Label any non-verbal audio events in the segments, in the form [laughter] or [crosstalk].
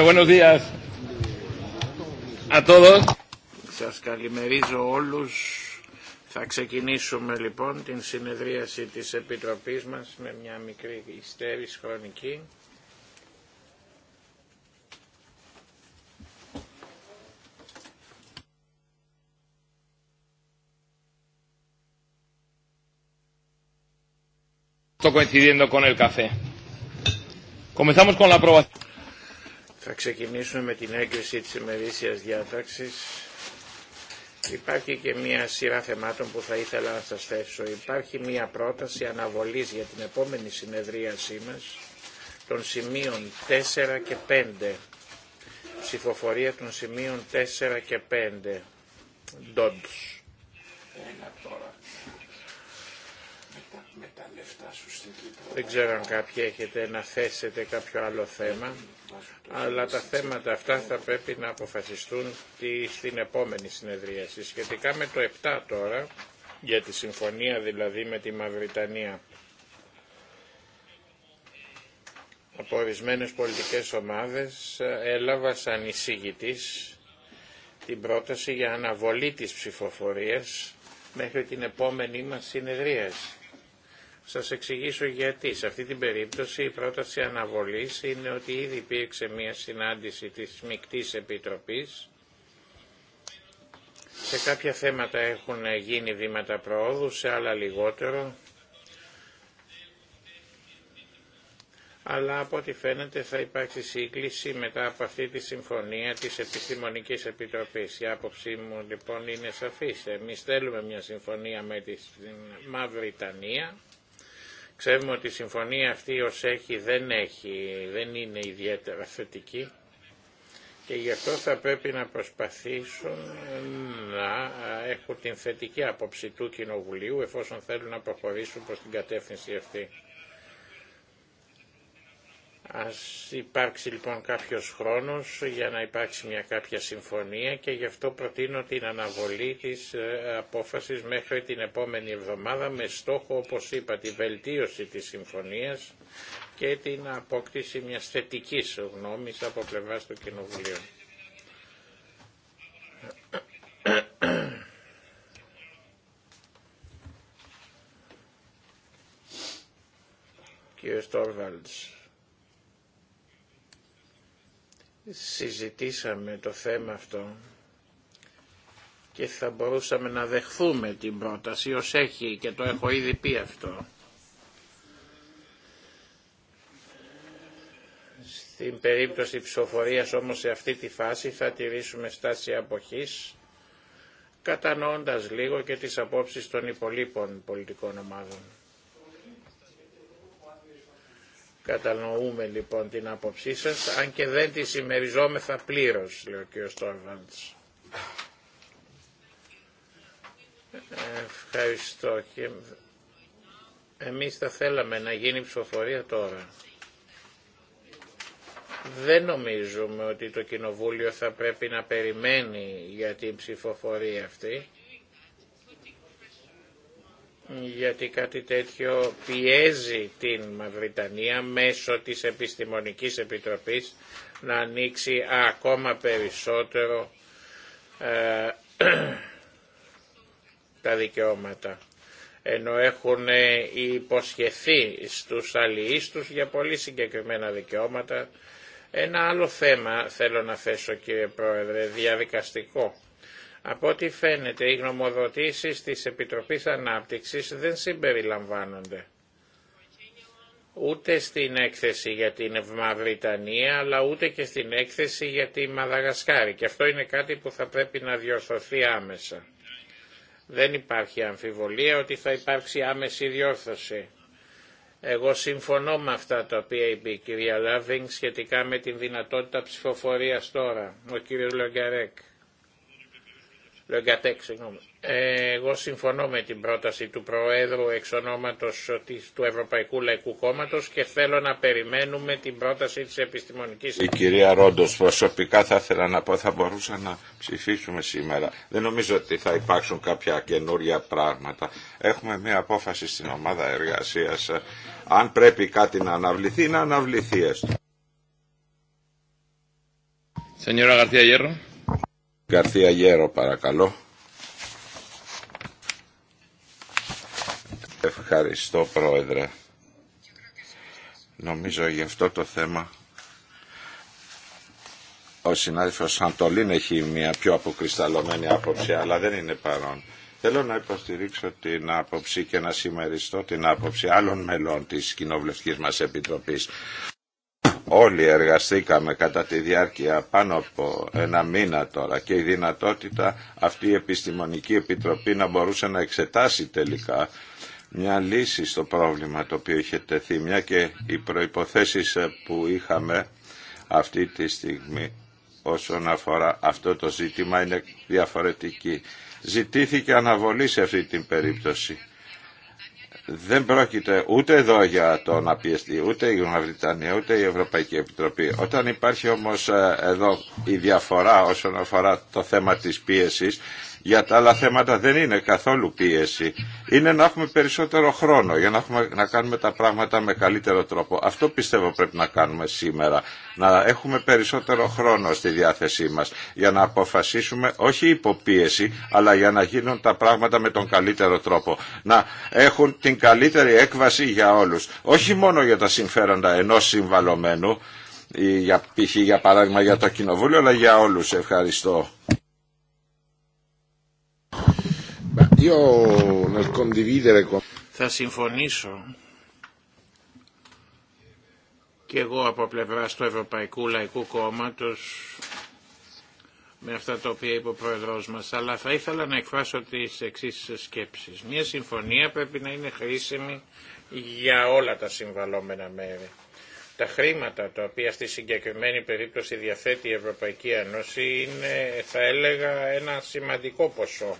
Buenos días a todos. Σας καλημερίζω όλους. Θα ξεκινήσουμε λοιπόν την συνεδρίαση της Επιτροπής μας με μια μικρή υστέρηση χρονική. Estoy coincidiendo con el café. Comenzamos con la aprobación. Θα ξεκινήσουμε με την έγκριση της ημερήσιας διάταξης. Υπάρχει και μία σειρά θεμάτων που θα ήθελα να σας θέσω. Υπάρχει μία πρόταση αναβολής για την επόμενη συνεδρίασή μας των σημείων 4 και 5. Ψηφοφορία των σημείων 4 και 5. Ντόντους. Ένα τώρα. Δεν ξέρω αν κάποιοι έχετε να θέσετε κάποιο άλλο θέμα, αλλά τα θέματα αυτά θα πρέπει να αποφασιστούν στην επόμενη συνεδρίαση. Σχετικά με το 7 τώρα, για τη συμφωνία δηλαδή με τη Μαυριτανία. Από ορισμένε πολιτικές ομάδες έλαβα σαν εισηγητής την πρόταση για αναβολή της ψηφοφορίας μέχρι την επόμενή μας συνεδρίαση. Σας εξηγήσω γιατί. Σε αυτή την περίπτωση η πρόταση αναβολής είναι ότι ήδη υπήρξε μια συνάντηση της Μικτής Επιτροπής. Σε κάποια θέματα έχουν γίνει βήματα προόδου, σε άλλα λιγότερο. αλλά από ό,τι φαίνεται θα υπάρξει σύγκληση μετά από αυτή τη συμφωνία της Επιστημονικής Επιτροπής. Η άποψή μου λοιπόν είναι σαφής. Εμείς θέλουμε μια συμφωνία με τη Μαυριτανία, Ξέρουμε ότι η συμφωνία αυτή ως έχει δεν έχει, δεν είναι ιδιαίτερα θετική και γι' αυτό θα πρέπει να προσπαθήσουν να έχουν την θετική άποψη του Κοινοβουλίου εφόσον θέλουν να προχωρήσουν προς την κατεύθυνση αυτή. Ας υπάρξει λοιπόν κάποιος χρόνος για να υπάρξει μια κάποια συμφωνία και γι' αυτό προτείνω την αναβολή της ε, απόφασης μέχρι την επόμενη εβδομάδα με στόχο, όπως είπα, τη βελτίωση της συμφωνίας και την απόκτηση μια θετικής γνώμης από πλευράς του Κοινοβουλίου. Κύριε Στόρβαλτς συζητήσαμε το θέμα αυτό και θα μπορούσαμε να δεχθούμε την πρόταση ως έχει και το έχω ήδη πει αυτό. Στην περίπτωση ψηφοφορίας όμως σε αυτή τη φάση θα τηρήσουμε στάση αποχής κατανοώντας λίγο και τις απόψεις των υπολείπων πολιτικών ομάδων. Κατανοούμε λοιπόν την άποψή σα, αν και δεν τη συμμεριζόμεθα πλήρως, λέει ο κ. Στόρβαντ. Ευχαριστώ. Και εμείς θα θέλαμε να γίνει ψηφοφορία τώρα. Δεν νομίζουμε ότι το Κοινοβούλιο θα πρέπει να περιμένει για την ψηφοφορία αυτή γιατί κάτι τέτοιο πιέζει την Μαυριτανία μέσω της Επιστημονικής Επιτροπής να ανοίξει ακόμα περισσότερο ε, [clears throat] τα δικαιώματα ενώ έχουν ε, υποσχεθεί στους αλληλείς τους για πολύ συγκεκριμένα δικαιώματα. Ένα άλλο θέμα θέλω να θέσω κύριε Πρόεδρε, διαδικαστικό από ό,τι φαίνεται, οι γνωμοδοτήσεις της Επιτροπής Ανάπτυξης δεν συμπεριλαμβάνονται ούτε στην έκθεση για την Ευμαυριτανία, αλλά ούτε και στην έκθεση για τη Μαδαγασκάρη. Και αυτό είναι κάτι που θα πρέπει να διορθωθεί άμεσα. Δεν υπάρχει αμφιβολία ότι θα υπάρξει άμεση διόρθωση. Εγώ συμφωνώ με αυτά τα οποία είπε η κυρία Λάβινγκ σχετικά με την δυνατότητα ψηφοφορίας τώρα, ο κύριος Λογκαρέκ συγγνώμη. Ε, εγώ συμφωνώ με την πρόταση του Προέδρου εξ ονόματος του Ευρωπαϊκού Λαϊκού Κόμματος και θέλω να περιμένουμε την πρόταση της επιστημονικής... Η κυρία Ρόντος, προσωπικά θα ήθελα να πω, θα μπορούσα να ψηφίσουμε σήμερα. Δεν νομίζω ότι θα υπάρξουν κάποια καινούρια πράγματα. Έχουμε μια απόφαση στην ομάδα εργασίας. Αν πρέπει κάτι να αναβληθεί, να αναβληθεί έστω. Γκαρθία Γέρο παρακαλώ. Ευχαριστώ Πρόεδρε. Νομίζω για αυτό το θέμα ο συνάδελφος Αντολίν έχει μια πιο αποκρισταλωμένη άποψη, αλλά δεν είναι παρόν. Θέλω να υποστηρίξω την άποψη και να συμμεριστώ την άποψη άλλων μελών της Κοινοβουλευτικής μας Επιτροπής Όλοι εργαστήκαμε κατά τη διάρκεια πάνω από ένα μήνα τώρα και η δυνατότητα αυτή η Επιστημονική Επιτροπή να μπορούσε να εξετάσει τελικά μια λύση στο πρόβλημα το οποίο είχε τεθεί, μια και οι προϋποθέσεις που είχαμε αυτή τη στιγμή όσον αφορά αυτό το ζήτημα είναι διαφορετική. Ζητήθηκε αναβολή σε αυτή την περίπτωση δεν πρόκειται ούτε εδώ για το να πιεστεί ούτε η Βρετανία ούτε η Ευρωπαϊκή Επιτροπή. Όταν υπάρχει όμως ε, εδώ η διαφορά όσον αφορά το θέμα της πίεσης για τα άλλα θέματα δεν είναι καθόλου πίεση. Είναι να έχουμε περισσότερο χρόνο για να, έχουμε, να κάνουμε τα πράγματα με καλύτερο τρόπο. Αυτό πιστεύω πρέπει να κάνουμε σήμερα. Να έχουμε περισσότερο χρόνο στη διάθεσή μας για να αποφασίσουμε όχι υποπίεση αλλά για να γίνουν τα πράγματα με τον καλύτερο τρόπο. Να έχουν την καλύτερη έκβαση για όλους. Όχι μόνο για τα συμφέροντα ενός συμβαλωμένου, ή για, π.χ. για παράδειγμα για το Κοινοβούλιο, αλλά για όλους. Ευχαριστώ. Θα συμφωνήσω και εγώ από πλευρά του Ευρωπαϊκού Λαϊκού Κόμματος με αυτά τα οποία είπε ο Πρόεδρός μας, αλλά θα ήθελα να εκφράσω τις εξής σκέψεις. Μια συμφωνία πρέπει να είναι χρήσιμη για όλα τα συμβαλόμενα μέρη. Τα χρήματα τα οποία στη συγκεκριμένη περίπτωση διαθέτει η Ευρωπαϊκή Ένωση είναι, θα έλεγα, ένα σημαντικό ποσό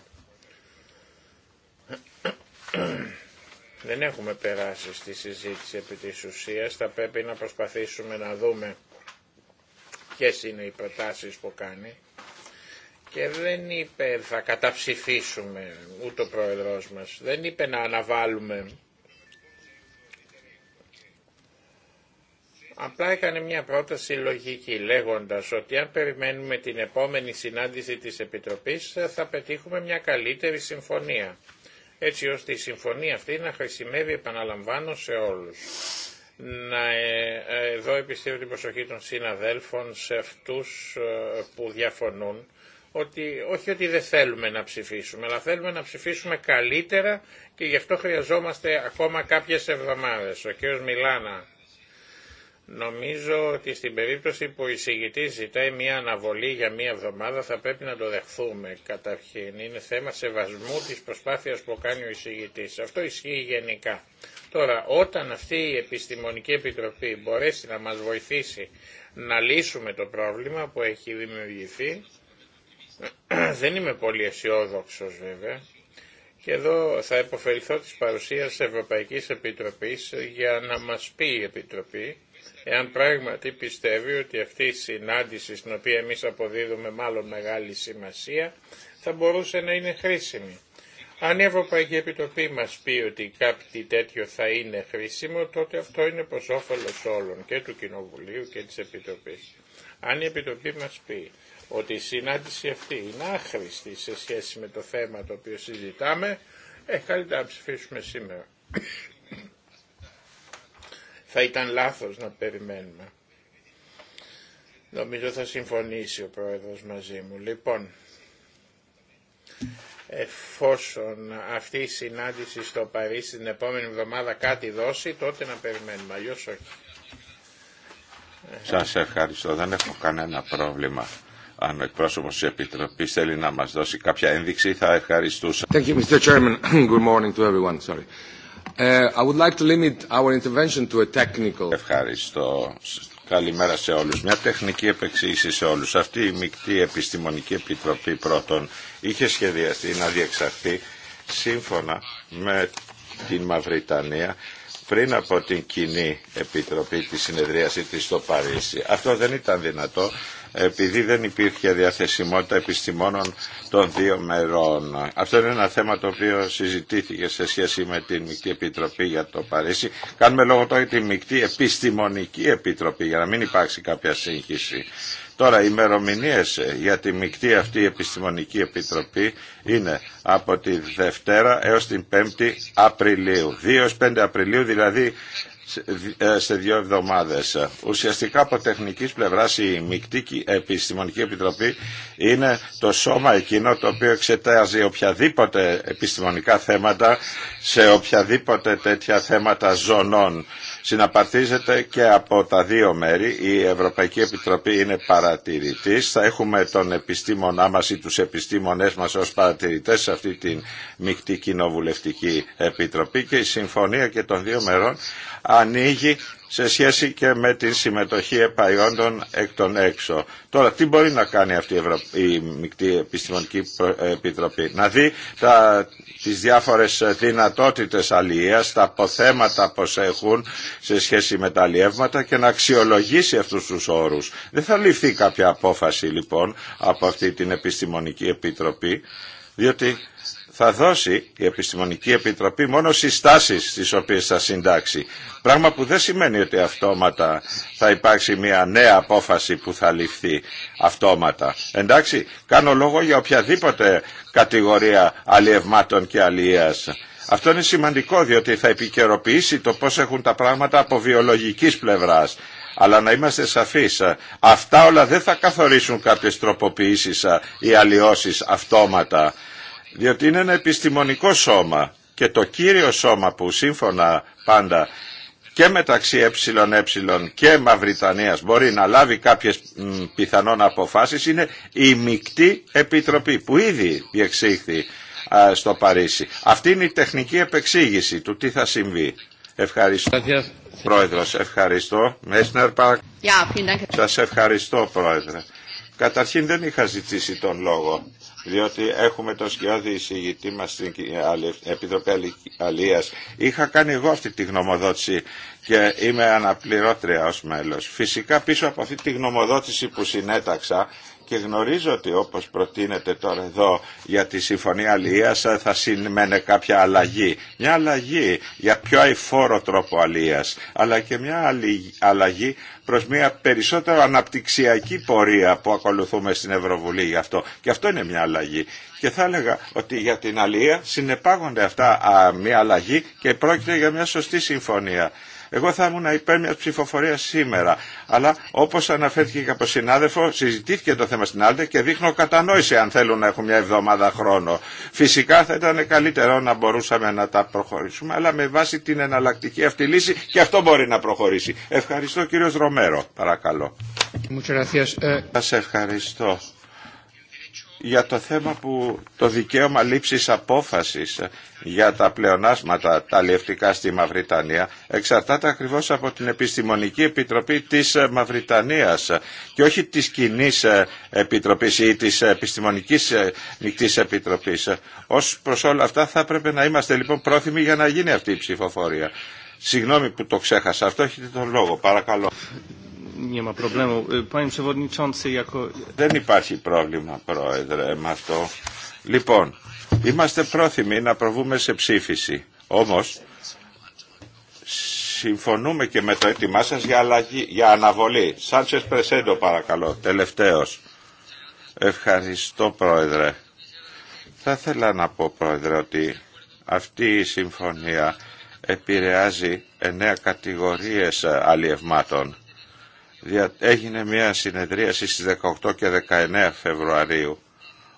δεν έχουμε περάσει στη συζήτηση επί της ουσίας. Θα πρέπει να προσπαθήσουμε να δούμε ποιες είναι οι προτάσεις που κάνει. Και δεν είπε θα καταψηφίσουμε ούτε ο πρόεδρός μας. Δεν είπε να αναβάλουμε. Απλά έκανε μια πρόταση λογική λέγοντας ότι αν περιμένουμε την επόμενη συνάντηση της Επιτροπής θα πετύχουμε μια καλύτερη συμφωνία έτσι ώστε η συμφωνία αυτή να χρησιμεύει επαναλαμβάνω σε όλους. Να, ε, ε, εδώ επιστεύω την προσοχή των συναδέλφων σε αυτούς ε, που διαφωνούν ότι όχι ότι δεν θέλουμε να ψηφίσουμε, αλλά θέλουμε να ψηφίσουμε καλύτερα και γι' αυτό χρειαζόμαστε ακόμα κάποιες εβδομάδες. Ο κ. Μιλάνα Νομίζω ότι στην περίπτωση που ο εισηγητής ζητάει μια αναβολή για μια εβδομάδα θα πρέπει να το δεχθούμε καταρχήν. Είναι θέμα σεβασμού της προσπάθειας που κάνει ο εισηγητής. Αυτό ισχύει γενικά. Τώρα όταν αυτή η Επιστημονική Επιτροπή μπορέσει να μας βοηθήσει να λύσουμε το πρόβλημα που έχει δημιουργηθεί, [clears throat] δεν είμαι πολύ αισιόδοξο βέβαια, και εδώ θα υποφεληθώ της παρουσίας Ευρωπαϊκής Επιτροπής για να μας πει η Επιτροπή Εάν πράγματι πιστεύει ότι αυτή η συνάντηση στην οποία εμείς αποδίδουμε μάλλον μεγάλη σημασία θα μπορούσε να είναι χρήσιμη. Αν η Ευρωπαϊκή Επιτροπή μας πει ότι κάτι τέτοιο θα είναι χρήσιμο, τότε αυτό είναι προς όφελος όλων και του Κοινοβουλίου και της Επιτροπής. Αν η Επιτροπή μας πει ότι η συνάντηση αυτή είναι άχρηστη σε σχέση με το θέμα το οποίο συζητάμε, ε, καλύτερα να ψηφίσουμε σήμερα. Θα ήταν λάθος να περιμένουμε. Νομίζω θα συμφωνήσει ο Πρόεδρος μαζί μου. Λοιπόν, εφόσον αυτή η συνάντηση στο Παρίσι την επόμενη εβδομάδα κάτι δώσει, τότε να περιμένουμε, αλλιώ όχι. Σας ευχαριστώ. Δεν έχω κανένα πρόβλημα. Αν ο εκπρόσωπο τη Επιτροπή θέλει να μα δώσει κάποια ένδειξη, θα ευχαριστούσα. [clears throat] intervention Ευχαριστώ. Καλημέρα σε όλους. Μια τεχνική επεξήγηση σε όλους. Αυτή η μεικτή επιστημονική επιτροπή πρώτον είχε σχεδιαστεί να διεξαχθεί σύμφωνα με την Μαυριτανία πριν από την κοινή επιτροπή της συνεδρίασης της στο Παρίσι. Αυτό δεν ήταν δυνατό επειδή δεν υπήρχε διαθεσιμότητα επιστημόνων των δύο μερών. Αυτό είναι ένα θέμα το οποίο συζητήθηκε σε σχέση με τη Μικτή Επιτροπή για το Παρίσι. Κάνουμε λόγο τώρα για τη Μικτή Επιστημονική Επιτροπή για να μην υπάρξει κάποια σύγχυση. Τώρα, οι ημερομηνίε για τη Μικτή αυτή επιστημονική επιτροπή είναι από τη Δευτέρα έως την 5η Απριλίου. 2-5 Απριλίου, δηλαδή ε, σε δύο εβδομάδες. Ουσιαστικά από τεχνικής πλευράς η Μικτή Επιστημονική Επιτροπή είναι το σώμα εκείνο το οποίο εξετάζει οποιαδήποτε επιστημονικά θέματα σε οποιαδήποτε τέτοια θέματα ζωνών Συναπαρτίζεται και από τα δύο μέρη. Η Ευρωπαϊκή Επιτροπή είναι παρατηρητής. Θα έχουμε τον επιστήμονά μας ή τους επιστήμονές μας ως παρατηρητές σε αυτή την μεικτή κοινοβουλευτική επιτροπή και η συμφωνία και των δύο μερών ανοίγει σε σχέση και με την συμμετοχή επαϊόντων εκ των έξω. Τώρα, τι μπορεί να κάνει αυτή η, μεικτή Επιστημονική ε, Επιτροπή. Να δει τα... τις διάφορες δυνατότητες αλληλείας, τα αποθέματα που έχουν σε σχέση με τα αλλιεύματα και να αξιολογήσει αυτούς τους όρους. Δεν θα ληφθεί κάποια απόφαση λοιπόν από αυτή την Επιστημονική Επιτροπή, διότι θα δώσει η Επιστημονική Επιτροπή μόνο συστάσεις τις οποίες θα συντάξει. Πράγμα που δεν σημαίνει ότι αυτόματα θα υπάρξει μια νέα απόφαση που θα ληφθεί αυτόματα. Εντάξει, κάνω λόγο για οποιαδήποτε κατηγορία αλλιευμάτων και αλλιείας. Αυτό είναι σημαντικό διότι θα επικαιροποιήσει το πώς έχουν τα πράγματα από βιολογικής πλευράς. Αλλά να είμαστε σαφείς, αυτά όλα δεν θα καθορίσουν κάποιες τροποποιήσεις ή αλλοιώσεις αυτόματα διότι είναι ένα επιστημονικό σώμα και το κύριο σώμα που σύμφωνα πάντα και μεταξύ ΕΕ και Μαυριτανίας μπορεί να λάβει κάποιες πιθανόν αποφάσεις είναι η Μικτή επιτροπή που ήδη διεξήχθη στο Παρίσι. Αυτή είναι η τεχνική επεξήγηση του τι θα συμβεί. Ευχαριστώ. Πρόεδρος, ευχαριστώ. Μέσνερ, Σας ευχαριστώ, Πρόεδρε. Καταρχήν δεν είχα ζητήσει τον λόγο διότι έχουμε τον σκιώδη εισηγητή μας στην Επιτροπή Αλίας. Είχα κάνει εγώ αυτή τη γνωμοδότηση και είμαι αναπληρώτρια ως μέλος. Φυσικά πίσω από αυτή τη γνωμοδότηση που συνέταξα και γνωρίζω ότι όπως προτείνεται τώρα εδώ για τη Συμφωνία Αλίας ε, θα σημαίνει κάποια αλλαγή. Μια αλλαγή για πιο αηφόρο τρόπο αλίας, αλλά και μια αλλαγή προς μια περισσότερο αναπτυξιακή πορεία που ακολουθούμε στην Ευρωβουλή γι' αυτό. Και αυτό είναι μια αλλαγή. Και θα έλεγα ότι για την αλία συνεπάγονται αυτά μια αλλαγή και πρόκειται για μια σωστή συμφωνία. Εγώ θα ήμουν υπέρ μια ψηφοφορία σήμερα. Αλλά όπω αναφέρθηκε και από συνάδελφο, συζητήθηκε το θέμα στην Άλτε και δείχνω κατανόηση αν θέλουν να έχουν μια εβδομάδα χρόνο. Φυσικά θα ήταν καλύτερο να μπορούσαμε να τα προχωρήσουμε, αλλά με βάση την εναλλακτική αυτή λύση και αυτό μπορεί να προχωρήσει. Ευχαριστώ κύριο Ρομέρο, παρακαλώ. Ε, Σα ευχαριστώ για το θέμα που το δικαίωμα λήψης απόφασης για τα πλεονάσματα τα αλλιευτικά στη Μαυριτανία εξαρτάται ακριβώς από την Επιστημονική Επιτροπή της Μαυριτανίας και όχι της κοινή Επιτροπής ή της Επιστημονικής Νικτής Επιτροπής. Ως προς όλα αυτά θα έπρεπε να είμαστε λοιπόν πρόθυμοι για να γίνει αυτή η ψηφοφορία. Συγγνώμη που το ξέχασα. Αυτό έχετε τον λόγο. Παρακαλώ. Δεν υπάρχει πρόβλημα, Πρόεδρε, με αυτό. Λοιπόν, είμαστε πρόθυμοι να προβούμε σε ψήφιση. Όμως, συμφωνούμε και με το έτοιμά σα για, αναβολή. Σάντσε Πρεσέντο, παρακαλώ, τελευταίο. Ευχαριστώ, Πρόεδρε. Θα ήθελα να πω, Πρόεδρε, ότι αυτή η συμφωνία επηρεάζει εννέα κατηγορίες αλλιευμάτων έγινε μια συνεδρίαση στις 18 και 19 Φεβρουαρίου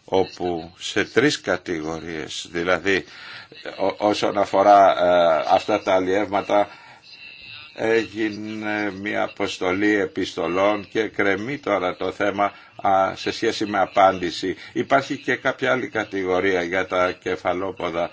όπου σε τρεις κατηγορίες, δηλαδή όσον αφορά ε, αυτά τα αλλιεύματα έγινε μια αποστολή επιστολών και κρεμεί τώρα το θέμα σε σχέση με απάντηση. Υπάρχει και κάποια άλλη κατηγορία για τα κεφαλόποδα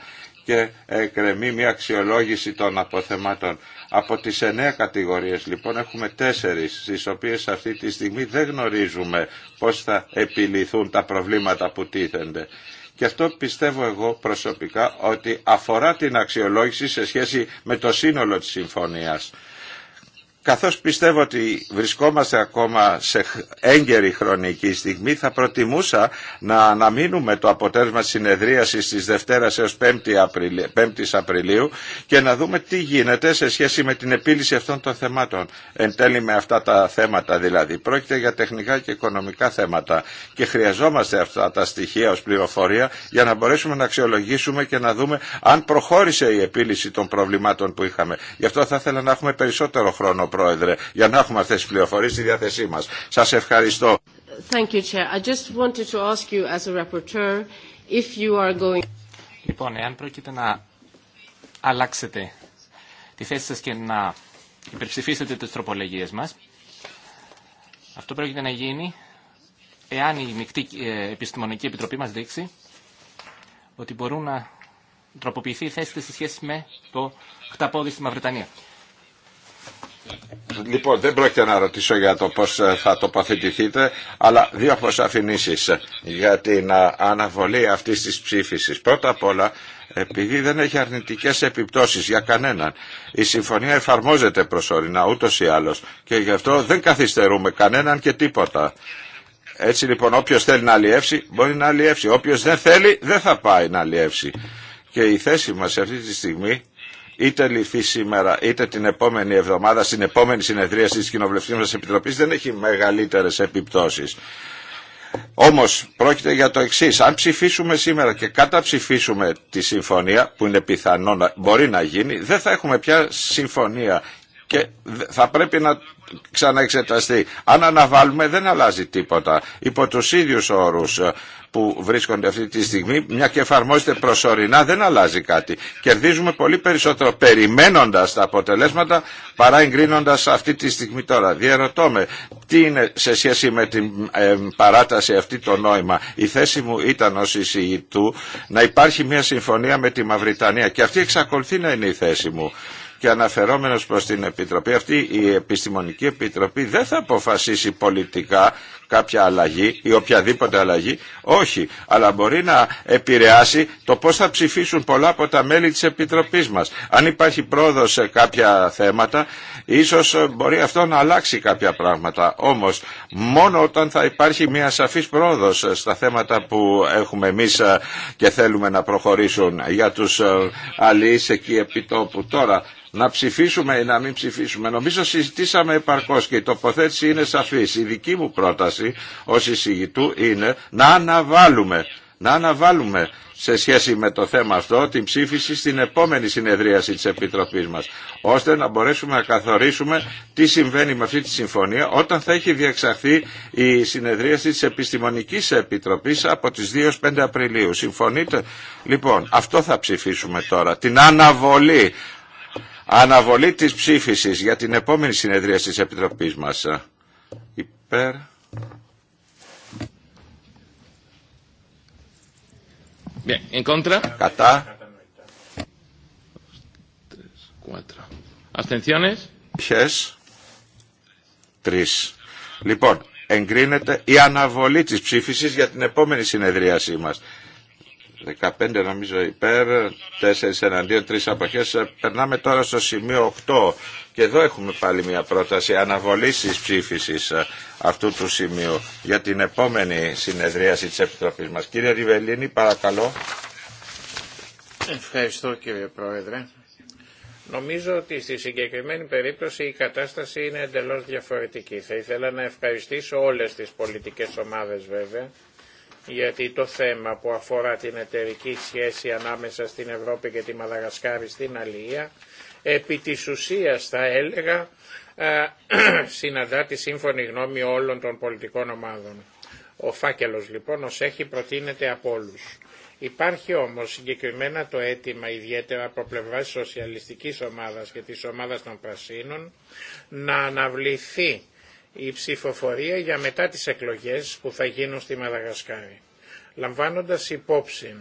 και εκρεμεί μια αξιολόγηση των αποθεμάτων. Από τις εννέα κατηγορίες λοιπόν έχουμε τέσσερις, στις οποίες αυτή τη στιγμή δεν γνωρίζουμε πώς θα επιληθούν τα προβλήματα που τίθενται. Και αυτό πιστεύω εγώ προσωπικά ότι αφορά την αξιολόγηση σε σχέση με το σύνολο της συμφωνίας. Καθώς πιστεύω ότι βρισκόμαστε ακόμα σε έγκαιρη χρονική στιγμή, θα προτιμούσα να αναμείνουμε το αποτέλεσμα της συνεδρίασης της Δευτέρας έως 5ης απριλιου και να δούμε τι γίνεται σε σχέση με την επίλυση αυτών των θεμάτων. Εν τέλει με αυτά τα θέματα δηλαδή. Πρόκειται για τεχνικά και οικονομικά θέματα και χρειαζόμαστε αυτά τα στοιχεία ως πληροφορία για να μπορέσουμε να αξιολογήσουμε και να δούμε αν προχώρησε η επίλυση των προβλημάτων που είχαμε. Γι' αυτό θα ήθελα να έχουμε περισσότερο χρόνο Πρόεδρε, για να έχουμε αυτές τις πληροφορίες στη διάθεσή μας. Σας ευχαριστώ. Thank you, Chair. I just wanted to ask you as a rapporteur if you are going... Λοιπόν, εάν πρόκειται να αλλάξετε τη θέση σας και να υπερψηφίσετε τις τροπολογίες μας, αυτό πρόκειται να γίνει εάν η Μικτή ε, Επιστημονική Επιτροπή μας δείξει ότι μπορούν να τροποποιηθεί η θέση της σε σχέση με το χταπόδι στη Μαυριτανία. Λοιπόν, δεν πρόκειται να ρωτήσω για το πώς ε, θα τοποθετηθείτε, αλλά δύο προσαφηνήσεις για την ε, αναβολή αυτής της ψήφισης. Πρώτα απ' όλα, επειδή δεν έχει αρνητικές επιπτώσεις για κανέναν. Η συμφωνία εφαρμόζεται προσωρινά ούτως ή άλλως και γι' αυτό δεν καθυστερούμε κανέναν και τίποτα. Έτσι λοιπόν όποιος θέλει να αλλιεύσει μπορεί να αλλιεύσει. Όποιος δεν θέλει δεν θα πάει να αλλιεύσει. Και η θέση μας αυτή τη στιγμή είτε λυθεί σήμερα είτε την επόμενη εβδομάδα στην επόμενη συνεδρίαση της Κοινοβουλευτικής μας Επιτροπής δεν έχει μεγαλύτερες επιπτώσεις. Όμως πρόκειται για το εξή. αν ψηφίσουμε σήμερα και καταψηφίσουμε τη συμφωνία που είναι πιθανό να μπορεί να γίνει, δεν θα έχουμε πια συμφωνία και θα πρέπει να ξαναεξεταστεί. Αν αναβάλουμε δεν αλλάζει τίποτα. Υπό τους ίδιους όρους ε, που βρίσκονται αυτή τη στιγμή, μια και εφαρμόζεται προσωρινά, δεν αλλάζει κάτι. Κερδίζουμε πολύ περισσότερο περιμένοντας τα αποτελέσματα παρά εγκρίνοντας αυτή τη στιγμή τώρα. Διαρωτώ με, τι είναι σε σχέση με την παράταση αυτή το νόημα. Η θέση μου ήταν ως εισηγητού να υπάρχει μια συμφωνία με τη Μαυριτανία και αυτή εξακολουθεί να είναι η θέση μου και αναφερόμενος προς την Επιτροπή, αυτή η Επιστημονική Επιτροπή δεν θα αποφασίσει πολιτικά κάποια αλλαγή ή οποιαδήποτε αλλαγή. Όχι, αλλά μπορεί να επηρεάσει το πώς θα ψηφίσουν πολλά από τα μέλη της Επιτροπής μας. Αν υπάρχει πρόοδος σε κάποια θέματα, ίσως ε, μπορεί αυτό να αλλάξει κάποια πράγματα. Όμως, μόνο όταν θα υπάρχει μια σαφής πρόοδος ε, στα θέματα που έχουμε εμείς ε, και θέλουμε να προχωρήσουν για τους αλληλείς εκεί επί τόπου. τώρα, να ψηφίσουμε ή να μην ψηφίσουμε. Νομίζω συζητήσαμε επαρκώς και η τοποθέτηση είναι σαφής. Η δική μου πρόταση πρόταση ως εισηγητού είναι να αναβάλουμε, να αναβάλουμε σε σχέση με το θέμα αυτό την ψήφιση στην επόμενη συνεδρίαση της Επιτροπής μας, ώστε να μπορέσουμε να καθορίσουμε τι συμβαίνει με αυτή τη συμφωνία όταν θα έχει διεξαχθεί η συνεδρίαση της Επιστημονικής Επιτροπής από τις 2-5 Απριλίου. Συμφωνείτε? Λοιπόν, αυτό θα ψηφίσουμε τώρα, την αναβολή. Αναβολή της ψήφισης για την επόμενη συνεδρία της Επιτροπής μας. Υπέρ. Bien, en contra. Κατά. Abstenciones. Ποιες. Τρεις. Λοιπόν, εγκρίνεται η αναβολή τη ψήφισης για την επόμενη συνεδρίασή μα. 15 νομίζω υπέρ, 4 εναντίον, 3 αποχές. Περνάμε τώρα στο σημείο 8 και εδώ έχουμε πάλι μια πρόταση αναβολής της ψήφισης ε, αυτού του σημείου για την επόμενη συνεδρίαση της Επιτροπής μας. Κύριε Ριβελίνη, παρακαλώ. Ευχαριστώ κύριε Πρόεδρε. Νομίζω ότι στη συγκεκριμένη περίπτωση η κατάσταση είναι εντελώς διαφορετική. Θα ήθελα να ευχαριστήσω όλες τις πολιτικές ομάδες βέβαια, γιατί το θέμα που αφορά την εταιρική σχέση ανάμεσα στην Ευρώπη και τη Μαδαγασκάρη στην Αλία επί της ουσίας θα έλεγα [clears throat] συναντά τη σύμφωνη γνώμη όλων των πολιτικών ομάδων. Ο φάκελος λοιπόν ως έχει προτείνεται από όλους. Υπάρχει όμως συγκεκριμένα το αίτημα ιδιαίτερα από πλευρά της σοσιαλιστικής ομάδας και της ομάδας των Πρασίνων να αναβληθεί η ψηφοφορία για μετά τις εκλογές που θα γίνουν στη Μαδαγασκάρη. Λαμβάνοντας υπόψη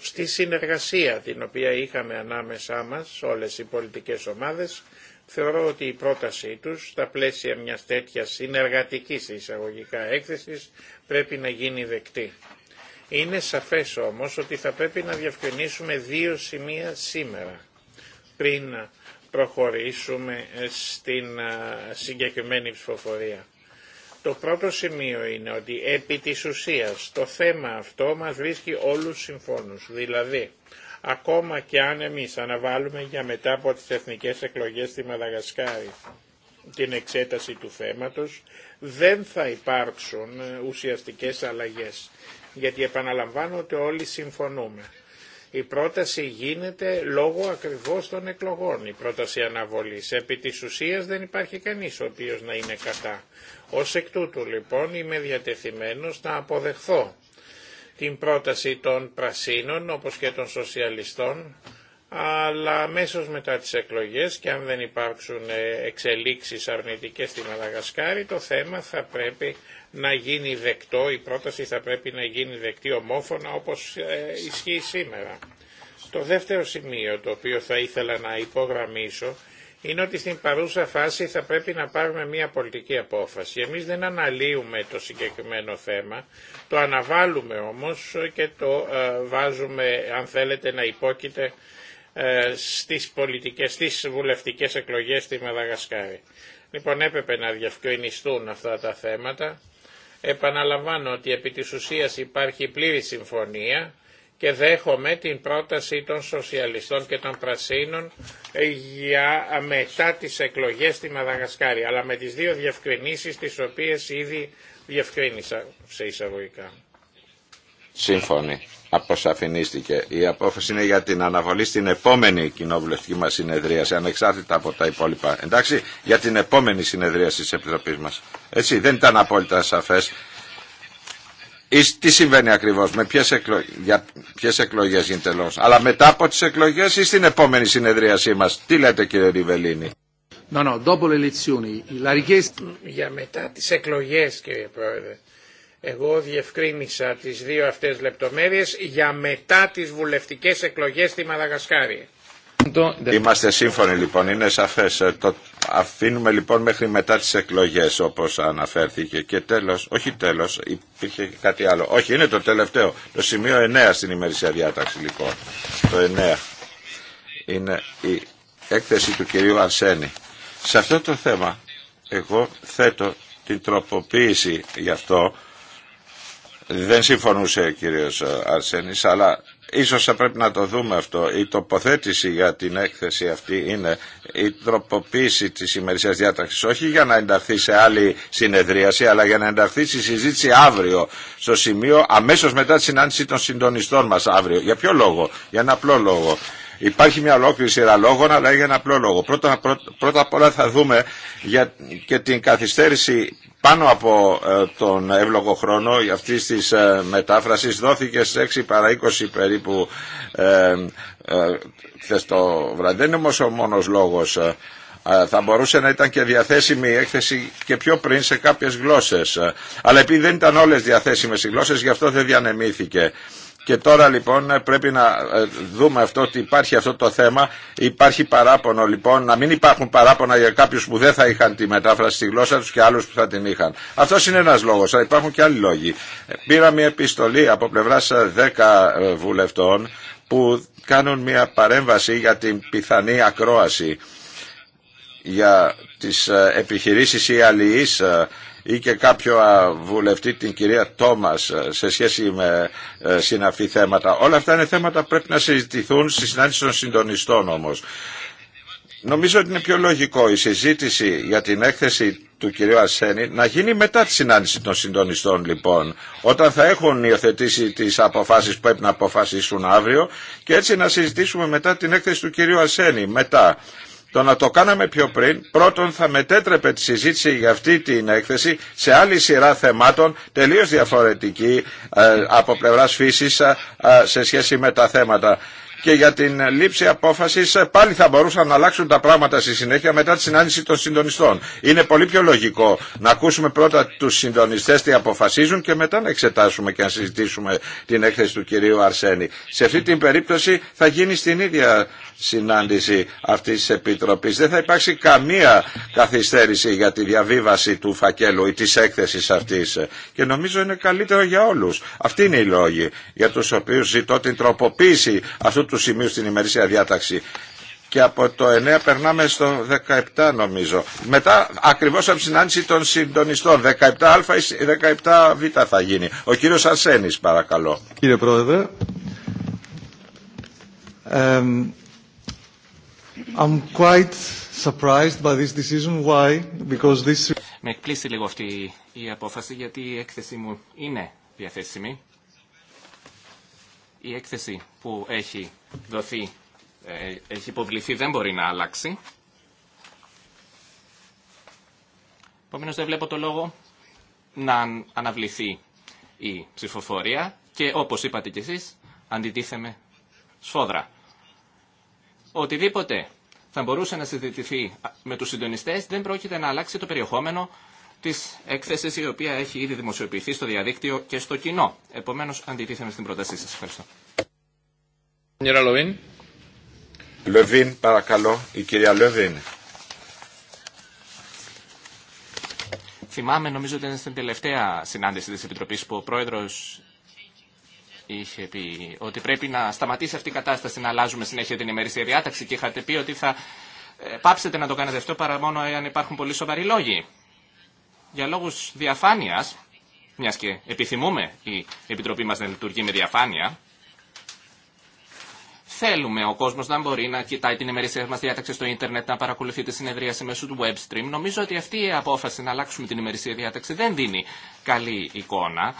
Στη συνεργασία την οποία είχαμε ανάμεσά μας όλες οι πολιτικές ομάδες, θεωρώ ότι η πρότασή τους στα πλαίσια μιας τέτοιας συνεργατικής εισαγωγικά έκθεσης πρέπει να γίνει δεκτή. Είναι σαφές όμως ότι θα πρέπει να διευκρινίσουμε δύο σημεία σήμερα πριν προχωρήσουμε ε, στην ε, συγκεκριμένη ψηφοφορία. Το πρώτο σημείο είναι ότι επί της ουσίας το θέμα αυτό μας βρίσκει όλους συμφώνους. Δηλαδή, ακόμα και αν εμείς αναβάλουμε για μετά από τις εθνικές εκλογές στη Μαδαγασκάρη την εξέταση του θέματος, δεν θα υπάρξουν ουσιαστικές αλλαγές. Γιατί επαναλαμβάνω ότι όλοι συμφωνούμε. Η πρόταση γίνεται λόγω ακριβώς των εκλογών, η πρόταση αναβολής. Επί της ουσίας δεν υπάρχει κανείς ο οποίος να είναι κατά. Ως εκ τούτου λοιπόν είμαι διατεθειμένος να αποδεχθώ την πρόταση των πρασίνων όπως και των σοσιαλιστών αλλά μέσως μετά τις εκλογές και αν δεν υπάρξουν ε, εξελίξεις αρνητικές στη Μαδαγασκάρη το θέμα θα πρέπει να γίνει δεκτό, η πρόταση θα πρέπει να γίνει δεκτή ομόφωνα όπως ε, ισχύει σήμερα. Το δεύτερο σημείο το οποίο θα ήθελα να υπογραμμίσω είναι ότι στην παρούσα φάση θα πρέπει να πάρουμε μια πολιτική απόφαση. Εμείς δεν αναλύουμε το συγκεκριμένο θέμα, το αναβάλουμε όμως και το ε, βάζουμε, αν θέλετε, να υπόκειται ε, στις πολιτικές, στις βουλευτικές εκλογές στη Μαδαγασκάρη. Λοιπόν, έπρεπε να διευκρινιστούν αυτά τα θέματα Επαναλαμβάνω ότι επί της ουσίας υπάρχει πλήρη συμφωνία και δέχομαι την πρόταση των σοσιαλιστών και των πρασίνων για μετά τις εκλογές στη Μαδαγασκάρη, αλλά με τις δύο διευκρινήσεις τις οποίες ήδη διευκρίνησα σε εισαγωγικά. Σύμφωνοι αποσαφινίστηκε. Η απόφαση είναι για την αναβολή στην επόμενη κοινοβουλευτική μας συνεδρίαση, ανεξάρτητα από τα υπόλοιπα. Εντάξει, για την επόμενη συνεδρίαση της Επιτροπής μας. Έτσι, δεν ήταν απόλυτα σαφές. Τι συμβαίνει ακριβώς, με ποιες, εκλο... για ποιες εκλογές γίνεται λόγος. Αλλά μετά από τις εκλογές ή στην επόμενη συνεδρίασή μας. Τι λέτε κύριε Ριβελίνη. No, Για μετά τις εκλογές κύριε Πρόεδρε εγώ διευκρίνησα τις δύο αυτές λεπτομέρειες για μετά τις βουλευτικές εκλογές στη Μαδαγασκάρη. Είμαστε σύμφωνοι λοιπόν, είναι σαφές. Ε, το αφήνουμε λοιπόν μέχρι μετά τις εκλογές όπως αναφέρθηκε. Και τέλος, όχι τέλος, υπήρχε κάτι άλλο. Όχι, είναι το τελευταίο, το σημείο 9 στην ημερησία διάταξη λοιπόν. Το 9 είναι η έκθεση του κυρίου Αρσένη. Σε αυτό το θέμα εγώ θέτω την τροποποίηση γι' αυτό δεν συμφωνούσε ο κύριος ε, Αρσένης, αλλά ίσως θα πρέπει να το δούμε αυτό. Η τοποθέτηση για την έκθεση αυτή είναι η τροποποίηση της ημερησίας διάταξης, όχι για να ενταχθεί σε άλλη συνεδρίαση, αλλά για να ενταχθεί στη συζήτηση αύριο, στο σημείο αμέσως μετά τη συνάντηση των συντονιστών μας αύριο. Για ποιο λόγο, για ένα απλό λόγο. Υπάρχει μια ολόκληρη σειρά λόγων, αλλά για ένα απλό λόγο. Πρώτα, πρώτα απ' όλα θα δούμε για, και την καθυστέρηση πάνω από ε, τον εύλογο χρόνο αυτή τη ε, μετάφραση δόθηκε στι 6 παρα 20 περίπου ε, ε χθε το βράδυ. Δεν είναι όμω ο μόνο λόγο. Ε, θα μπορούσε να ήταν και διαθέσιμη η έκθεση και πιο πριν σε κάποιες γλώσσες. Αλλά επειδή δεν ήταν όλες διαθέσιμες οι γλώσσες, γι' αυτό δεν διανεμήθηκε. Και τώρα λοιπόν πρέπει να ε, δούμε αυτό ότι υπάρχει αυτό το θέμα. Υπάρχει παράπονο λοιπόν, να μην υπάρχουν παράπονα για κάποιου που δεν θα είχαν τη μετάφραση στη γλώσσα του και άλλου που θα την είχαν. Αυτό είναι ένα λόγο, αλλά υπάρχουν και άλλοι λόγοι. Ε, πήρα μια επιστολή από πλευρά 10 ε, βουλευτών που κάνουν μια παρέμβαση για την πιθανή ακρόαση για τις επιχειρήσεις ή αλληλείς ή και κάποιο βουλευτή την κυρία Τόμας ε, σε σχέση με ε, συναφή θέματα. Όλα αυτά είναι θέματα που πρέπει να συζητηθούν στη συνάντηση των συντονιστών όμως. Νομίζω ότι είναι πιο λογικό η συζήτηση για την έκθεση του κυρίου Αρσένη να γίνει μετά τη συνάντηση των συντονιστών λοιπόν όταν θα έχουν υιοθετήσει τις αποφάσεις που πρέπει να αποφασίσουν αύριο και έτσι να συζητήσουμε μετά την έκθεση του κυρίου Αρσένη μετά το να το κάναμε πιο πριν, πρώτον θα μετέτρεπε τη συζήτηση για αυτή την έκθεση σε άλλη σειρά θεμάτων τελείως διαφορετική ε, από πλευράς φύσης ε, ε, σε σχέση με τα θέματα και για την λήψη απόφαση πάλι θα μπορούσαν να αλλάξουν τα πράγματα στη συνέχεια μετά τη συνάντηση των συντονιστών. Είναι πολύ πιο λογικό να ακούσουμε πρώτα του συντονιστέ τι αποφασίζουν και μετά να εξετάσουμε και να συζητήσουμε την έκθεση του κυρίου Αρσένη. Σε αυτή την περίπτωση θα γίνει στην ίδια συνάντηση αυτή τη επίτροπή. Δεν θα υπάρξει καμία καθυστέρηση για τη διαβίβαση του φακέλου ή της έκθεσης αυτής. Και νομίζω είναι καλύτερο για όλους. Αυτή είναι η τη εκθεση αυτη και νομιζω ειναι καλυτερο για ολου αυτη ειναι η λογη για του οποίου ζητώ την τροποποίηση αυτού του σημείου στην ημερήσια διάταξη. Και από το 9 περνάμε στο 17 νομίζω. Μετά ακριβώς από συνάντηση των συντονιστών. 17α ή 17β θα γίνει. Ο κύριος Αρσένης παρακαλώ. Κύριε Πρόεδρε, ε, με εκπλήσει λίγο αυτή η απόφαση γιατί η έκθεση μου είναι διαθέσιμη. Η έκθεση που έχει δοθεί, ε, έχει υποβληθεί, δεν μπορεί να αλλάξει. Επομένως δεν βλέπω το λόγο να αναβληθεί η ψηφοφορία και όπως είπατε κι εσείς αντιτίθεμαι σφόδρα. Οτιδήποτε θα μπορούσε να συζητηθεί με τους συντονιστές, δεν πρόκειται να αλλάξει το περιεχόμενο της έκθεσης η οποία έχει ήδη δημοσιοποιηθεί στο διαδίκτυο και στο κοινό. Επομένως, αντιτίθεμαι στην πρότασή σας. Ευχαριστώ. Λοβίν, παρακαλώ, η κυρία Λοβίν. Θυμάμαι, νομίζω ότι είναι στην τελευταία συνάντηση της Επιτροπής που ο πρόεδρος είχε πει ότι πρέπει να σταματήσει αυτή η κατάσταση να αλλάζουμε συνέχεια την ημερήσια διάταξη και είχατε πει ότι θα ε, πάψετε να το κάνετε αυτό παρά μόνο αν υπάρχουν πολύ σοβαροί λόγοι. Για λόγους διαφάνειας, μιας και επιθυμούμε η Επιτροπή μας να λειτουργεί με διαφάνεια, θέλουμε ο κόσμο να μπορεί να κοιτάει την ημερήσια μα διάταξη στο ίντερνετ, να παρακολουθεί τη συνεδρίαση μέσω του web stream. Νομίζω ότι αυτή η απόφαση να αλλάξουμε την ημερήσια διάταξη δεν δίνει καλή εικόνα.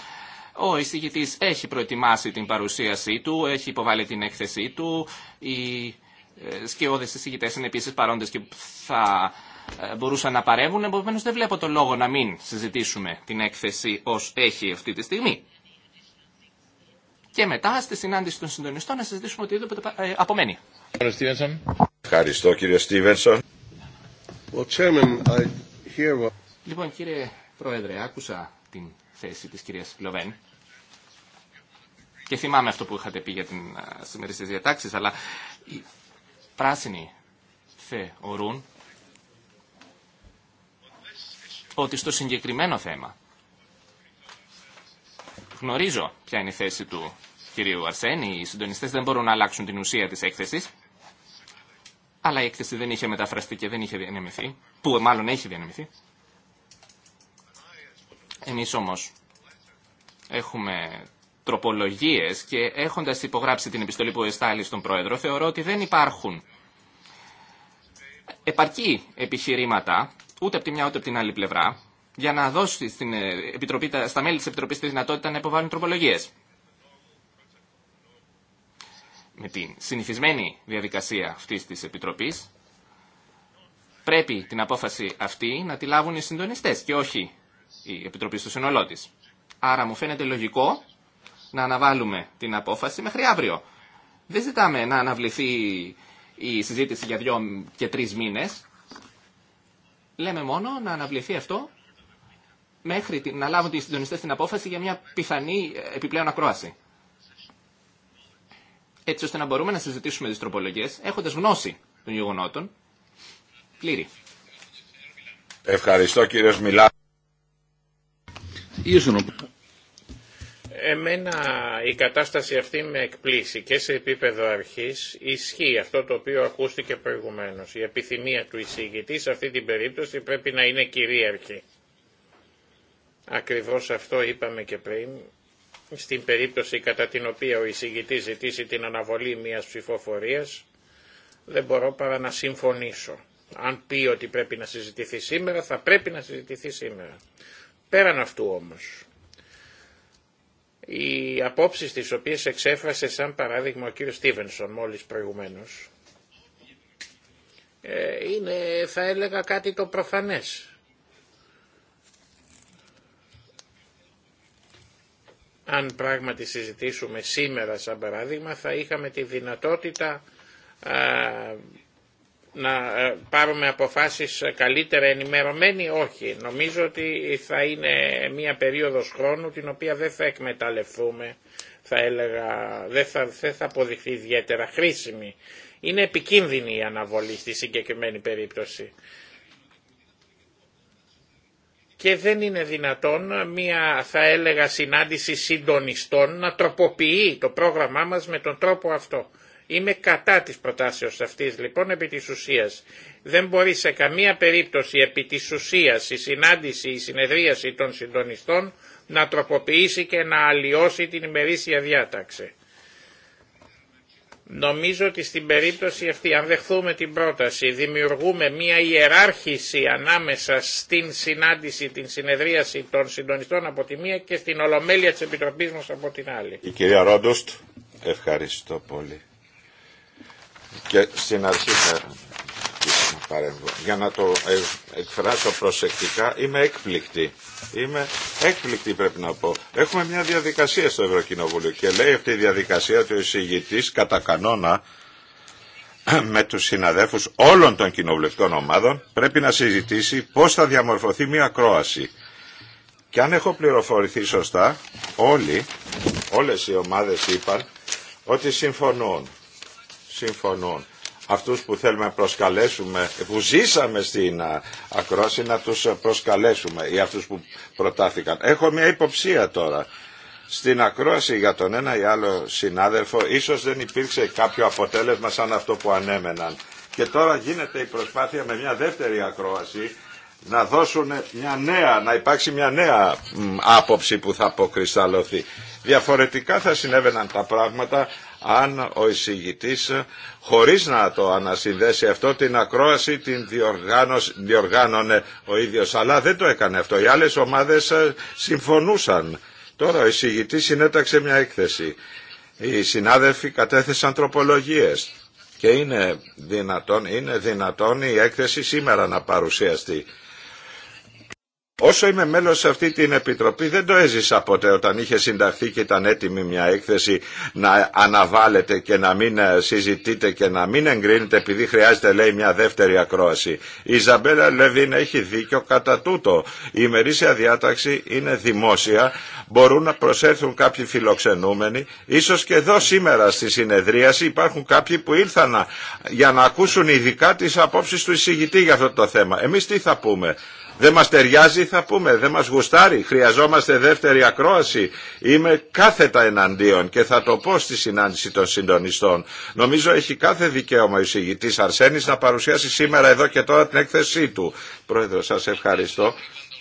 Ο εισηγητής έχει προετοιμάσει την παρουσίασή του, έχει υποβάλει την έκθεσή του. Οι ε, σκιώδες εισηγητές είναι επίσης παρόντες και θα ε, μπορούσαν να παρεύουν. Επομένως δεν βλέπω τον λόγο να μην συζητήσουμε την έκθεση ως έχει αυτή τη στιγμή. Και μετά στη συνάντηση των συντονιστών να συζητήσουμε οτιδήποτε ε, απομένει. Ευχαριστώ κύριε Στίβενσον. Λοιπόν κύριε Πρόεδρε, άκουσα την θέση της κυρίας Λοβέν. Και θυμάμαι αυτό που είχατε πει για την ε, σημερινή στις αλλά οι πράσινοι θεωρούν ότι στο συγκεκριμένο θέμα γνωρίζω ποια είναι η θέση του κυρίου Αρσένη, οι συντονιστές δεν μπορούν να αλλάξουν την ουσία της έκθεσης, αλλά η έκθεση δεν είχε μεταφραστεί και δεν είχε διανεμηθεί, που μάλλον έχει διανεμηθεί. Εμείς όμως έχουμε και έχοντα υπογράψει την επιστολή που εστάλει στον Πρόεδρο, θεωρώ ότι δεν υπάρχουν επαρκή επιχειρήματα, ούτε από τη μια ούτε από την άλλη πλευρά, για να δώσει στην ε, Επιτροπή, στα μέλη τη επιτροπή τη δυνατότητα να υποβάλουν τροπολογίε. Με την συνηθισμένη διαδικασία αυτή τη επιτροπή, πρέπει την απόφαση αυτή να τη λάβουν οι συντονιστέ και όχι η Επιτροπή στο σύνολό τη. Άρα μου φαίνεται λογικό να αναβάλουμε την απόφαση μέχρι αύριο. Δεν ζητάμε να αναβληθεί η συζήτηση για δύο και τρεις μήνες. Λέμε μόνο να αναβληθεί αυτό μέχρι να λάβουν οι συντονιστέ την απόφαση για μια πιθανή ε, επιπλέον ακρόαση. Έτσι ώστε να μπορούμε να συζητήσουμε τι τροπολογίε έχοντα γνώση των γεγονότων πλήρη. Ευχαριστώ κύριος Μιλά. Εμένα η κατάσταση αυτή με εκπλήσει και σε επίπεδο αρχής ισχύει αυτό το οποίο ακούστηκε προηγουμένως. Η επιθυμία του εισηγητή σε αυτή την περίπτωση πρέπει να είναι κυρίαρχη. Ακριβώς αυτό είπαμε και πριν. Στην περίπτωση κατά την οποία ο εισηγητή ζητήσει την αναβολή μιας ψηφοφορίας δεν μπορώ παρά να συμφωνήσω. Αν πει ότι πρέπει να συζητηθεί σήμερα θα πρέπει να συζητηθεί σήμερα. Πέραν αυτού όμως οι απόψεις τις οποίες εξέφρασε σαν παράδειγμα ο κύριος Στίβενσον μόλις προηγουμένως ε, είναι θα έλεγα κάτι το προφανές. Αν πράγματι συζητήσουμε σήμερα σαν παράδειγμα θα είχαμε τη δυνατότητα να ε, πάρουμε αποφάσεις ε, καλύτερα ενημερωμένοι, όχι. Νομίζω ότι θα είναι μία περίοδος χρόνου την οποία δεν θα εκμεταλλευτούμε, θα έλεγα, δεν θα, δεν θα αποδειχθεί ιδιαίτερα χρήσιμη. Είναι επικίνδυνη η αναβολή στη συγκεκριμένη περίπτωση. Και δεν είναι δυνατόν μία, θα έλεγα, συνάντηση συντονιστών να τροποποιεί το πρόγραμμά μας με τον τρόπο αυτό. Είμαι κατά της προτάσεως αυτής λοιπόν επί της ουσίας. Δεν μπορεί σε καμία περίπτωση επί της ουσίας η συνάντηση, η συνεδρίαση των συντονιστών να τροποποιήσει και να αλλοιώσει την ημερήσια διάταξη. Νομίζω ότι στην περίπτωση αυτή, αν δεχθούμε την πρόταση, δημιουργούμε μία ιεράρχηση ανάμεσα στην συνάντηση, την συνεδρίαση των συντονιστών από τη μία και στην ολομέλεια της Επιτροπής μας από την άλλη. Η κυρία Ρόντοστ, ευχαριστώ πολύ και στην αρχή θα παρέμβω. Για να το ε- εκφράσω προσεκτικά, είμαι έκπληκτη. Είμαι έκπληκτη πρέπει να πω. Έχουμε μια διαδικασία στο Ευρωκοινοβούλιο και λέει αυτή η διαδικασία ότι ο εισηγητής κατά κανόνα [clears throat] με τους συναδέλφους όλων των κοινοβουλευτικών ομάδων πρέπει να συζητήσει πώς θα διαμορφωθεί μια κρόαση. Και αν έχω πληροφορηθεί σωστά, όλοι, όλες οι ομάδες είπαν ότι συμφωνούν συμφωνούν. Αυτούς που θέλουμε να προσκαλέσουμε, που ζήσαμε στην ακρόαση να τους προσκαλέσουμε ή αυτούς που προτάθηκαν. Έχω μια υποψία τώρα. Στην ακρόαση για τον ένα ή άλλο συνάδελφο ίσως δεν υπήρξε κάποιο αποτέλεσμα σαν αυτό που ανέμεναν. Και τώρα γίνεται η προσπάθεια με μια δεύτερη ακρόαση να δώσουν μια νέα, να υπάρξει μια νέα άποψη που θα αποκρισταλωθεί. Διαφορετικά θα συνέβαιναν τα πράγματα αν ο εισηγητής χωρίς να το ανασυνδέσει αυτό την ακρόαση την διοργάνωνε ο ίδιος αλλά δεν το έκανε αυτό οι άλλες ομάδες ε, συμφωνούσαν τώρα ο εισηγητής συνέταξε μια έκθεση οι συνάδελφοι κατέθεσαν τροπολογίες και είναι δυνατόν, είναι δυνατόν η έκθεση σήμερα να παρουσιαστεί Όσο είμαι μέλος σε αυτή την Επιτροπή δεν το έζησα ποτέ όταν είχε συνταχθεί και ήταν έτοιμη μια έκθεση να αναβάλλεται και να μην ε, συζητείτε και να μην εγκρίνετε επειδή χρειάζεται λέει μια δεύτερη ακρόαση. Η Ζαμπέλα Λεβίν έχει δίκιο κατά τούτο. Η ημερήσια διάταξη είναι δημόσια, μπορούν να προσέλθουν κάποιοι φιλοξενούμενοι. Ίσως και εδώ σήμερα στη συνεδρίαση υπάρχουν κάποιοι που ήρθαν για να ακούσουν ειδικά τις απόψεις του εισηγητή για αυτό το θέμα. Εμείς τι θα πούμε δεν μας ταιριάζει θα πούμε, δεν μας γουστάρει, χρειαζόμαστε δεύτερη ακρόαση. Είμαι κάθετα εναντίον και θα το πω στη συνάντηση των συντονιστών. Νομίζω έχει κάθε δικαίωμα ο εισηγητής Αρσένης να παρουσιάσει σήμερα εδώ και τώρα την έκθεσή του. Πρόεδρο, σας ευχαριστώ.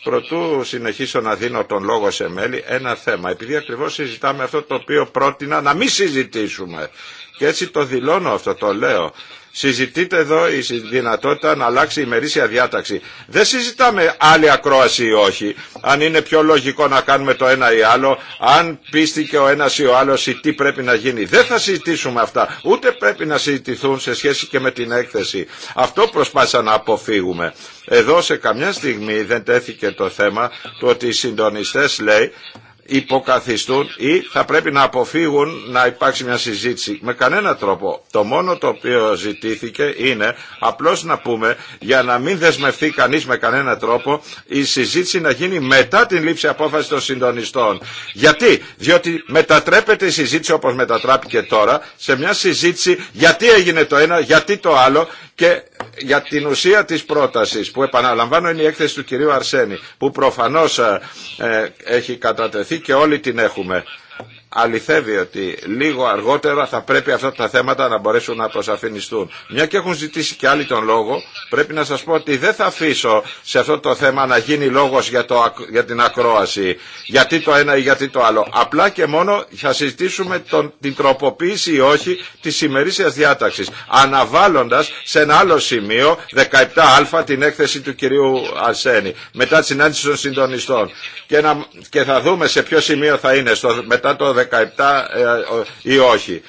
Προτού συνεχίσω να δίνω τον λόγο σε μέλη, ένα θέμα. Επειδή ακριβώς συζητάμε αυτό το οποίο πρότεινα να μην συζητήσουμε. Και έτσι το δηλώνω αυτό, το λέω. Συζητείται εδώ η δυνατότητα να αλλάξει η ημερήσια διάταξη. Δεν συζητάμε άλλη ακρόαση ή όχι. Αν είναι πιο λογικό να κάνουμε το ένα ή άλλο, αν πίστηκε ο ένας ή ο άλλος ή τι πρέπει να γίνει. Δεν θα συζητήσουμε αυτά. Ούτε πρέπει να συζητηθούν σε σχέση και με την έκθεση. Αυτό προσπάθησα να αποφύγουμε. Εδώ σε καμιά στιγμή δεν τέθηκε το θέμα του ότι οι συντονιστέ λέει υποκαθιστούν ή θα πρέπει να αποφύγουν να υπάρξει μια συζήτηση. Με κανένα τρόπο. Το μόνο το οποίο ζητήθηκε είναι απλώς να πούμε για να μην δεσμευτεί κανείς με κανένα τρόπο η συζήτηση να γίνει μετά την λήψη απόφαση των συντονιστών. Γιατί, διότι μετατρέπεται η συζήτηση όπως μετατράπηκε τώρα σε μια συζήτηση γιατί έγινε το ένα, γιατί το άλλο και για την ουσία της πρότασης που επαναλαμβάνω είναι η έκθεση του κυρίου Αρσένη που προφανώς ε, ε, έχει κατατεθεί και όλοι την έχουμε αληθεύει ότι λίγο αργότερα θα πρέπει αυτά τα θέματα να μπορέσουν να προσαφινιστούν. Μια και έχουν ζητήσει και άλλοι τον λόγο, πρέπει να σας πω ότι δεν θα αφήσω σε αυτό το θέμα να γίνει λόγος για, το, για την ακρόαση, γιατί το ένα ή γιατί το άλλο. Απλά και μόνο θα συζητήσουμε τον, την τροποποίηση ή όχι τη ημερήσιας διάταξης, αναβάλλοντας σε ένα άλλο σημείο 17α την έκθεση του κυρίου Αρσένη, μετά τη συνάντηση των συντονιστών. Και, να, και θα δούμε σε ποιο σημείο θα είναι, στο, μετά το 17 ε, ε, ή όχι.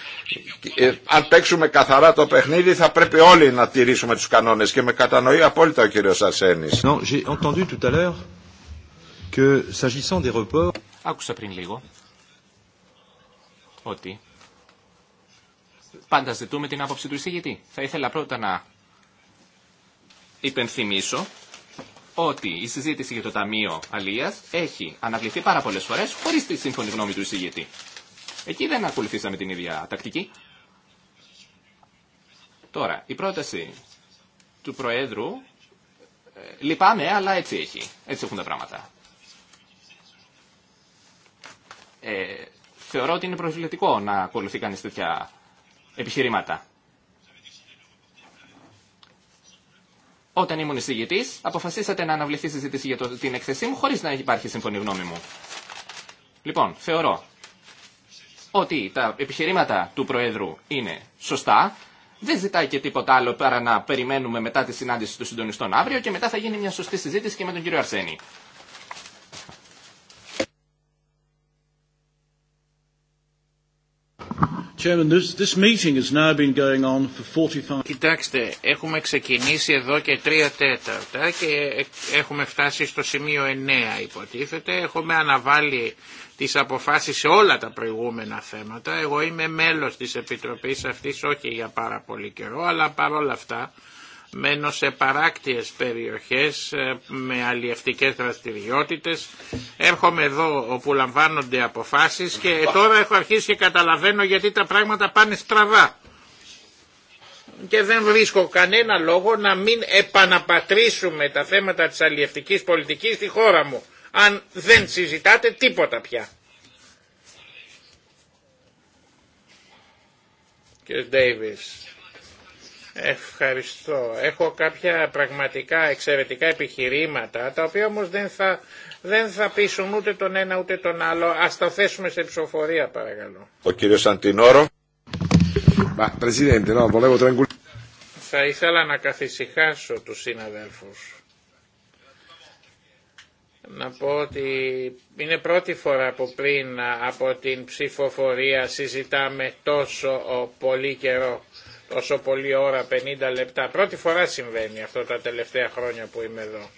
Ε, αν παίξουμε καθαρά το παιχνίδι θα πρέπει όλοι να τηρήσουμε τους κανόνες και με κατανοεί απόλυτα ο κύριος Αρσένης. Άκουσα πριν λίγο ότι πάντα ζητούμε την άποψη του εισηγητή. Θα ήθελα πρώτα να υπενθυμίσω ότι η συζήτηση για το Ταμείο Αλίας έχει αναβληθεί πάρα πολλέ φορές χωρίς τη σύμφωνη γνώμη του εισηγητή. Εκεί δεν ακολουθήσαμε την ίδια τακτική. Τώρα, η πρόταση του Προέδρου, ε, λυπάμαι, αλλά έτσι έχει. Έτσι έχουν τα πράγματα. Ε, θεωρώ ότι είναι προσβλητικό να ακολουθεί κανείς τέτοια επιχειρήματα. όταν ήμουν εισηγητή, αποφασίσατε να αναβληθεί η συζήτηση για την εκθεσή μου χωρί να υπάρχει σύμφωνη γνώμη μου. Λοιπόν, θεωρώ ότι τα επιχειρήματα του Προέδρου είναι σωστά. Δεν ζητάει και τίποτα άλλο παρά να περιμένουμε μετά τη συνάντηση του συντονιστών αύριο και μετά θα γίνει μια σωστή συζήτηση και με τον κύριο Αρσένη. Κοιτάξτε, έχουμε ξεκινήσει εδώ και τρία τέταρτα και έχουμε φτάσει στο σημείο εννέα υποτίθεται. Έχουμε αναβάλει τις αποφάσεις σε όλα τα προηγούμενα θέματα. Εγώ είμαι μέλος της Επιτροπής αυτής όχι για πάρα πολύ καιρό, αλλά παρόλα αυτά μένω σε παράκτιες περιοχές ε, με αλλιευτικές δραστηριότητες. Έρχομαι εδώ όπου λαμβάνονται αποφάσεις και τώρα έχω αρχίσει και καταλαβαίνω γιατί τα πράγματα πάνε στραβά. Και δεν βρίσκω κανένα λόγο να μην επαναπατρίσουμε τα θέματα της αλλιευτικής πολιτικής στη χώρα μου. Αν δεν συζητάτε τίποτα πια. Κύριε Ντέιβις. Ευχαριστώ. Έχω κάποια πραγματικά εξαιρετικά επιχειρήματα, τα οποία όμως δεν θα, δεν θα πείσουν ούτε τον ένα ούτε τον άλλο. Ας τα θέσουμε σε ψηφοφορία παρακαλώ. Ο κύριος Αντινόρο. Θα ήθελα να καθησυχάσω τους συναδέλφους. Να πω ότι είναι πρώτη φορά που πριν από την ψηφοφορία συζητάμε τόσο πολύ καιρό τόσο πολλή ώρα, 50 λεπτά. Πρώτη φορά συμβαίνει αυτό τα τελευταία χρόνια που είμαι εδώ.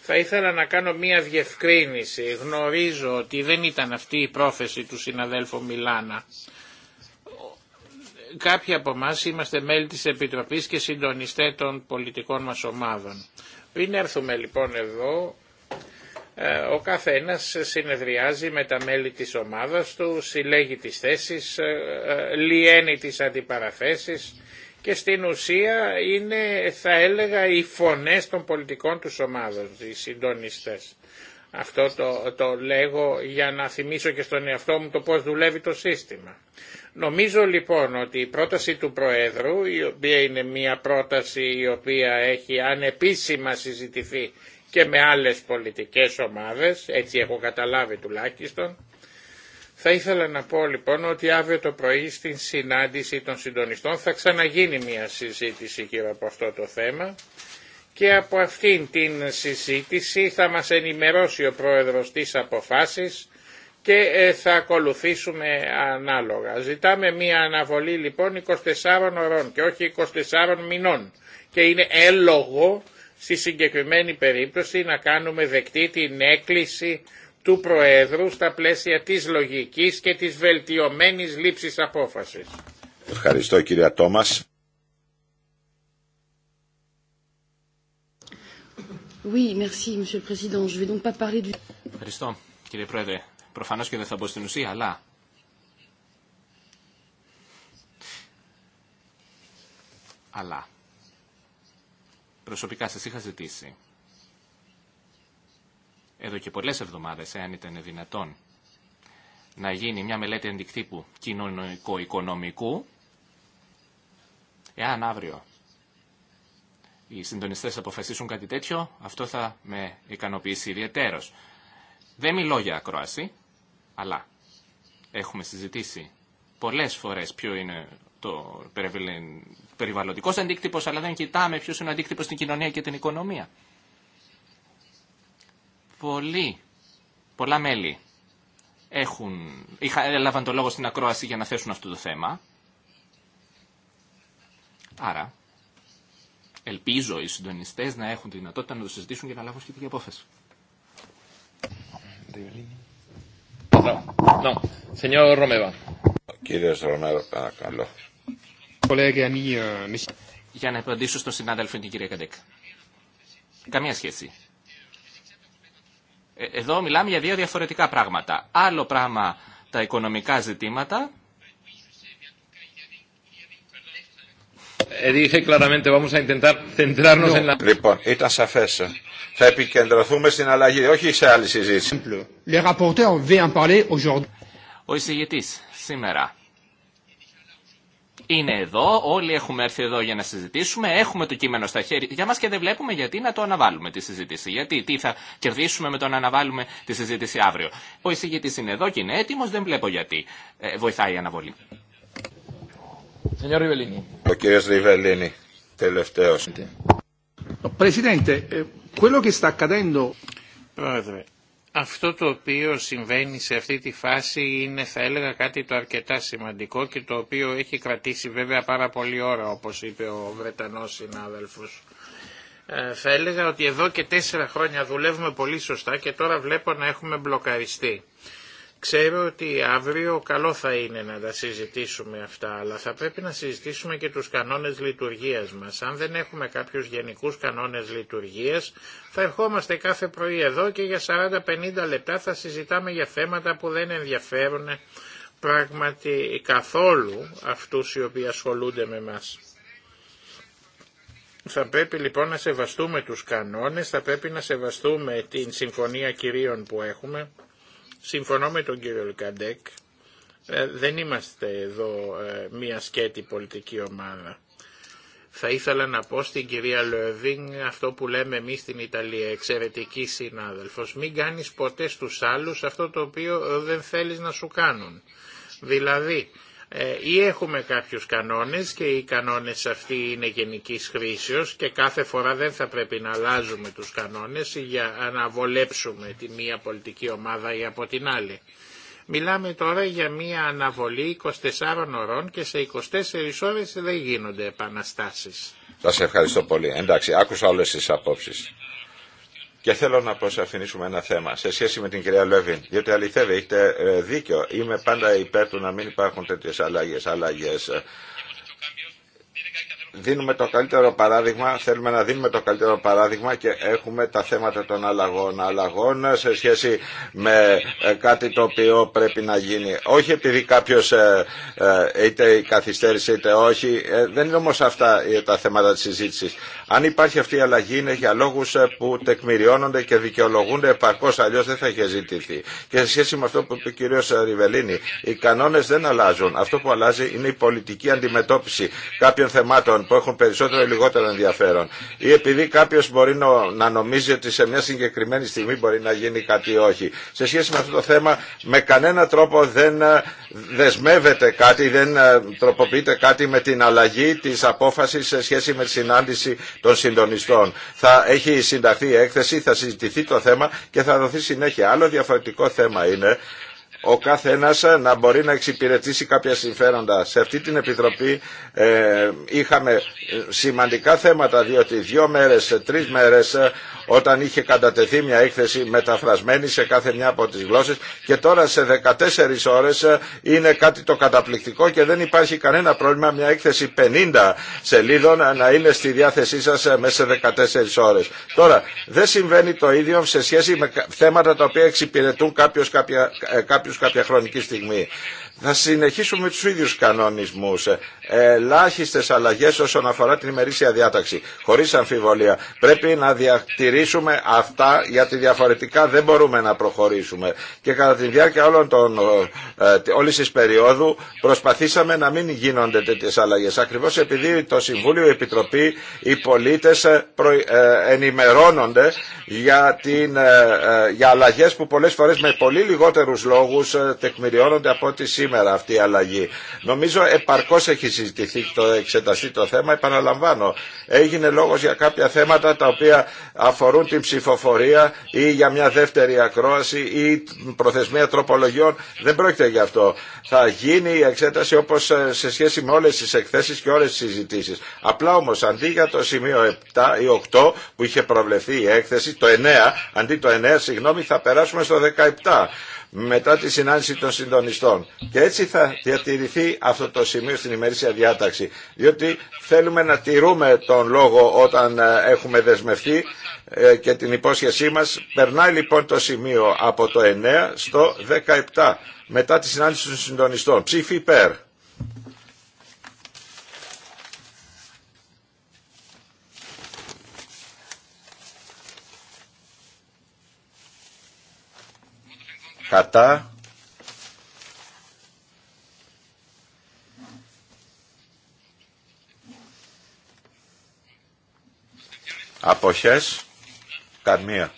Θα ήθελα να κάνω μία διευκρίνηση. Γνωρίζω ότι δεν ήταν αυτή η πρόθεση του συναδέλφου Μιλάνα. Κάποιοι από εμά είμαστε μέλη της Επιτροπής και συντονιστέ των πολιτικών μας ομάδων. Πριν έρθουμε λοιπόν εδώ, ε, ο καθένας συνεδριάζει με τα μέλη της ομάδας του, συλλέγει τις θέσεις, ε, ε, λιένει τις αντιπαραθέσεις και στην ουσία είναι θα έλεγα οι φωνές των πολιτικών του ομάδων, οι συντονιστές. Αυτό το, το λέγω για να θυμίσω και στον εαυτό μου το πώς δουλεύει το σύστημα. Νομίζω λοιπόν ότι η πρόταση του Προέδρου, η οποία είναι μια πρόταση η οποία έχει ανεπίσημα συζητηθεί και με άλλες πολιτικές ομάδες, έτσι έχω καταλάβει τουλάχιστον. Θα ήθελα να πω λοιπόν ότι αύριο το πρωί στην συνάντηση των συντονιστών θα ξαναγίνει μια συζήτηση γύρω από αυτό το θέμα και από αυτήν την συζήτηση θα μας ενημερώσει ο πρόεδρος της αποφάσεις και ε, θα ακολουθήσουμε ανάλογα. Ζητάμε μία αναβολή λοιπόν 24 ώρων και όχι 24 μηνών και είναι έλογο στη συγκεκριμένη περίπτωση να κάνουμε δεκτή την έκκληση του Προέδρου στα πλαίσια της λογικής και της βελτιωμένης λήψης απόφασης. Ευχαριστώ κύριε Τόμας. Oui, merci, Monsieur le Président. Je vais donc pas parler du... Ευχαριστώ, κύριε Πρόεδρε. Προφανώς και δεν θα μπω στην ουσία, αλλά αλλά προσωπικά σας είχα ζητήσει εδώ και πολλές εβδομάδες, εάν ήταν δυνατόν, να γίνει μια μελέτη αντικτύπου κοινωνικο-οικονομικού, εάν αύριο οι συντονιστές αποφασίσουν κάτι τέτοιο, αυτό θα με ικανοποιήσει ιδιαίτερος. Δεν μιλώ για ακρόαση, αλλά έχουμε συζητήσει πολλές φορές ποιο είναι το περιβαλλοντικό αντίκτυπο, αλλά δεν κοιτάμε ποιο είναι ο αντίκτυπο στην κοινωνία και την οικονομία. Πολλοί, πολλά μέλη έχουν, είχα, έλαβαν το λόγο στην ακρόαση για να θέσουν αυτό το θέμα. Άρα, ελπίζω οι συντονιστέ να έχουν τη δυνατότητα να το συζητήσουν και να λάβουν σχετική απόφαση. Κύριε Ρομέβα, παρακαλώ. Ε, για να απαντήσω στον συνάδελφο την κυρία Καντέκ. Καμία σχέση. Ε, εδώ μιλάμε για δύο διαφορετικά πράγματα. Άλλο πράγμα τα οικονομικά ζητήματα. Ε, λοιπόν, ήταν σαφέ. Θα επικεντρωθούμε στην αλλαγή, όχι σε άλλη συζήτηση. Ο εισηγητή σήμερα είναι εδώ, όλοι έχουμε έρθει εδώ για να συζητήσουμε, έχουμε το κείμενο στα χέρια μας και δεν βλέπουμε γιατί να το αναβάλουμε τη συζήτηση. Γιατί, τι θα κερδίσουμε με το να αναβάλουμε τη συζήτηση αύριο. Ο εισηγητής είναι εδώ και είναι έτοιμος, δεν βλέπω γιατί. Ε, βοηθάει η αναβολή. Ο Ριβελίνη, eh, Πρόεδρε, αυτό το οποίο συμβαίνει σε αυτή τη φάση είναι θα έλεγα κάτι το αρκετά σημαντικό και το οποίο έχει κρατήσει βέβαια πάρα πολύ ώρα όπως είπε ο Βρετανός συνάδελφος. Ε, θα έλεγα ότι εδώ και τέσσερα χρόνια δουλεύουμε πολύ σωστά και τώρα βλέπω να έχουμε μπλοκαριστεί. Ξέρω ότι αύριο καλό θα είναι να τα συζητήσουμε αυτά, αλλά θα πρέπει να συζητήσουμε και τους κανόνες λειτουργίας μας. Αν δεν έχουμε κάποιους γενικούς κανόνες λειτουργίας, θα ερχόμαστε κάθε πρωί εδώ και για 40-50 λεπτά θα συζητάμε για θέματα που δεν ενδιαφέρουν πράγματι καθόλου αυτούς οι οποίοι ασχολούνται με μας. Θα πρέπει λοιπόν να σεβαστούμε τους κανόνες, θα πρέπει να σεβαστούμε την συμφωνία κυρίων που έχουμε Συμφωνώ με τον κύριο Λουκαντέκ, ε, δεν είμαστε εδώ ε, μία σκέτη πολιτική ομάδα. Θα ήθελα να πω στην κυρία Λεωδίν αυτό που λέμε εμείς στην Ιταλία, εξαιρετική συνάδελφος. Μην κάνεις ποτέ στους άλλους αυτό το οποίο ε, δεν θέλεις να σου κάνουν. Δηλαδή, ε, ή έχουμε κάποιους κανόνες και οι κανόνες αυτοί είναι γενικής χρήσεως και κάθε φορά δεν θα πρέπει να αλλάζουμε τους κανόνες για να βολέψουμε τη μία πολιτική ομάδα ή από την άλλη. Μιλάμε τώρα για μία αναβολή 24 ωρών και σε 24 ώρες δεν γίνονται επαναστάσεις. Σας ευχαριστώ πολύ. Εντάξει, άκουσα όλες τις απόψεις. Και θέλω να προσαφηνήσουμε ένα θέμα σε σχέση με την κυρία Λέβιν. Διότι αληθεύει, έχετε ε, δίκιο. Είμαι πάντα υπέρ του να μην υπάρχουν τέτοιε αλλαγέ. Αλλαγέ. Ε, δίνουμε το καλύτερο παράδειγμα, θέλουμε να δίνουμε το καλύτερο παράδειγμα και έχουμε τα θέματα των αλλαγών. Αλλαγών σε σχέση με ε, κάτι το οποίο πρέπει να γίνει. Όχι επειδή κάποιο ε, ε, είτε καθυστέρησε είτε όχι, δεν είναι όμω αυτά τα θέματα τη συζήτηση. Αν υπάρχει αυτή η αλλαγή είναι για λόγου που τεκμηριώνονται και δικαιολογούνται επαρκώ, αλλιώ δεν θα είχε ζητηθεί. Και σε σχέση με αυτό που είπε ο κ. Ριβελίνη, οι κανόνε δεν αλλάζουν. Αυτό που αλλάζει είναι η πολιτική αντιμετώπιση κάποιων θεμάτων που έχουν περισσότερο ή λιγότερο ενδιαφέρον. Ή επειδή κάποιο μπορεί να νομίζει ότι σε μια συγκεκριμένη στιγμή μπορεί να γίνει κάτι ή όχι. Σε σχέση με αυτό το θέμα, με κανένα τρόπο δεν ε, δεσμεύεται κάτι, δεν ε, τροποποιείται κάτι με την αλλαγή τη απόφαση σε σχέση με τη συνάντηση των συντονιστών. Θα έχει συνταχθεί η έκθεση, θα συζητηθεί το θέμα και θα δοθεί συνέχεια. Άλλο διαφορετικό θέμα είναι ο καθένας ε, να μπορεί να εξυπηρετήσει κάποια συμφέροντα. Σε αυτή την Επιτροπή ε, είχαμε ε, σημαντικά θέματα διότι δύο μέρες, ε, τρεις μέρες όταν είχε κατατεθεί μια έκθεση μεταφρασμένη σε κάθε μια από τις γλώσσες και τώρα σε 14 ώρες ε, είναι κάτι το καταπληκτικό και δεν υπάρχει κανένα πρόβλημα μια έκθεση 50 σελίδων ε, να είναι στη διάθεσή σας ε, μέσα σε 14 ώρες. Τώρα, δεν συμβαίνει το ίδιο σε σχέση με θέματα τα οποία εξυπηρετούν κάποιους κάποια, κάποια χρονική στιγμή να συνεχίσουμε τους ίδιους κανονισμούς. Ελάχιστες αλλαγές όσον αφορά την ημερήσια διάταξη. Χωρίς αμφιβολία. Πρέπει να διατηρήσουμε αυτά γιατί διαφορετικά δεν μπορούμε να προχωρήσουμε. Και κατά τη διάρκεια όλων των, ε, όλης της περίοδου προσπαθήσαμε να μην γίνονται τέτοιες αλλαγές. Ακριβώς επειδή το Συμβούλιο, η Επιτροπή, οι πολίτες ε, ε, ενημερώνονται για, την, για αλλαγές που πολλές φορές με πολύ λιγότερους λόγους τεκμηριώνονται από σήμερα αυτή η αλλαγή. Νομίζω επαρκώ έχει συζητηθεί το εξεταστεί το θέμα, επαναλαμβάνω. Έγινε λόγο για κάποια θέματα τα οποία αφορούν την ψηφοφορία ή για μια δεύτερη ακρόαση ή προθεσμία τροπολογιών. Δεν πρόκειται για αυτό. Θα γίνει η εξέταση θα γινει η εξεταση οπω σε σχέση με όλε τι εκθέσει και όλε τι συζητήσει. Απλά όμω, αντί για το σημείο 7 ή 8 που είχε προβλεφθεί η έκθεση, το 9, αντί το 9 συγγνώμη θα περάσουμε στο 17 μετά τη συνάντηση των συντονιστών. Και έτσι θα διατηρηθεί αυτό το σημείο στην ημερήσια διάταξη. Διότι θέλουμε να τηρούμε τον λόγο όταν ε, έχουμε δεσμευτεί ε, και την υπόσχεσή μας. Περνάει λοιπόν το σημείο από το 9 στο 17 μετά τη συνάντηση των συντονιστών. Ψήφι υπέρ. Κατά. Αποχές. Καμία.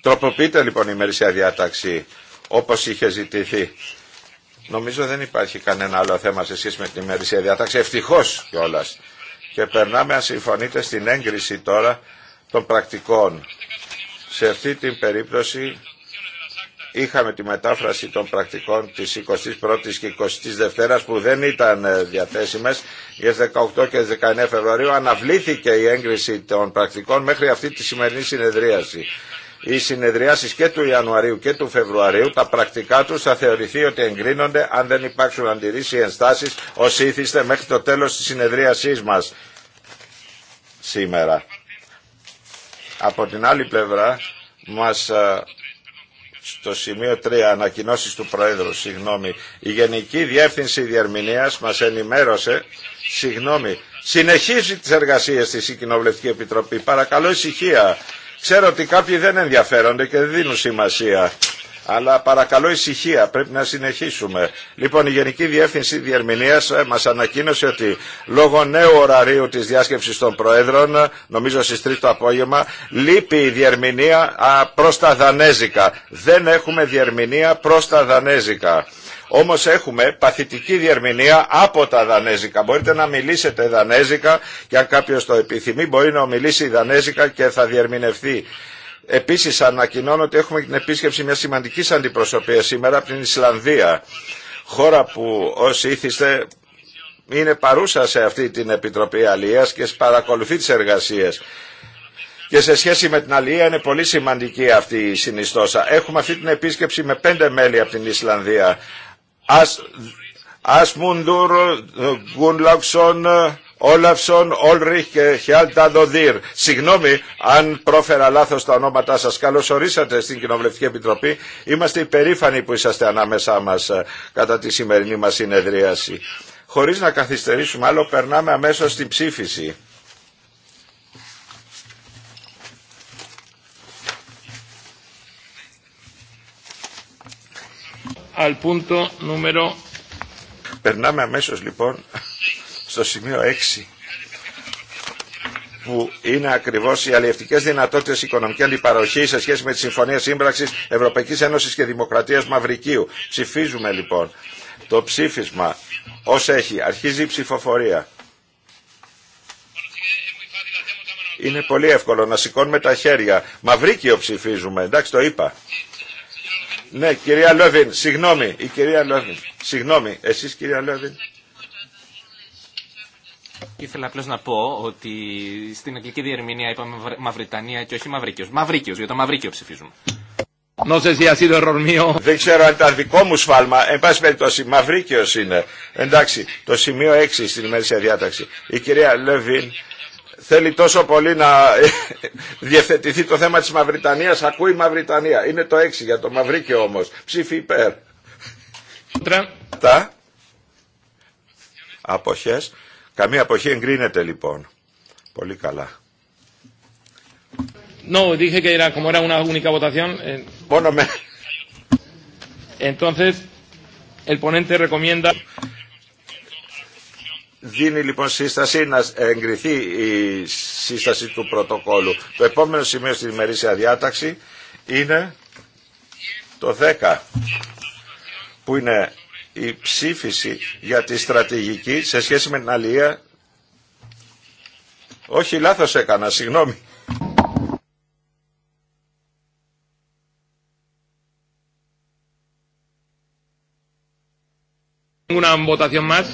Τροποποιείται λοιπόν η ημερησία διάταξη όπως είχε ζητηθεί. Νομίζω δεν υπάρχει κανένα άλλο θέμα σε σχέση με την ημερησία διάταξη. Ευτυχώς κιόλα. Και περνάμε αν συμφωνείτε στην έγκριση τώρα των πρακτικών. Σε αυτή την περίπτωση είχαμε τη μετάφραση των πρακτικών της 21ης και 22ης που δεν ήταν ε, διαθέσιμες για 18 και 19 Φεβρουαρίου αναβλήθηκε η έγκριση των πρακτικών μέχρι αυτή τη σημερινή συνεδρίαση. Οι συνεδριάσεις και του Ιανουαρίου και του Φεβρουαρίου, τα πρακτικά τους θα θεωρηθεί ότι εγκρίνονται αν δεν υπάρξουν αντιρρήσεις ή ενστάσεις ως ήθιστε μέχρι το τέλος της συνεδρίασής μας σήμερα. Από την άλλη πλευρά μας ε, στο σημείο 3, ανακοινώσεις του Προέδρου, συγγνώμη. Η Γενική Διεύθυνση Διερμηνίας μας ενημέρωσε, συγγνώμη, συνεχίζει τις εργασίες της η Κοινοβουλευτική Επιτροπή. Παρακαλώ ησυχία. Ξέρω ότι κάποιοι δεν ενδιαφέρονται και δεν δίνουν σημασία. Αλλά παρακαλώ ησυχία, πρέπει να συνεχίσουμε. Λοιπόν, η Γενική Διεύθυνση Διερμηνίας ε, μας ανακοίνωσε ότι λόγω νέου ωραρίου της διάσκεψης των Προέδρων, νομίζω στις 3 το απόγευμα, λείπει η διερμηνία προς τα Δανέζικα. Δεν έχουμε διερμηνία προς τα Δανέζικα. Όμως έχουμε παθητική διερμηνία από τα Δανέζικα. Μπορείτε να μιλήσετε Δανέζικα και αν κάποιος το επιθυμεί μπορεί να μιλήσει Δανέζικα και θα διερμηνευθεί. Επίσης ανακοινώνω ότι έχουμε την επίσκεψη μιας σημαντικής αντιπροσωπείας σήμερα από την Ισλανδία, χώρα που όσοι ήθιστε είναι παρούσα σε αυτή την Επιτροπή Αλίας και παρακολουθεί τις εργασίες. Και σε σχέση με την Αλία είναι πολύ σημαντική αυτή η συνιστόσα. Έχουμε αυτή την επίσκεψη με πέντε μέλη από την Ισλανδία. Ασμούντουρ, Όλαυσον, Όλριχ και Χιάλτα Δοδίρ. Συγγνώμη αν πρόφερα λάθο τα ονόματά σα. Καλώ ορίσατε στην Κοινοβουλευτική Επιτροπή. Είμαστε υπερήφανοι που είσαστε ανάμεσά μα ε, κατά τη σημερινή μα συνεδρίαση. Χωρί να καθυστερήσουμε άλλο, περνάμε αμέσω στην ψήφιση. Al punto número... Περνάμε αμέσως λοιπόν στο σημείο 6 που είναι ακριβώ οι αλλιευτικέ δυνατότητε οικονομική αντιπαροχή σε σχέση με τη Συμφωνία Σύμπραξη Ευρωπαϊκή Ένωση και Δημοκρατία Μαυρικίου. Ψηφίζουμε λοιπόν το ψήφισμα ω έχει. Αρχίζει η ψηφοφορία. Είναι πολύ εύκολο να σηκώνουμε τα χέρια. Μαυρίκιο ψηφίζουμε. Εντάξει το είπα. Ναι, κυρία Λόβιν, συγγνώμη, η κυρία Λόβιν. Συγγνώμη, εσείς κυρία Λόβιν. Ήθελα απλώ να πω ότι στην αγγλική διερμηνία είπαμε Μαυριτανία και όχι Μαυρίκιο. Μαυρίκιο, για το Μαυρίκιο ψηφίζουμε. Δεν ξέρω αν ήταν δικό μου σφάλμα. Εν πάση περιπτώσει, Μαυρίκιο είναι. Εντάξει, το σημείο 6 στην ημερήσια διάταξη. Η κυρία Λεβίν θέλει τόσο πολύ να [laughs] διευθετηθεί το θέμα τη Μαυριτανία. Ακούει Μαυριτανία. Είναι το 6 για το Μαυρίκιο όμω. Ψήφι υπέρ. Τα. Αποχές. Καμία αποχή εγκρίνεται λοιπόν. Πολύ καλά. No, dije que era como era una única votación. Eh, entonces, el ponente recomienda. Δίνει λοιπόν σύσταση να εγκριθεί η σύσταση του πρωτοκόλου. Το επόμενο σημείο στην ημερήσια διάταξη είναι το 10 που είναι η ψήφιση για τη στρατηγική σε σχέση με την αλληλεία. Όχι, λάθος έκανα, συγγνώμη. Una votación más,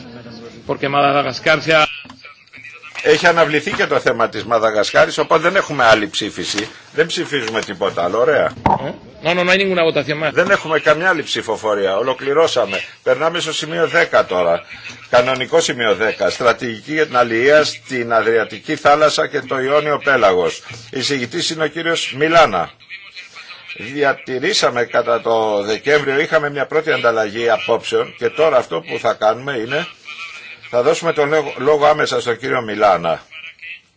porque Madagascar se ha... Έχει αναβληθεί και το θέμα της Μαδαγασκάρης, οπότε δεν έχουμε άλλη ψήφιση. Δεν ψηφίζουμε τίποτα άλλο, ωραία. Ε? Δεν έχουμε καμιά άλλη ψηφοφορία. Ολοκληρώσαμε. Περνάμε στο σημείο 10 τώρα. Κανονικό σημείο 10. Στρατηγική για την αλληλεία στην Αδριατική θάλασσα και το Ιόνιο Πέλαγος. Εισηγητής είναι ο κύριος Μιλάνα διατηρήσαμε κατά το Δεκέμβριο, είχαμε μια πρώτη ανταλλαγή απόψεων και τώρα αυτό που θα κάνουμε είναι θα δώσουμε τον λόγο άμεσα στον κύριο Μιλάνα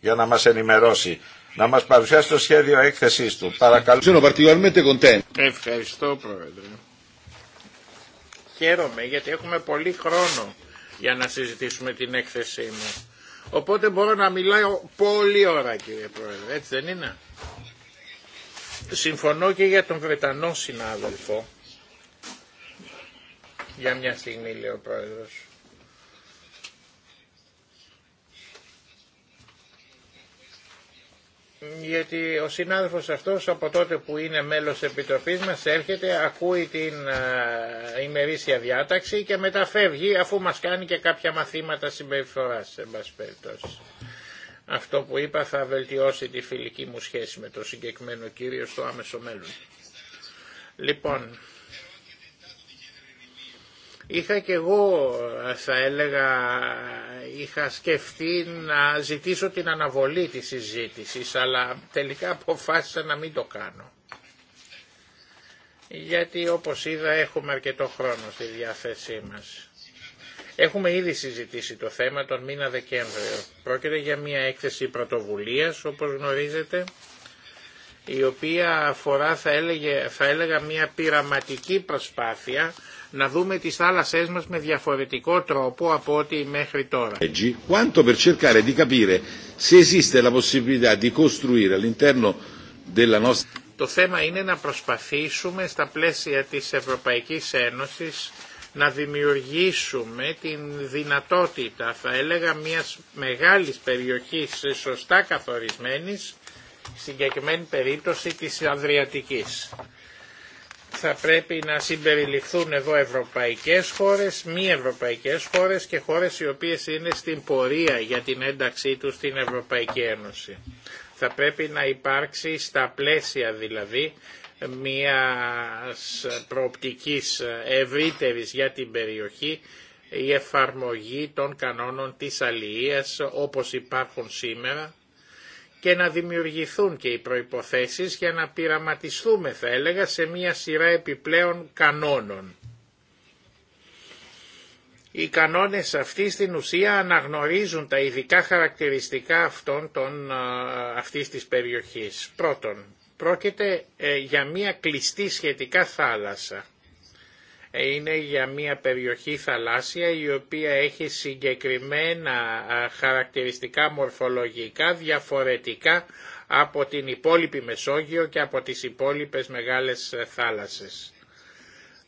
για να μας ενημερώσει, να μας παρουσιάσει το σχέδιο έκθεσής του. Παρακαλώ. Ευχαριστώ Πρόεδρε. Χαίρομαι γιατί έχουμε πολύ χρόνο για να συζητήσουμε την έκθεσή μου. Οπότε μπορώ να μιλάω πολύ ώρα κύριε Πρόεδρε, έτσι δεν είναι. Συμφωνώ και για τον Βρετανό συνάδελφο. Για μια στιγμή λέει ο Πρόεδρος. γιατί ο συνάδελφος αυτός από τότε που είναι μέλος επιτροπής μας έρχεται, ακούει την ε, ημερήσια διάταξη και μετά φεύγει αφού μας κάνει και κάποια μαθήματα συμπεριφοράς, εν πάση περιπτώσει. Αυτό που είπα θα βελτιώσει τη φιλική μου σχέση με το συγκεκριμένο κύριο στο άμεσο μέλλον. Λοιπόν, Είχα και εγώ, θα έλεγα, είχα σκεφτεί να ζητήσω την αναβολή της συζήτησης, αλλά τελικά αποφάσισα να μην το κάνω. Γιατί όπως είδα έχουμε αρκετό χρόνο στη διάθεσή μας. Έχουμε ήδη συζητήσει το θέμα τον μήνα Δεκέμβριο. Πρόκειται για μια έκθεση πρωτοβουλίας, όπως γνωρίζετε, η οποία αφορά, θα, έλεγε, θα έλεγα, μια πειραματική προσπάθεια να δούμε τις θάλασσές μας με διαφορετικό τρόπο από ό,τι μέχρι τώρα. Quanto per cercare di capire se esiste la possibilità di costruire all'interno nostra το θέμα είναι να προσπαθήσουμε στα πλαίσια της Ευρωπαϊκής Ένωσης να δημιουργήσουμε την δυνατότητα, θα έλεγα, μιας μεγάλης περιοχής σωστά καθορισμένης, συγκεκριμένη περίπτωση της Ανδριατικής θα πρέπει να συμπεριληφθούν εδώ ευρωπαϊκές χώρες, μη ευρωπαϊκές χώρες και χώρες οι οποίες είναι στην πορεία για την ένταξή τους στην Ευρωπαϊκή Ένωση. Θα πρέπει να υπάρξει στα πλαίσια δηλαδή μια προοπτικής ευρύτερης για την περιοχή η εφαρμογή των κανόνων της αλληλείας όπως υπάρχουν σήμερα και να δημιουργηθούν και οι προϋποθέσεις για να πειραματιστούμε θα έλεγα σε μια σειρά επιπλέον κανόνων. Οι κανόνες αυτοί στην ουσία αναγνωρίζουν τα ειδικά χαρακτηριστικά αυτών των, αυτής της περιοχής. Πρώτον, πρόκειται ε, για μια κλειστή σχετικά θάλασσα είναι για μια περιοχή θαλάσσια η οποία έχει συγκεκριμένα χαρακτηριστικά μορφολογικά διαφορετικά από την υπόλοιπη Μεσόγειο και από τις υπόλοιπες μεγάλες ε, θάλασσες.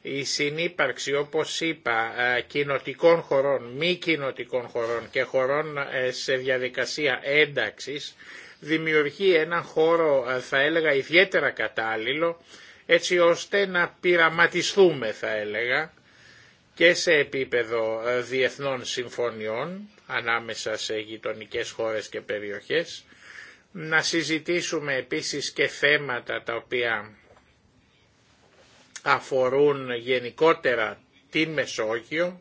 Η συνύπαρξη, όπως είπα, κοινοτικών χωρών, μη κοινοτικών χωρών και χωρών ε, σε διαδικασία ένταξης δημιουργεί έναν χώρο, θα έλεγα, ιδιαίτερα κατάλληλο έτσι ώστε να πειραματιστούμε θα έλεγα και σε επίπεδο ε, διεθνών συμφωνιών ανάμεσα σε γειτονικές χώρες και περιοχές, να συζητήσουμε επίσης και θέματα τα οποία αφορούν γενικότερα την Μεσόγειο,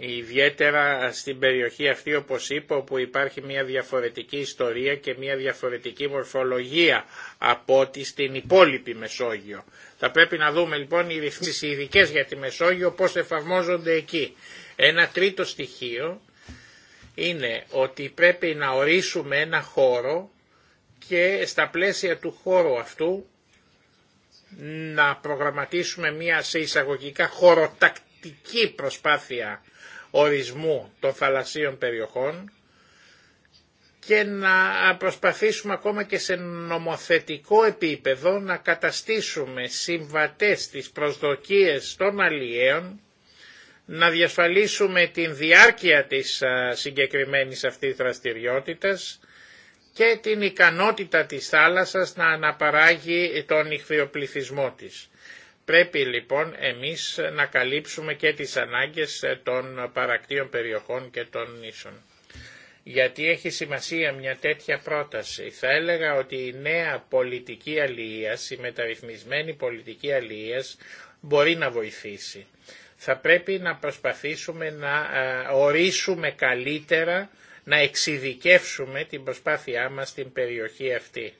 ιδιαίτερα στην περιοχή αυτή όπως είπα όπου υπάρχει μια διαφορετική ιστορία και μια διαφορετική μορφολογία από ό,τι στην υπόλοιπη Μεσόγειο. Θα πρέπει να δούμε λοιπόν οι ρυθμίσεις ειδικέ για τη Μεσόγειο πώς εφαρμόζονται εκεί. Ένα τρίτο στοιχείο είναι ότι πρέπει να ορίσουμε ένα χώρο και στα πλαίσια του χώρου αυτού να προγραμματίσουμε μια σε εισαγωγικά χωροτακτική προσπάθεια ορισμού των θαλασσίων περιοχών και να προσπαθήσουμε ακόμα και σε νομοθετικό επίπεδο να καταστήσουμε συμβατές τις προσδοκίες των αλλιέων, να διασφαλίσουμε την διάρκεια της συγκεκριμένης αυτής δραστηριότητας και την ικανότητα της θάλασσας να αναπαράγει τον ηχθειοπληθυσμό της. Πρέπει λοιπόν εμείς να καλύψουμε και τις ανάγκες ε, των παρακτήων περιοχών και των νήσων. Γιατί έχει σημασία μια τέτοια πρόταση. Θα έλεγα ότι η νέα πολιτική αλληλείας, η μεταρρυθμισμένη πολιτική αλληλείας μπορεί να βοηθήσει. Θα πρέπει να προσπαθήσουμε να ε, ορίσουμε καλύτερα, να εξειδικεύσουμε την προσπάθειά μας στην περιοχή αυτή.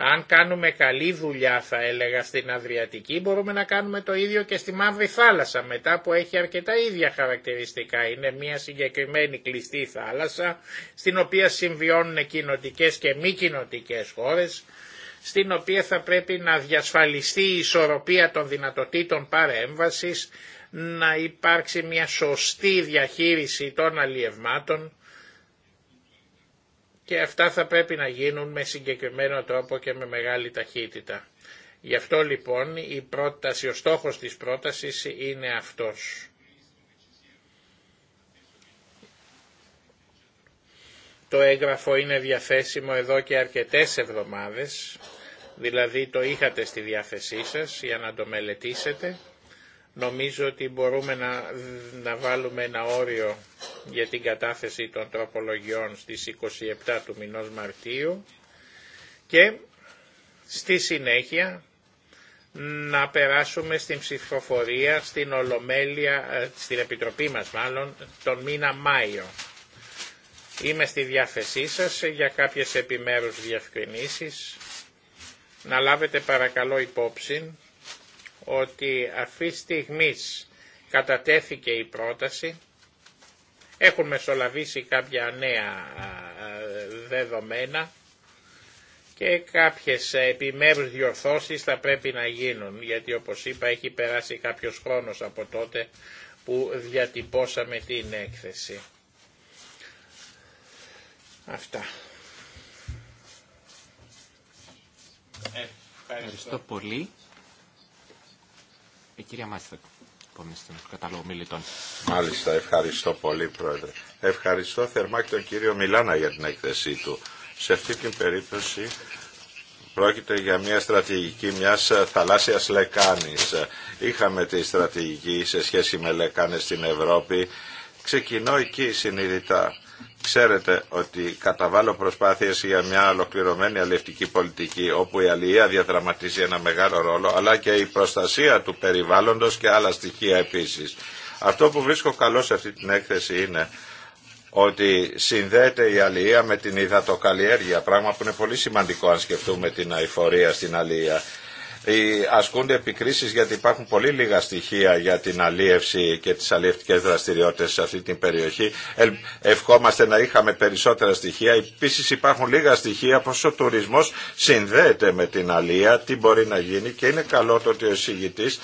Αν κάνουμε καλή δουλειά θα έλεγα στην Αδριατική μπορούμε να κάνουμε το ίδιο και στη Μαύρη Θάλασσα μετά που έχει αρκετά ίδια χαρακτηριστικά. Είναι μια συγκεκριμένη κλειστή θάλασσα στην οποία συμβιώνουν κοινοτικέ και μη κοινοτικέ χώρες στην οποία θα πρέπει να διασφαλιστεί η ισορροπία των δυνατοτήτων παρέμβασης, να υπάρξει μια σωστή διαχείριση των αλλιευμάτων και αυτά θα πρέπει να γίνουν με συγκεκριμένο τρόπο και με μεγάλη ταχύτητα. Γι' αυτό λοιπόν η πρόταση, ο στόχος της πρότασης είναι αυτός. Το έγγραφο είναι διαθέσιμο εδώ και αρκετές εβδομάδες, δηλαδή το είχατε στη διάθεσή σας για να το μελετήσετε. Νομίζω ότι μπορούμε να, να βάλουμε ένα όριο για την κατάθεση των τροπολογιών στις 27 του μηνός Μαρτίου και στη συνέχεια να περάσουμε στην ψηφοφορία, στην Ολομέλεια, ε, στην Επιτροπή μας μάλλον, τον μήνα Μάιο. Είμαι στη διάθεσή σας για κάποιες επιμέρους διευκρινήσεις. Να λάβετε παρακαλώ υπόψη ότι αυτή στιγμή κατατέθηκε η πρόταση, έχουν μεσολαβήσει κάποια νέα δεδομένα και κάποιες επιμέρους διορθώσεις θα πρέπει να γίνουν, γιατί όπως είπα έχει περάσει κάποιος χρόνος από τότε που διατυπώσαμε την έκθεση. Αυτά. Ευχαριστώ πολύ. Η κυρία Μάστακ, επόμενη στην κατάλογο μιλητών. Μάλιστα, ευχαριστώ πολύ, Πρόεδρε. Ευχαριστώ θερμά και τον κύριο Μιλάνα για την έκθεσή του. Σε αυτή την περίπτωση Πρόκειται για μια στρατηγική μιας θαλάσσιας λεκάνης. Είχαμε τη στρατηγική σε σχέση με λεκάνες στην Ευρώπη. Ξεκινώ εκεί συνειδητά Ξέρετε ότι καταβάλω προσπάθειες για μια ολοκληρωμένη αλληλευτική πολιτική όπου η αλληλεία διαδραματίζει ένα μεγάλο ρόλο αλλά και η προστασία του περιβάλλοντος και άλλα στοιχεία επίσης. Αυτό που βρίσκω καλό σε αυτή την έκθεση είναι ότι συνδέεται η αλληλεία με την υδατοκαλλιέργεια, πράγμα που είναι πολύ σημαντικό αν σκεφτούμε την αηφορία στην αλληλεία. Ε, ασκούνται επικρίσεις γιατί υπάρχουν πολύ λίγα στοιχεία για την αλίευση και τις αλιευτικές δραστηριότητες σε αυτή την περιοχή. Ευχόμαστε να είχαμε περισσότερα στοιχεία. Επίση υπάρχουν λίγα στοιχεία πως ο τουρισμός συνδέεται με την αλία, τι μπορεί να γίνει και είναι καλό το ότι ο εισηγητής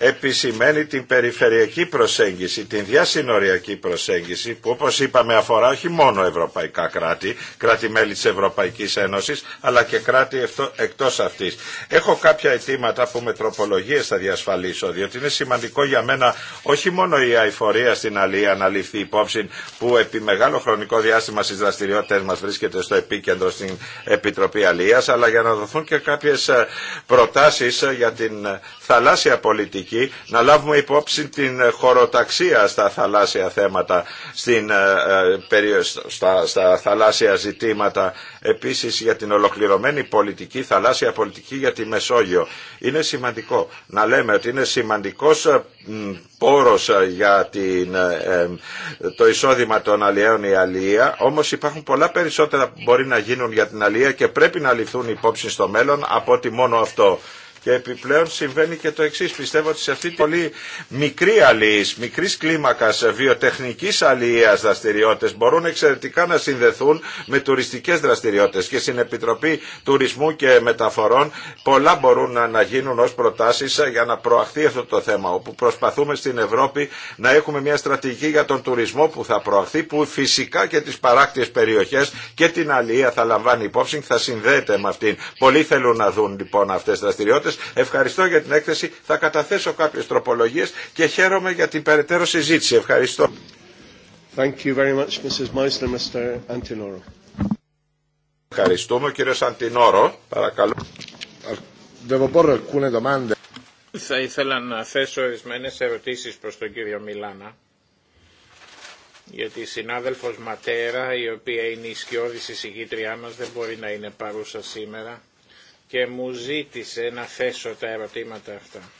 επισημαίνει την περιφερειακή προσέγγιση, την διασυνοριακή προσέγγιση που όπως είπαμε αφορά όχι μόνο ευρωπαϊκά κράτη, κράτη-μέλη της Ευρωπαϊκής Ένωσης αλλά και κράτη εκτός αυτής. Έχω κάποια συστήματα που με τροπολογίες θα διασφαλίσω, διότι είναι σημαντικό για μένα όχι μόνο η αηφορία στην Αλία να ληφθεί υπόψη που επί μεγάλο χρονικό διάστημα στις δραστηριότητες μας βρίσκεται στο επίκεντρο στην Επιτροπή Αλίας, αλλά για να δοθούν και κάποιες ε, προτάσεις για την θαλάσσια πολιτική, να λάβουμε υπόψη την χωροταξία στα θαλάσσια θέματα, στην, ε, ε, στα, στα θαλάσσια ζητήματα επίσης για την ολοκληρωμένη πολιτική, θαλάσσια πολιτική για τη Μεσόγειο. Είναι σημαντικό να λέμε ότι είναι σημαντικός ε, πόρος ε, για την, ε, το εισόδημα των αλλιέων η αλληλεία, όμως υπάρχουν πολλά περισσότερα που μπορεί να γίνουν για την αλληλεία και πρέπει να ληφθούν υπόψη στο μέλλον από ότι μόνο αυτό. Και επιπλέον συμβαίνει και το εξή. Πιστεύω ότι σε αυτή την πολύ μικρή αλληλή, μικρή κλίμακα βιοτεχνική αλληλεία δραστηριότητε μπορούν εξαιρετικά να συνδεθούν με τουριστικέ δραστηριότητε. Και στην Επιτροπή Τουρισμού και Μεταφορών πολλά μπορούν να γίνουν ω προτάσει για να προαχθεί αυτό το θέμα. Όπου προσπαθούμε στην Ευρώπη να έχουμε μια στρατηγική για τον τουρισμό που θα προαχθεί, που φυσικά και τι παράκτιε περιοχέ και την αλληλεία θα λαμβάνει υπόψη θα συνδέεται με αυτήν. Πολλοί θέλουν να δουν λοιπόν αυτέ δραστηριότητε Ευχαριστώ για την έκθεση. Θα καταθέσω κάποιες τροπολογίες και χαίρομαι για την περαιτέρω συζήτηση. Ευχαριστώ. Thank Ευχαριστούμε κύριε Σαντινόρο. Παρακαλώ. Θα ήθελα να θέσω ορισμένε ερωτήσει προ τον κύριο Μιλάνα γιατί η συνάδελφος Ματέρα η οποία είναι η σκιώδη εισηγήτριά μα, δεν μπορεί να είναι παρούσα σήμερα και μου ζήτησε να θέσω τα ερωτήματα αυτά.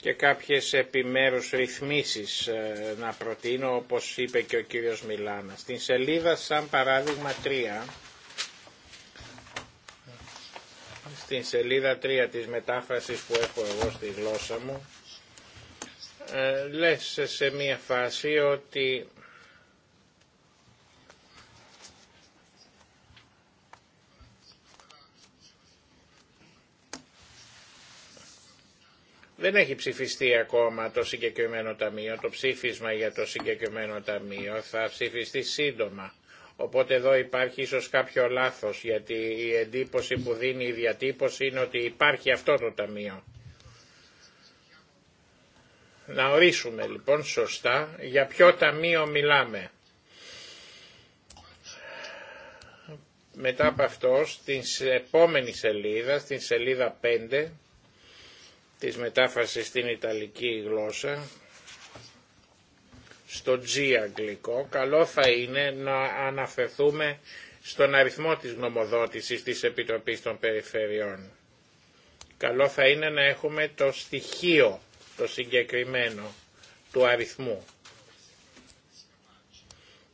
και κάποιες επιμέρους ρυθμίσεις ε, να προτείνω όπως είπε και ο κύριος Μιλάνα. Στην σελίδα σαν παράδειγμα 3, στην σελίδα 3 της μετάφρασης που έχω εγώ στη γλώσσα μου, ε, λες σε μία φάση ότι Δεν έχει ψηφιστεί ακόμα το συγκεκριμένο ταμείο, το ψήφισμα για το συγκεκριμένο ταμείο θα ψηφιστεί σύντομα. Οπότε εδώ υπάρχει ίσως κάποιο λάθος, γιατί η εντύπωση που δίνει η διατύπωση είναι ότι υπάρχει αυτό το ταμείο. Να ορίσουμε λοιπόν σωστά για ποιο ταμείο μιλάμε. Μετά από αυτό, στην επόμενη σελίδα, στην σελίδα 5, της μετάφρασης στην Ιταλική γλώσσα στο G αγγλικό, καλό θα είναι να αναφερθούμε στον αριθμό της γνωμοδότησης της Επιτροπής των Περιφερειών. Καλό θα είναι να έχουμε το στοιχείο, το συγκεκριμένο, του αριθμού.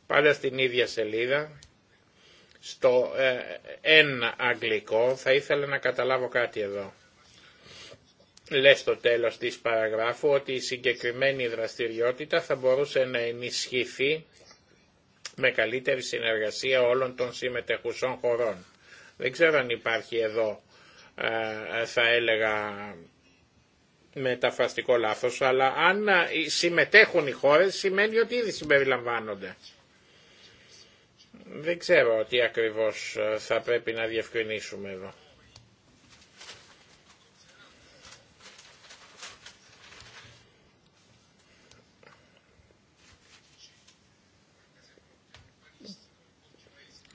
Πάντα στην ίδια σελίδα, στο ε, αγγλικό, θα ήθελα να καταλάβω κάτι εδώ λέει στο τέλος της παραγράφου ότι η συγκεκριμένη δραστηριότητα θα μπορούσε να ενισχυθεί με καλύτερη συνεργασία όλων των συμμετεχουσών χωρών. Δεν ξέρω αν υπάρχει εδώ, ε, θα έλεγα, μεταφραστικό λάθος, αλλά αν ε, συμμετέχουν οι χώρες σημαίνει ότι ήδη συμπεριλαμβάνονται. Δεν ξέρω τι ακριβώς ε, θα πρέπει να διευκρινίσουμε εδώ.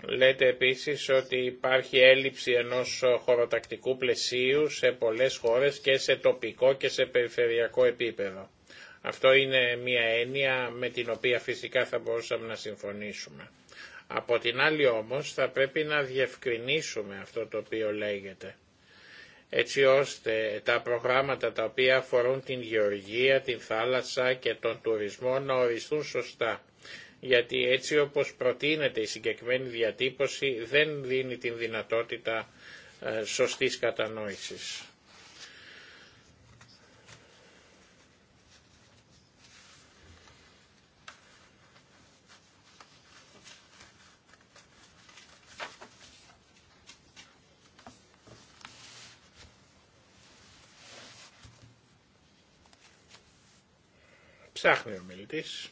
Λέτε επίσης ότι υπάρχει έλλειψη ενός χωροτακτικού πλαισίου σε πολλές χώρες και σε τοπικό και σε περιφερειακό επίπεδο. Αυτό είναι μια έννοια με την οποία φυσικά θα μπορούσαμε να συμφωνήσουμε. Από την άλλη όμως θα πρέπει να διευκρινίσουμε αυτό το οποίο λέγεται έτσι ώστε τα προγράμματα τα οποία αφορούν την γεωργία, την θάλασσα και τον τουρισμό να οριστούν σωστά γιατί έτσι όπως προτείνεται η συγκεκριμένη διατύπωση δεν δίνει την δυνατότητα ε, σωστής κατανόησης. Ψάχνει ο μιλητής.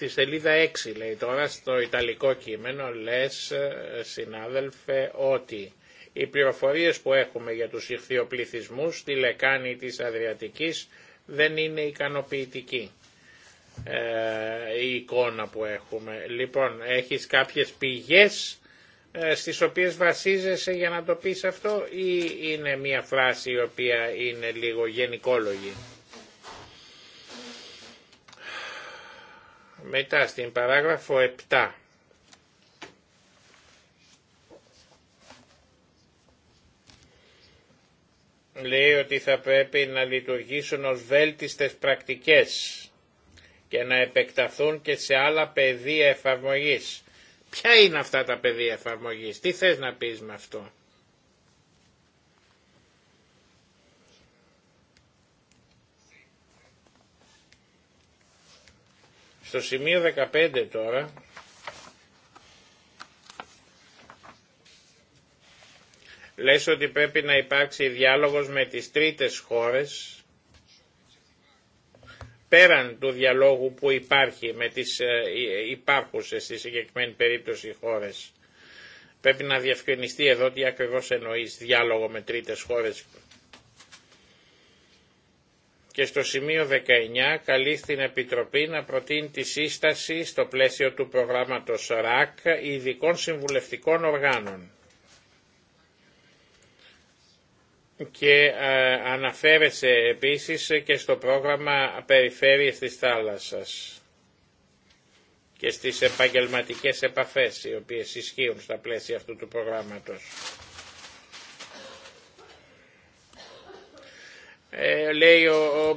στη σελίδα 6 λέει τώρα στο ιταλικό κείμενο λες ε, συνάδελφε ότι οι πληροφορίες που έχουμε για τους ηχθειοπληθυσμούς στη λεκάνη της Αδριατικής δεν είναι ικανοποιητική ε, η εικόνα που έχουμε. Λοιπόν, έχεις κάποιες πηγές ε, στις οποίες βασίζεσαι για να το πεις αυτό ή είναι μια φράση η οποία είναι λίγο γενικόλογη. Μετά στην παράγραφο 7. λέει ότι θα πρέπει να λειτουργήσουν ως βέλτιστες πρακτικές και να επεκταθούν και σε άλλα πεδία εφαρμογής. Ποια είναι αυτά τα πεδία εφαρμογής, τι θες να πεις με αυτό. Στο σημείο 15 τώρα, λες ότι πρέπει να υπάρξει διάλογος με τις τρίτες χώρες, πέραν του διαλόγου που υπάρχει με τις ε, υπάρχουσες στη συγκεκριμένη περίπτωση χώρες. Πρέπει να διευκρινιστεί εδώ τι ακριβώς εννοείς διάλογο με τρίτες χώρες και στο σημείο 19 καλεί στην Επιτροπή να προτείνει τη σύσταση στο πλαίσιο του προγράμματος ΡΑΚ ειδικών συμβουλευτικών οργάνων. Και ε, αναφέρεσε επίσης και στο πρόγραμμα Περιφέρειες της Θάλασσας και στις επαγγελματικές επαφές οι οποίες ισχύουν στα πλαίσια αυτού του προγράμματος. Ε, λέει ο, ο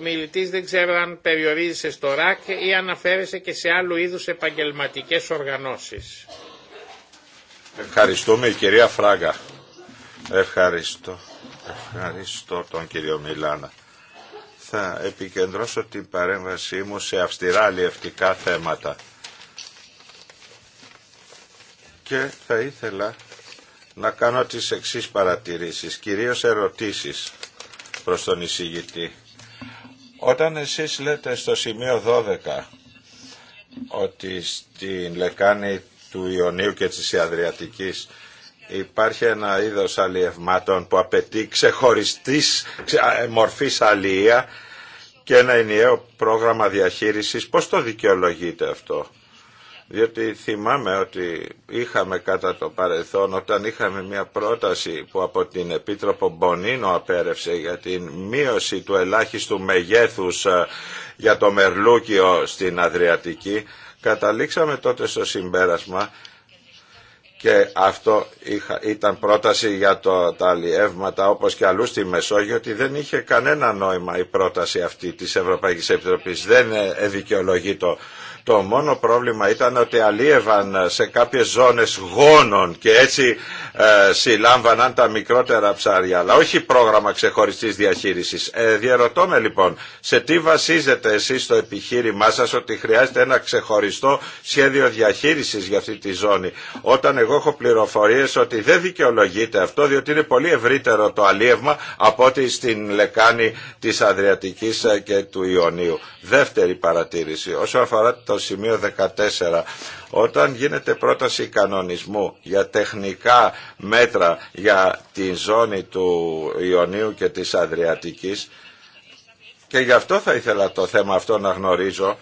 δεν ξέρω αν περιορίζεσαι στο ΡΑΚ ή αναφέρεσαι και σε άλλου είδους επαγγελματικές οργανώσεις. Ευχαριστούμε η κυρία Φράγκα. Ευχαριστώ. Ευχαριστώ τον κύριο Μιλάνα. Θα επικεντρώσω την παρέμβασή μου σε αυστηρά λιευτικά θέματα. Και θα ήθελα να κάνω τις εξής παρατηρήσεις, κυρίως ερωτήσεις προς τον εισηγητή. Όταν εσείς λέτε στο σημείο 12 ότι στην λεκάνη του Ιωνίου και της Ιαδριατικής υπάρχει ένα είδος αλλιευμάτων που απαιτεί ξεχωριστής ε, μορφής αλλιεία και ένα ενιαίο πρόγραμμα διαχείρισης. Πώς το δικαιολογείτε αυτό διότι θυμάμαι ότι είχαμε κατά το παρελθόν όταν είχαμε μια πρόταση που από την Επίτροπο Μπονίνο απέρευσε για την μείωση του ελάχιστου μεγέθους ε, για το Μερλούκιο στην Αδριατική καταλήξαμε τότε στο συμπέρασμα και αυτό ήταν πρόταση για το, τα αλλιεύματα όπως και αλλού στη Μεσόγειο ότι δεν είχε κανένα νόημα η πρόταση αυτή της Ευρωπαϊκής Επιτροπής. Δεν ε, δικαιολογεί το το μόνο πρόβλημα ήταν ότι αλίευαν σε κάποιες ζώνες γόνων και έτσι ε, συλλάμβαναν τα μικρότερα ψάρια, αλλά όχι πρόγραμμα ξεχωριστής διαχείρισης. Ε, με λοιπόν, σε τι βασίζετε εσείς στο επιχείρημά σας ότι χρειάζεται ένα ξεχωριστό σχέδιο διαχείρισης για αυτή τη ζώνη, όταν εγώ έχω πληροφορίες ότι δεν δικαιολογείται αυτό, διότι είναι πολύ ευρύτερο το αλίευμα από ότι στην λεκάνη της Αδριατικής ε, και του Ιωνίου. Δεύτερη παρατήρηση, Όσο αφορά το στο σημείο 14. Όταν γίνεται πρόταση κανονισμού για τεχνικά μέτρα για την ζώνη του Ιωνίου και της Αδριατικής και γι' αυτό θα ήθελα το θέμα αυτό να γνωρίζω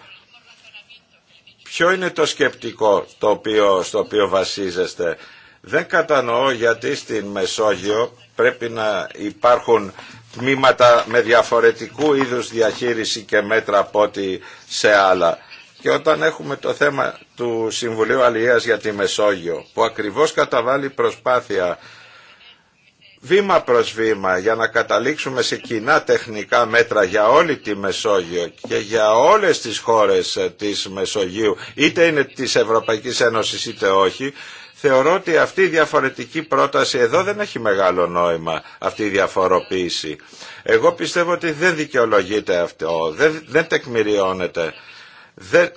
ποιο είναι το σκεπτικό το οποίο, στο οποίο βασίζεστε. Δεν κατανοώ γιατί στην Μεσόγειο πρέπει να υπάρχουν τμήματα με διαφορετικού είδους διαχείριση και μέτρα από ό,τι σε άλλα. Και όταν έχουμε το θέμα του Συμβουλίου Αλλιέας για τη Μεσόγειο, που ακριβώς καταβάλει προσπάθεια βήμα προς βήμα για να καταλήξουμε σε κοινά τεχνικά μέτρα για όλη τη Μεσόγειο και για όλες τις χώρες ε, της Μεσογείου, είτε είναι της Ευρωπαϊκής Ένωσης είτε όχι, θεωρώ ότι αυτή η διαφορετική πρόταση εδώ δεν έχει μεγάλο νόημα, αυτή η διαφοροποίηση. Εγώ πιστεύω ότι δεν δικαιολογείται αυτό, δεν, δεν τεκμηριώνεται. Δεν...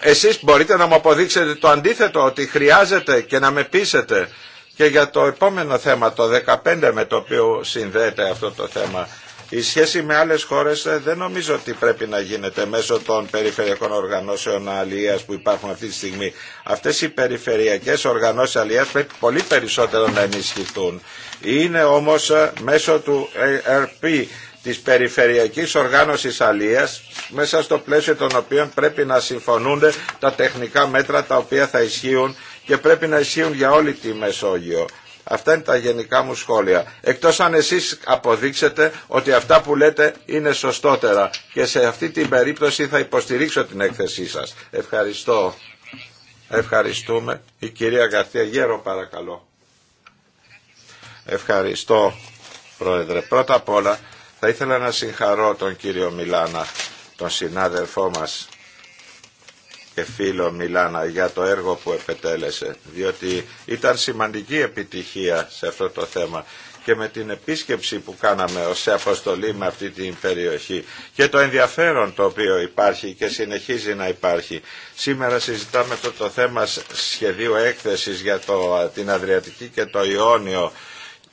Εσείς μπορείτε να μου αποδείξετε το αντίθετο, ότι χρειάζεται και να με πείσετε. Και για το επόμενο θέμα, το 15 με το οποίο συνδέεται αυτό το θέμα, η σχέση με άλλες χώρες ε, δεν νομίζω ότι πρέπει να γίνεται μέσω των περιφερειακών οργανώσεων αλληλείας που υπάρχουν αυτή τη στιγμή. Αυτές οι περιφερειακές οργανώσεις πρέπει πολύ περισσότερο να ενισχυθούν. Είναι όμως ε, μέσω του ERP ε, της περιφερειακής οργάνωσης αλίας μέσα στο πλαίσιο των οποίων πρέπει να συμφωνούνται τα τεχνικά μέτρα τα οποία θα ισχύουν και πρέπει να ισχύουν για όλη τη Μεσόγειο. Αυτά είναι τα γενικά μου σχόλια. Εκτός αν εσείς αποδείξετε ότι αυτά που λέτε είναι σωστότερα και σε αυτή την περίπτωση θα υποστηρίξω την έκθεσή σας. Ευχαριστώ. Ευχαριστούμε. Η κυρία Γαρθία Γέρο παρακαλώ. Ευχαριστώ Πρόεδρε. Πρώτα απ' όλα θα ήθελα να συγχαρώ τον κύριο Μιλάνα, τον συνάδελφό μας και φίλο Μιλάνα για το έργο που επετέλεσε, διότι ήταν σημαντική επιτυχία σε αυτό το θέμα και με την επίσκεψη που κάναμε ως αποστολή με αυτή την περιοχή και το ενδιαφέρον το οποίο υπάρχει και συνεχίζει να υπάρχει. Σήμερα συζητάμε αυτό το θέμα σχεδίου έκθεσης για το, την Αδριατική και το Ιόνιο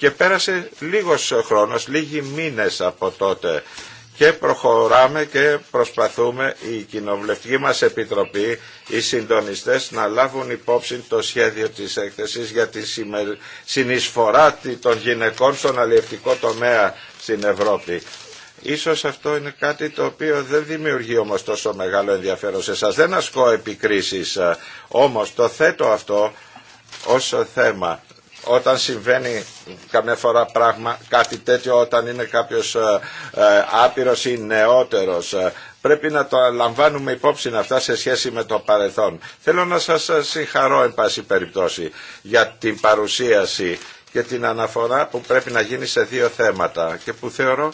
και πέρασε λίγος χρόνος, λίγοι μήνες από τότε και προχωράμε και προσπαθούμε η κοινοβουλευτική μας επιτροπή, οι συντονιστές να λάβουν υπόψη το σχέδιο της έκθεσης για τη συνεισφορά των γυναικών στον αλλιευτικό τομέα στην Ευρώπη. Ίσως αυτό είναι κάτι το οποίο δεν δημιουργεί όμως τόσο μεγάλο ενδιαφέρον σε εσάς. Δεν ασκώ επικρίσεις, ε, όμως το θέτω αυτό ως θέμα όταν συμβαίνει καμιά φορά πράγμα, κάτι τέτοιο όταν είναι κάποιος ε, ε, άπειρος ή νεότερος ε, πρέπει να το λαμβάνουμε υπόψη αυτά σε σχέση με το παρελθόν. Θέλω να σας συγχαρώ εν πάση περιπτώσει για την παρουσίαση και την αναφορά που πρέπει να γίνει σε δύο θέματα και που θεωρώ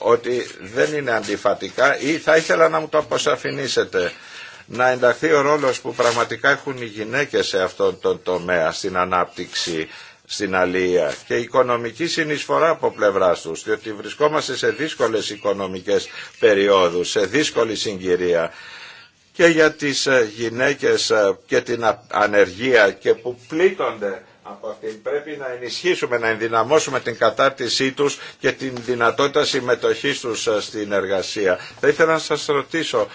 ότι δεν είναι αντιφατικά ή θα ήθελα να μου το αποσαφηνίσετε να ενταχθεί ο ρόλος που πραγματικά έχουν οι γυναίκες σε αυτόν τον τομέα, στην ανάπτυξη, στην αλία και η οικονομική συνεισφορά από πλευρά του, διότι βρισκόμαστε σε δύσκολε οικονομικές περιόδους, σε δύσκολη συγκυρία και για τις ε, γυναίκες ε, και την ανεργία και που πλήττονται από αυτήν Πρέπει να ενισχύσουμε, να ενδυναμώσουμε την κατάρτισή τους και την δυνατότητα συμμετοχής τους ε, στην εργασία. Θα ήθελα να σας ρωτήσω,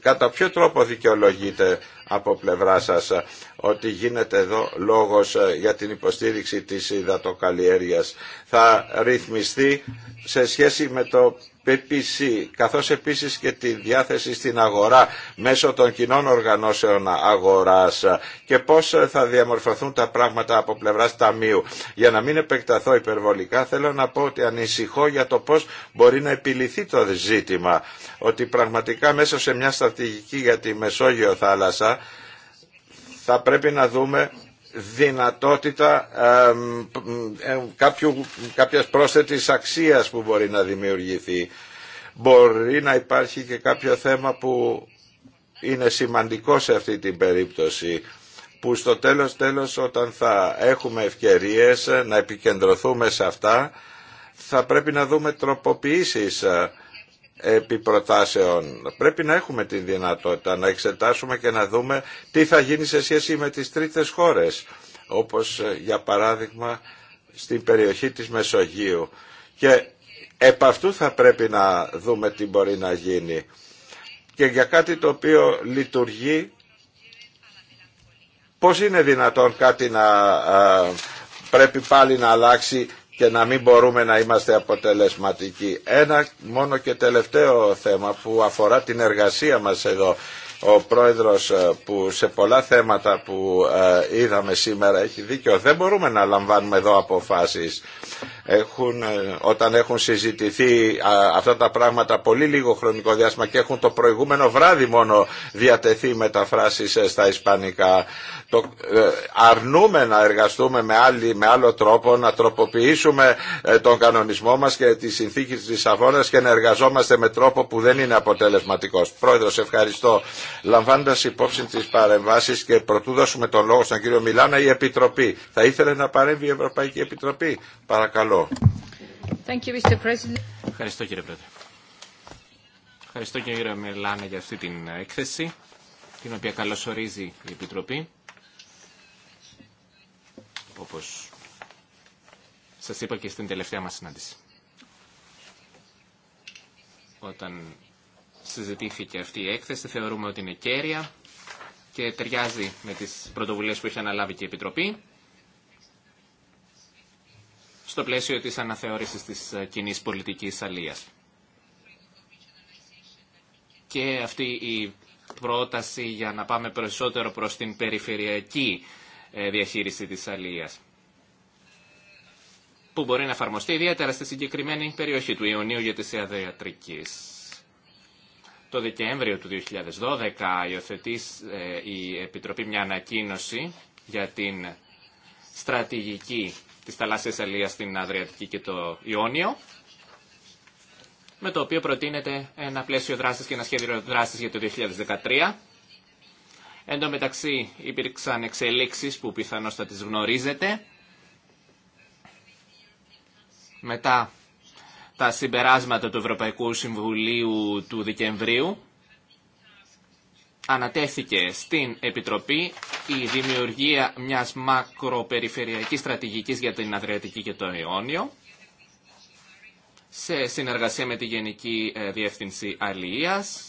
κατά ποιο τρόπο δικαιολογείται από πλευρά σας ε, ότι γίνεται εδώ λόγος ε, για την υποστήριξη της υδατοκαλλιέργειας. Θα ρυθμιστεί σε σχέση με το PPC, καθώς επίσης και τη διάθεση στην αγορά μέσω των κοινών οργανώσεων αγοράς και πώς θα διαμορφωθούν τα πράγματα από πλευράς ταμείου. Για να μην επεκταθώ υπερβολικά θέλω να πω ότι ανησυχώ για το πώς μπορεί να επιληθεί το ζήτημα. Ότι πραγματικά μέσα σε μια στρατηγική για τη Μεσόγειο θάλασσα θα πρέπει να δούμε δυνατότητα ε, κάποιου, κάποιας πρόσθετης αξίας που μπορεί να δημιουργηθεί. Μπορεί να υπάρχει και κάποιο θέμα που είναι σημαντικό σε αυτή την περίπτωση που στο τέλος τέλος όταν θα έχουμε ευκαιρίες να επικεντρωθούμε σε αυτά θα πρέπει να δούμε τροποποιήσεις ε, προτάσεων Πρέπει να έχουμε την δυνατότητα να εξετάσουμε και να δούμε τι θα γίνει σε σχέση με τις τρίτες χώρες, όπως ε, για παράδειγμα στην περιοχή της Μεσογείου. Και επ' αυτού θα πρέπει να δούμε τι μπορεί να γίνει. Και για κάτι το οποίο λειτουργεί, πώς είναι δυνατόν κάτι να ε, πρέπει πάλι να αλλάξει και να μην μπορούμε να είμαστε αποτελεσματικοί. Ένα μόνο και τελευταίο θέμα που αφορά την εργασία μας εδώ. Ο πρόεδρος ε, που σε πολλά θέματα που ε, είδαμε σήμερα έχει δίκιο. Δεν μπορούμε να λαμβάνουμε εδώ αποφάσεις έχουν, ε, όταν έχουν συζητηθεί αυτά τα πράγματα πολύ λίγο χρονικό διάστημα και έχουν το προηγούμενο βράδυ μόνο διατεθεί μεταφράσεις ε, στα ισπανικά. Το, ε, αρνούμε να εργαστούμε με, άλλη, με άλλο τρόπο, να τροποποιήσουμε τον κανονισμό μας και τη συνθήκη της Λισαβόνας και να εργαζόμαστε με τρόπο που δεν είναι αποτελεσματικός. Πρόεδρος, ευχαριστώ. Λαμβάνοντας υπόψη τις παρεμβάσεις και προτού δώσουμε τον λόγο στον κύριο Μιλάνα, η Επιτροπή. Θα ήθελε να παρέμβει η Ευρωπαϊκή Επιτροπή. Παρακαλώ. Παρακαλώ. Ευχαριστώ κύριε Πρόεδρε. Ευχαριστώ κύριε Μελάνε για αυτή την έκθεση, την οποία καλωσορίζει η Επιτροπή. Όπως σας είπα και στην τελευταία μας συνάντηση. Όταν συζητήθηκε αυτή η έκθεση, θεωρούμε ότι είναι κέρια και ταιριάζει με τις πρωτοβουλίες που έχει αναλάβει και η Επιτροπή στο πλαίσιο της αναθεώρησης της ε, κοινή πολιτικής αλίας. Και αυτή η πρόταση για να πάμε περισσότερο προς την περιφερειακή ε, διαχείριση της αλίας που μπορεί να εφαρμοστεί ιδιαίτερα στη συγκεκριμένη περιοχή του Ιωνίου για της Ιαδεατρικής. Το Δεκέμβριο του 2012 υιοθετεί η Επιτροπή μια ανακοίνωση για την στρατηγική της θαλάσσιας αλίας στην Αδριατική και το Ιόνιο, με το οποίο προτείνεται ένα πλαίσιο δράσης και ένα σχέδιο δράσης για το 2013. Εν τω μεταξύ υπήρξαν εξελίξεις που πιθανώς θα τις γνωρίζετε. Μετά τα συμπεράσματα του Ευρωπαϊκού Συμβουλίου του Δεκεμβρίου ανατέθηκε στην Επιτροπή η δημιουργία μιας μακροπεριφερειακής στρατηγικής για την Αδριατική και το Αιώνιο σε συνεργασία με τη Γενική ε, Διεύθυνση Αλίας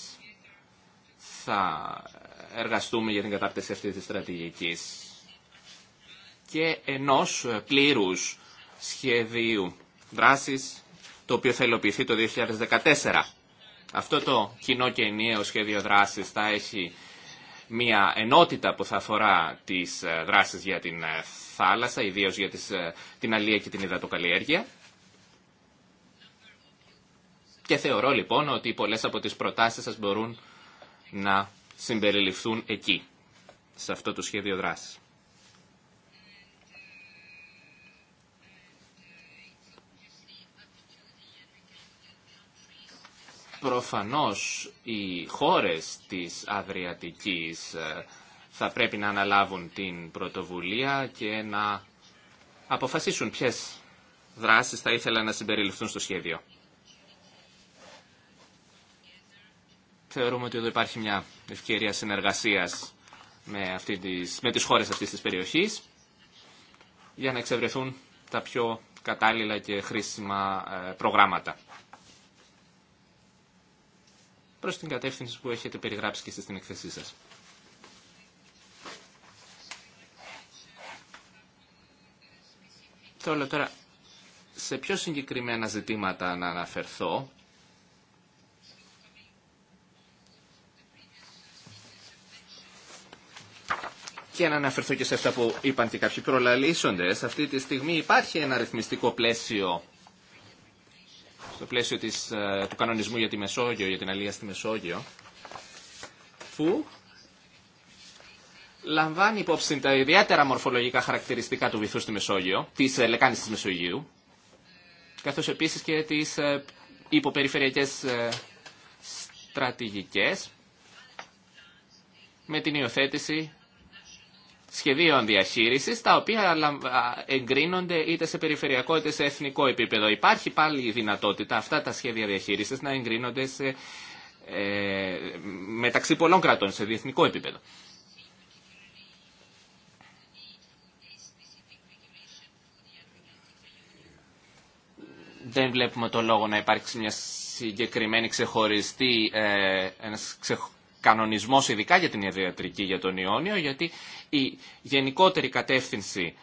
θα εργαστούμε για την κατάρτιση αυτής της στρατηγικής και ενός ε, πλήρους σχεδίου δράσης το οποίο θα υλοποιηθεί το 2014. Αυτό το κοινό και ενιαίο σχέδιο δράσης θα έχει μια ενότητα που θα αφορά τις ε, δράσεις για την ε, θάλασσα, ιδίως για ε, την αλία και την υδατοκαλλιέργεια. Και θεωρώ λοιπόν ότι πολλές από τις προτάσεις σας μπορούν να συμπεριληφθούν εκεί, σε αυτό το σχέδιο δράσης. Προφανώς οι χώρες της Αδριατικής ε, θα πρέπει να αναλάβουν την πρωτοβουλία και να αποφασίσουν ποιες δράσεις θα ήθελαν να συμπεριληφθούν στο σχέδιο. Θεωρούμε ότι εδώ υπάρχει μια ευκαιρία συνεργασίας με, αυτή της, με τις χώρες αυτής της περιοχής για να εξευρεθούν τα πιο κατάλληλα και χρήσιμα ε, προγράμματα προς την κατεύθυνση που έχετε περιγράψει και στην εκθεσή σας. Θέλω τώρα σε πιο συγκεκριμένα ζητήματα να αναφερθώ. Και να αναφερθώ και σε αυτά που είπαν και κάποιοι προλαλήσοντες. Αυτή τη στιγμή υπάρχει ένα ρυθμιστικό πλαίσιο το πλαίσιο της, ε, του κανονισμού για τη Μεσόγειο, για την αλία στη Μεσόγειο, που λαμβάνει υπόψη τα ιδιαίτερα μορφολογικά χαρακτηριστικά του βυθού στη Μεσόγειο, της ε, λεκάνης της Μεσογείου, καθώς επίσης και τις ε, υποπεριφερειακές στρατηγικές, με την υιοθέτηση σχεδίων διαχείρισης, τα οποία εγκρίνονται είτε σε περιφερειακό είτε σε εθνικό επίπεδο. Υπάρχει πάλι η δυνατότητα αυτά τα σχέδια διαχείρισης να εγκρίνονται σε, ε, μεταξύ πολλών κρατών, σε διεθνικό επίπεδο. δεν βλέπουμε το λόγο να υπάρξει μια συγκεκριμένη ξεχωριστή, ε, κανονισμός ειδικά για την ιατρική για τον Ιόνιο, γιατί η γενικότερη κατεύθυνση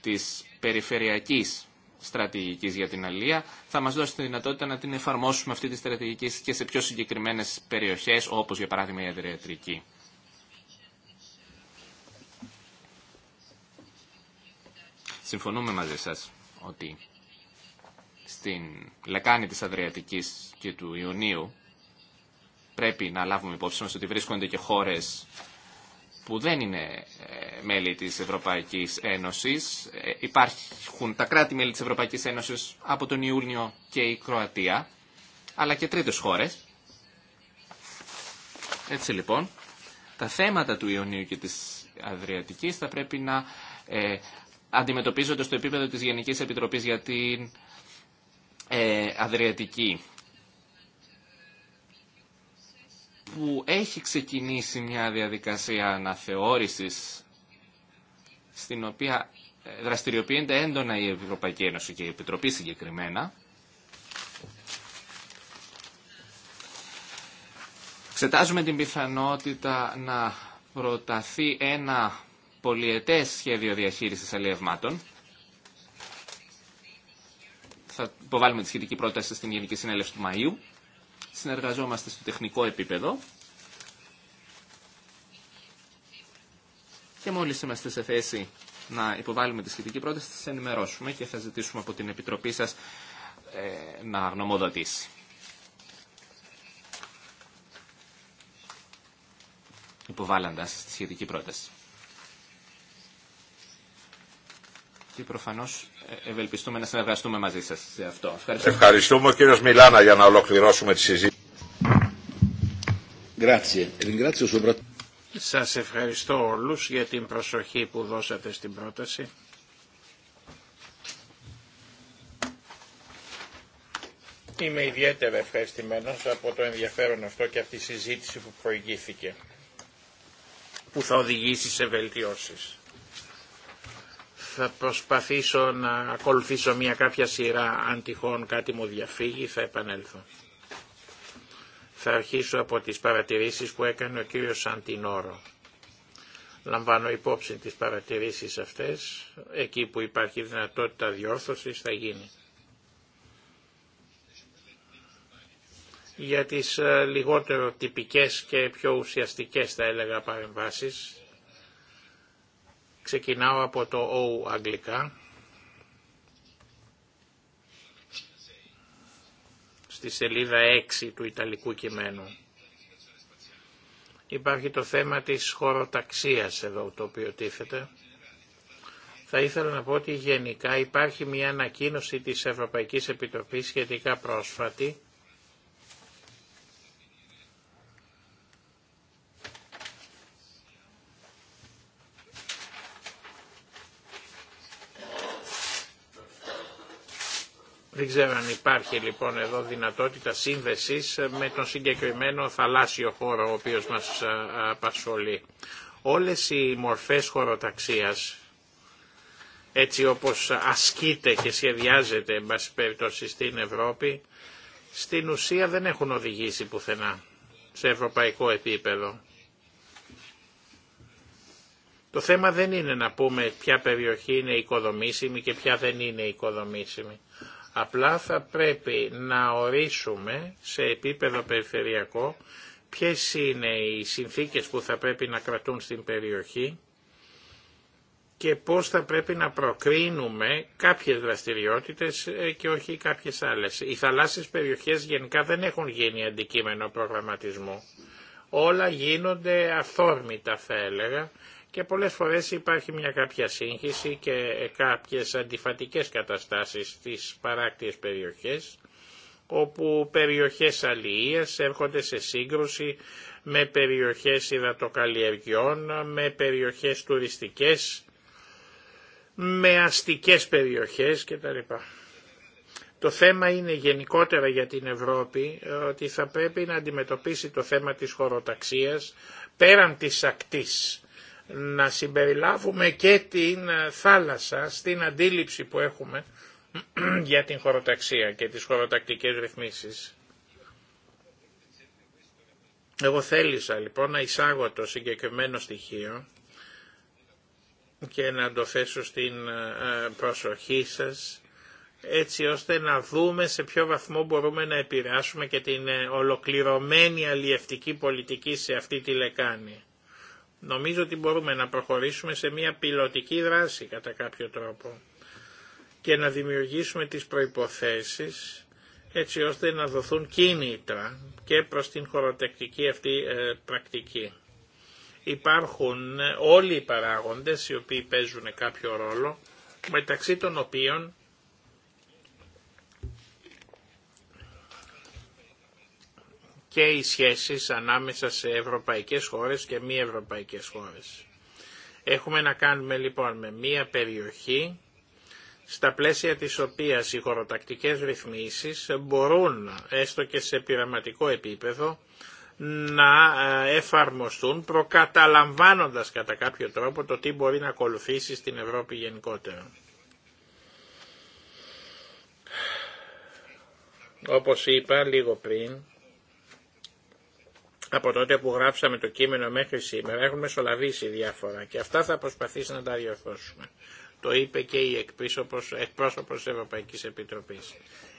της περιφερειακής στρατηγικής για την Αλία θα μας δώσει τη δυνατότητα να την εφαρμόσουμε αυτή τη στρατηγική και σε πιο συγκεκριμένες περιοχές, όπως για παράδειγμα η ιατρική. Συμφωνούμε μαζί σας ότι στην λεκάνη της Αδριατικής και του Ιουνίου πρέπει να λάβουμε υπόψη μας ότι βρίσκονται και χώρες που δεν είναι ε, μέλη της Ευρωπαϊκής Ένωσης. Ε, υπάρχουν τα κράτη-μέλη της Ευρωπαϊκής Ένωσης από τον Ιούνιο και η Κροατία, αλλά και τρίτες χώρες. Έτσι λοιπόν, τα θέματα του Ιωνίου και της Αδριατικής θα πρέπει να ε, αντιμετωπίζονται στο επίπεδο της Γενικής Επιτροπής για την ε, Αδριατική. που έχει ξεκινήσει μια διαδικασία αναθεώρησης στην οποία ε, δραστηριοποιείται έντονα η Ευρωπαϊκή Ένωση και η Επιτροπή συγκεκριμένα. Ξετάζουμε την πιθανότητα να προταθεί ένα πολιετές σχέδιο διαχείρισης αλλιευμάτων. Θα υποβάλουμε τη σχετική πρόταση στην Γενική Συνέλευση του Μαΐου συνεργαζόμαστε στο τεχνικό επίπεδο και μόλις είμαστε σε θέση να υποβάλουμε τη σχετική πρόταση θα σας ενημερώσουμε και θα ζητήσουμε από την Επιτροπή σας ε, να γνωμοδοτήσει. Υποβάλλοντας τη σχετική πρόταση. και προφανώς ε, ευελπιστούμε να συνεργαστούμε μαζί σα σε αυτό. Ευχαριστούμε. Ευχαριστούμε ο κύριος Μιλάνα για να ολοκληρώσουμε τη συζήτηση. Σα ευχαριστώ όλου για την προσοχή που δώσατε στην πρόταση. Είμαι ιδιαίτερα ευχαριστημένος από το ενδιαφέρον αυτό και από τη συζήτηση που προηγήθηκε, που θα οδηγήσει σε βελτιώσεις θα προσπαθήσω να ακολουθήσω μια κάποια σειρά, αν τυχόν κάτι μου διαφύγει θα επανέλθω. Θα αρχίσω από τις παρατηρήσεις που έκανε ο κύριος Σαντινόρο. Λαμβάνω υπόψη τις παρατηρήσεις αυτές, εκεί που υπάρχει δυνατότητα διόρθωσης θα γίνει. Για τις ε, λιγότερο τυπικές και πιο ουσιαστικές θα έλεγα παρεμβάσεις, Ξεκινάω από το O αγγλικά. Στη σελίδα 6 του Ιταλικού κειμένου. Υπάρχει το θέμα της χωροταξίας εδώ το οποίο τίθεται. Θα ήθελα να πω ότι γενικά υπάρχει μια ανακοίνωση της Ευρωπαϊκής Επιτροπής σχετικά πρόσφατη Δεν ξέρω αν υπάρχει λοιπόν εδώ δυνατότητα σύνδεσης με τον συγκεκριμένο θαλάσσιο χώρο ο οποίος μας απασχολεί. Όλες οι μορφές χωροταξίας έτσι όπως ασκείται και σχεδιάζεται εν πάση στην Ευρώπη στην ουσία δεν έχουν οδηγήσει πουθενά σε ευρωπαϊκό επίπεδο. Το θέμα δεν είναι να πούμε ποια περιοχή είναι οικοδομήσιμη και ποια δεν είναι οικοδομήσιμη. Απλά θα πρέπει να ορίσουμε σε επίπεδο περιφερειακό ποιες είναι οι συνθήκες που θα πρέπει να κρατούν στην περιοχή και πώς θα πρέπει να προκρίνουμε κάποιες δραστηριότητες ε, και όχι κάποιες άλλες. Οι θαλάσσιες περιοχές γενικά δεν έχουν γίνει αντικείμενο προγραμματισμού. Όλα γίνονται αθόρμητα θα έλεγα και πολλές φορές υπάρχει μια κάποια σύγχυση και κάποιες αντιφατικές καταστάσεις στις παράκτιες περιοχές όπου περιοχές αλληλείας έρχονται σε σύγκρουση με περιοχές υδατοκαλλιεργιών, με περιοχές τουριστικές, με αστικές περιοχές κτλ. Το θέμα είναι γενικότερα για την Ευρώπη ε, ότι θα πρέπει να αντιμετωπίσει το θέμα της χωροταξίας πέραν της ακτής να συμπεριλάβουμε και την ε, θάλασσα στην αντίληψη που έχουμε [clears throat] για την χωροταξία και τις χωροτακτικές ρυθμίσεις. Εγώ θέλησα λοιπόν να εισάγω το συγκεκριμένο στοιχείο και να το θέσω στην ε, ε, προσοχή σας έτσι ώστε να δούμε σε ποιο βαθμό μπορούμε να επηρεάσουμε και την ολοκληρωμένη αλλιευτική πολιτική σε αυτή τη λεκάνη. Νομίζω ότι μπορούμε να προχωρήσουμε σε μια πιλωτική δράση κατά κάποιο τρόπο και να δημιουργήσουμε τις προϋποθέσεις έτσι ώστε να δοθούν κίνητρα και προς την χωροτεκτική αυτή ε, πρακτική. Υπάρχουν ε, όλοι οι παράγοντες οι οποίοι παίζουν κάποιο ρόλο μεταξύ των οποίων και οι σχέσεις ανάμεσα σε ευρωπαϊκές χώρες και μη ευρωπαϊκές χώρες. Έχουμε να κάνουμε λοιπόν με μία περιοχή στα πλαίσια της οποίας οι χωροτακτικές ρυθμίσεις μπορούν έστω και σε πειραματικό επίπεδο να ε, εφαρμοστούν προκαταλαμβάνοντας κατά κάποιο τρόπο το τι μπορεί να ακολουθήσει στην Ευρώπη γενικότερα. Όπως είπα λίγο πριν, από τότε που γράψαμε το κείμενο μέχρι σήμερα έχουμε μεσολαβήσει διάφορα και αυτά θα προσπαθήσει να τα διορθώσουμε. Το είπε και η εκπρόσωπος, τη της Ευρωπαϊκής Επιτροπής.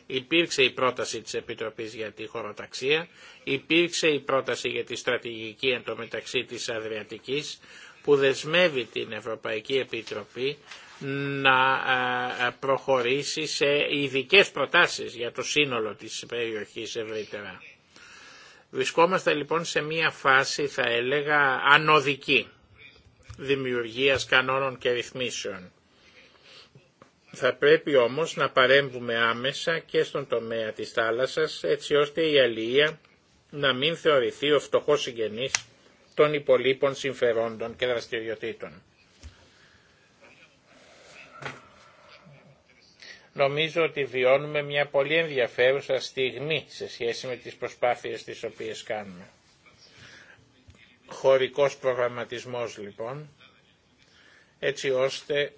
Υπήρξε η πρόταση της Επιτροπής για τη χωροταξία, υπήρξε η πρόταση για τη στρατηγική εντωμεταξύ της Αδριατική που δεσμεύει την Ευρωπαϊκή Επιτροπή να προχωρήσει σε ειδικέ προτάσεις για το σύνολο της περιοχής ευρύτερα. Βρισκόμαστε λοιπόν σε μία φάση θα έλεγα ανωδική δημιουργίας κανόνων και ρυθμίσεων. Θα πρέπει όμως να παρέμβουμε άμεσα και στον τομέα της θάλασσας έτσι ώστε η αλληλεία να μην θεωρηθεί ο φτωχός συγγενής των υπολείπων συμφερόντων και δραστηριοτήτων. Νομίζω ότι βιώνουμε μια πολύ ενδιαφέρουσα στιγμή σε σχέση με τις προσπάθειες τις οποίες κάνουμε. Χωρικός προγραμματισμός λοιπόν, έτσι ώστε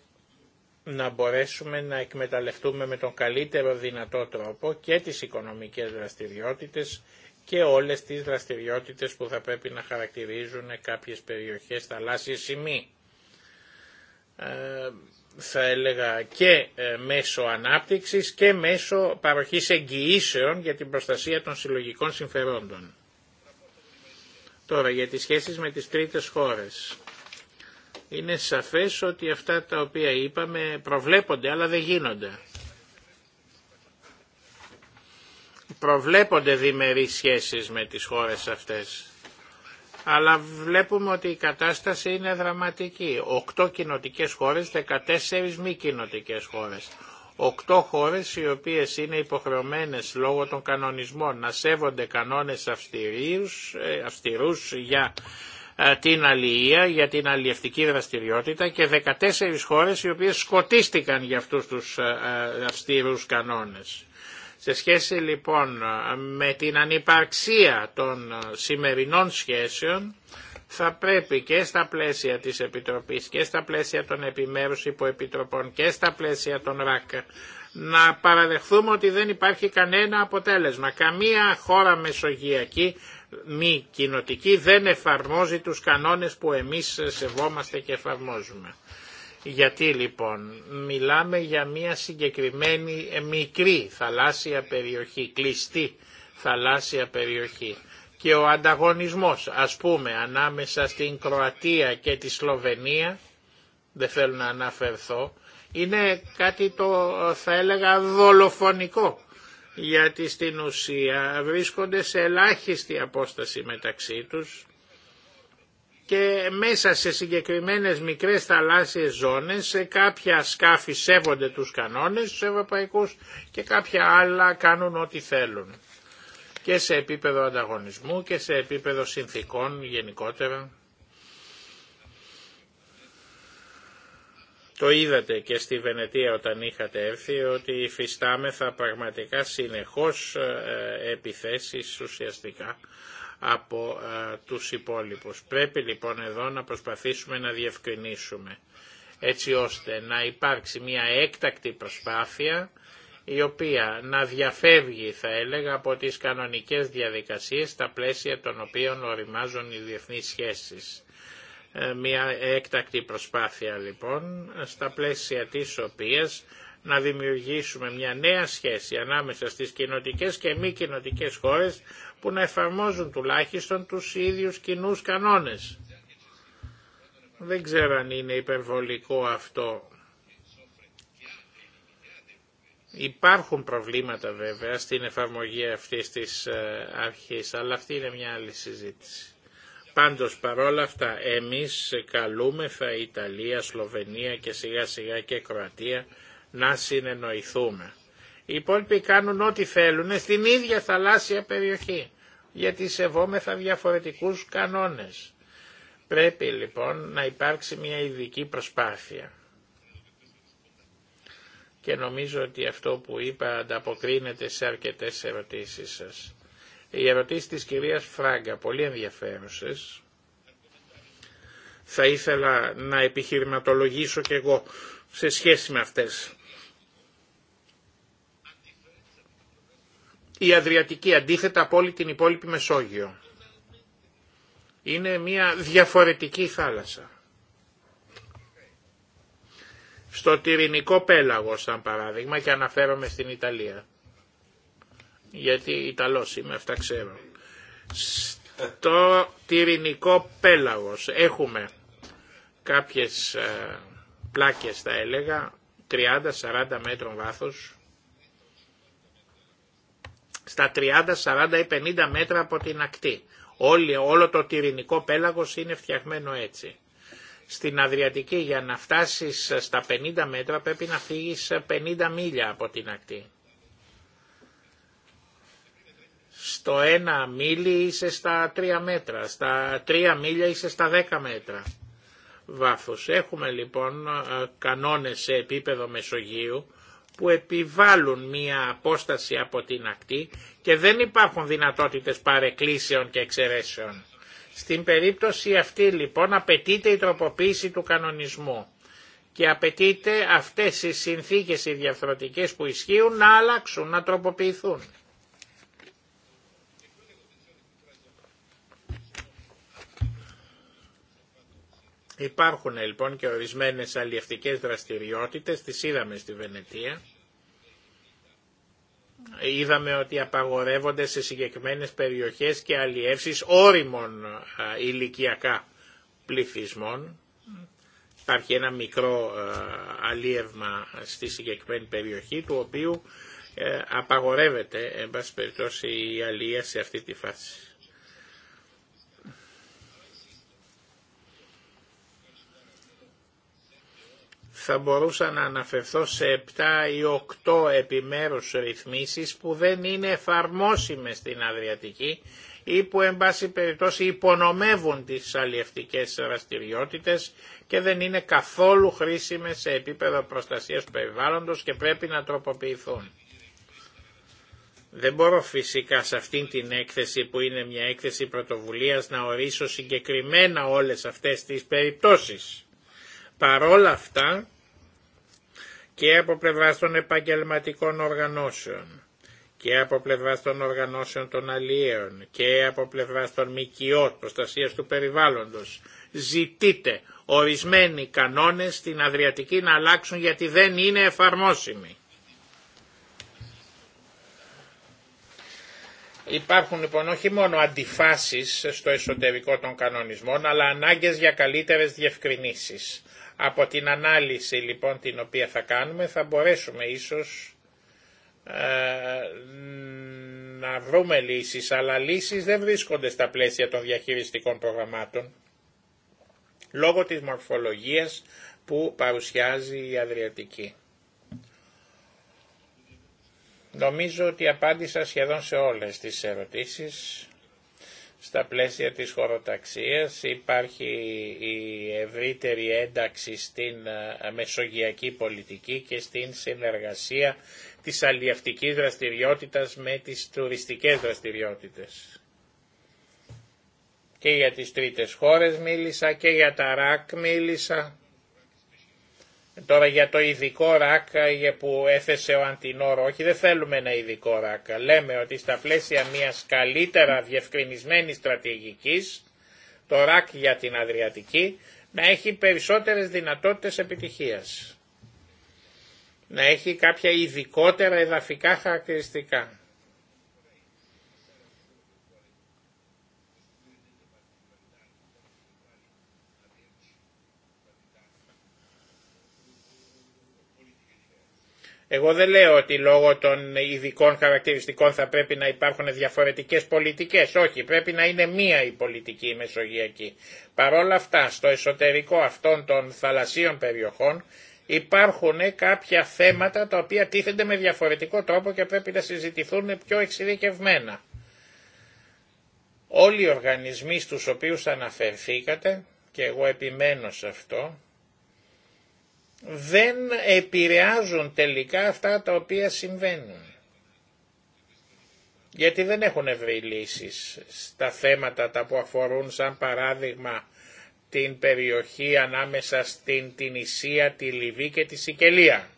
να μπορέσουμε να εκμεταλλευτούμε με τον καλύτερο δυνατό τρόπο και τις οικονομικές δραστηριότητες και όλες τις δραστηριότητες που θα πρέπει να χαρακτηρίζουν κάποιες περιοχές θαλάσσιες σημεί θα έλεγα και ε, μέσω ανάπτυξης και μέσω παροχής εγγυήσεων για την προστασία των συλλογικών συμφερόντων. Τώρα για τις σχέσεις με τις τρίτες χώρες. Είναι σαφές ότι αυτά τα οποία είπαμε προβλέπονται αλλά δεν γίνονται. Προβλέπονται διμερείς σχέσεις με τις χώρες αυτές αλλά βλέπουμε ότι η κατάσταση είναι δραματική. Οκτώ κοινοτικέ χώρες, 14 μη κοινοτικέ χώρες. Οκτώ χώρες οι οποίες είναι υποχρεωμένες λόγω των κανονισμών να σέβονται κανόνες αυστηρούς, ε, αυστηρούς για ε, την αλληλεία, για την αλληλευτική δραστηριότητα και 14 χώρες οι οποίες σκοτίστηκαν για αυτούς τους ε, αυστηρούς κανόνες. Σε σχέση λοιπόν με την ανυπαρξία των σημερινών σχέσεων θα πρέπει και στα πλαίσια της Επιτροπής και στα πλαίσια των επιμέρους υποεπιτροπών και στα πλαίσια των ΡΑΚ να παραδεχθούμε ότι δεν υπάρχει κανένα αποτέλεσμα. Καμία χώρα μεσογειακή μη κοινοτική δεν εφαρμόζει τους κανόνες που εμείς σεβόμαστε και εφαρμόζουμε. Γιατί λοιπόν μιλάμε για μια συγκεκριμένη ε, μικρή θαλάσσια περιοχή, κλειστή θαλάσσια περιοχή και ο ανταγωνισμός ας πούμε ανάμεσα στην Κροατία και τη Σλοβενία, δεν θέλω να αναφερθώ, είναι κάτι το θα έλεγα δολοφονικό γιατί στην ουσία βρίσκονται σε ελάχιστη απόσταση μεταξύ τους και μέσα σε συγκεκριμένες μικρές θαλάσσιες ζώνες σε κάποια σκάφη σέβονται τους κανόνες τους ευρωπαϊκούς και κάποια άλλα κάνουν ό,τι θέλουν και σε επίπεδο ανταγωνισμού και σε επίπεδο συνθήκων γενικότερα. Το είδατε και στη Βενετία όταν είχατε έρθει ότι υφιστάμεθα πραγματικά συνεχώς ε, ε, επιθέσεις ουσιαστικά από ε, τους υπόλοιπους. Πρέπει λοιπόν εδώ να προσπαθήσουμε να διευκρινίσουμε έτσι ώστε να υπάρξει μια έκτακτη προσπάθεια η οποία να διαφεύγει θα έλεγα από τις κανονικές διαδικασίες στα πλαίσια των οποίων οριμάζουν οι διεθνείς σχέσεις. Ε, μια έκτακτη προσπάθεια λοιπόν στα πλαίσια της οποίας να δημιουργήσουμε μια νέα σχέση ανάμεσα στις κοινοτικές και μη κοινοτικές χώρες που να εφαρμόζουν τουλάχιστον τους ίδιους κοινούς κανόνες. Δεν ξέρω αν είναι υπερβολικό αυτό. Υπάρχουν προβλήματα βέβαια στην εφαρμογή αυτής της ε, αρχής, αλλά αυτή είναι μια άλλη συζήτηση. Πάντως παρόλα αυτά εμείς καλούμεθα Ιταλία, Σλοβενία και σιγά σιγά και Κροατία να συνεννοηθούμε. Οι υπόλοιποι κάνουν ό,τι θέλουν στην ίδια θαλάσσια περιοχή, γιατί σεβόμεθα διαφορετικούς κανόνες. Πρέπει λοιπόν να υπάρξει μια ειδική προσπάθεια. Και νομίζω ότι αυτό που είπα ανταποκρίνεται σε αρκετές ερωτήσεις σας. Οι ερωτήσεις της κυρίας Φράγκα, πολύ ενδιαφέρουσες. Θα ήθελα να επιχειρηματολογήσω και εγώ σε σχέση με αυτές. Η Αδριατική αντίθετα από όλη την υπόλοιπη Μεσόγειο. Είναι μια διαφορετική θάλασσα. Στο Τυρινικό πέλαγο, σαν παράδειγμα, και αναφέρομαι στην Ιταλία. Γιατί Ιταλός είμαι, αυτά ξέρω. Στο Τυρινικό πέλαγος έχουμε κάποιες ε, πλάκες, θα έλεγα, 30-40 μέτρων βάθος, στα 30, 40 ή 50 μέτρα από την ακτή. όλο το τυρινικό πέλαγος είναι φτιαγμένο έτσι. Στην Αδριατική για να φτάσεις στα 50 μέτρα πρέπει να φύγεις 50 μίλια από την ακτή. Στο ένα μίλι είσαι στα 3 μέτρα, στα 3 μίλια είσαι στα 10 μέτρα βάθος. Έχουμε λοιπόν ε, κανόνες σε επίπεδο Μεσογείου που επιβάλλουν μία απόσταση από την ακτή και δεν υπάρχουν δυνατότητες παρεκκλήσεων και εξαιρέσεων. Στην περίπτωση αυτή λοιπόν απαιτείται η τροποποίηση του κανονισμού και απαιτείται αυτές οι συνθήκες οι διαφορετικές που ισχύουν να αλλάξουν, να τροποποιηθούν. Υπάρχουν λοιπόν και ορισμένες αλλιευτικές δραστηριότητες, τις είδαμε στη Βενετία. Είδαμε ότι απαγορεύονται σε συγκεκριμένες περιοχές και αλλιεύσεις όριμων ηλικιακά πληθυσμών. Υπάρχει ένα μικρό αλλιεύμα στη συγκεκριμένη περιοχή του οποίου ε, απαγορεύεται εν πάση περιπτώσει η αλλιεία σε αυτή τη φάση. θα μπορούσα να αναφερθώ σε 7 ή 8 επιμέρους ρυθμίσεις που δεν είναι εφαρμόσιμες στην Αδριατική ή που εν πάση περιπτώσει υπονομεύουν τις αλλιευτικές δραστηριότητε και δεν είναι καθόλου χρήσιμες σε επίπεδο προστασίας περιβάλλοντος και πρέπει να τροποποιηθούν. Δεν μπορώ φυσικά σε αυτή την έκθεση που είναι μια έκθεση πρωτοβουλίας να ορίσω συγκεκριμένα όλες αυτές τις περιπτώσεις. Παρόλα αυτά και από πλευρά των επαγγελματικών οργανώσεων και από πλευρά των οργανώσεων των αλλιέων και από πλευρά των ΜΚΟ προστασία του περιβάλλοντος. Ζητείτε ορισμένοι κανόνες στην Αδριατική να αλλάξουν γιατί δεν είναι εφαρμόσιμοι. Υπάρχουν λοιπόν όχι μόνο αντιφάσεις στο εσωτερικό των κανονισμών αλλά ανάγκες για καλύτερες διευκρινήσεις. Από την ανάλυση λοιπόν την οποία θα κάνουμε θα μπορέσουμε ίσως ε, να βρούμε λύσεις, αλλά λύσεις δεν βρίσκονται στα πλαίσια των διαχειριστικών προγραμμάτων λόγω της μορφολογίας που παρουσιάζει η Αδριατική. Νομίζω ότι απάντησα σχεδόν σε όλες τις ερωτήσεις. Στα πλαίσια της χωροταξίας υπάρχει η ευρύτερη ένταξη στην ε, μεσογειακή πολιτική και στην συνεργασία της αλλιευτικής δραστηριότητας με τις τουριστικές δραστηριότητες. Και για τις τρίτες χώρες μίλησα και για τα ΡΑΚ μίλησα Τώρα για το ειδικό ρακ που έθεσε ο Αντινόρο, όχι δεν θέλουμε ένα ειδικό ρακ. Λέμε ότι στα πλαίσια μια καλύτερα διευκρινισμένης στρατηγικής, το ρακ για την Αδριατική, να έχει περισσότερες δυνατότητες επιτυχίας. Να έχει κάποια ειδικότερα εδαφικά χαρακτηριστικά. Εγώ δεν λέω ότι λόγω των ειδικών χαρακτηριστικών θα πρέπει να υπάρχουν διαφορετικές πολιτικές. Όχι, πρέπει να είναι μία η πολιτική η μεσογειακή. όλα αυτά, στο εσωτερικό αυτών των θαλασσίων περιοχών υπάρχουν κάποια θέματα τα οποία τίθενται με διαφορετικό τρόπο και πρέπει να συζητηθούν πιο εξειδικευμένα. Όλοι οι οργανισμοί στους οποίους αναφερθήκατε, και εγώ επιμένω σε αυτό, δεν επηρεάζουν τελικά αυτά τα οποία συμβαίνουν. Γιατί δεν έχουν βρει λύσεις στα θέματα τα που αφορούν σαν παράδειγμα την περιοχή ανάμεσα στην την Ισία, τη Λιβύη και τη Σικελία.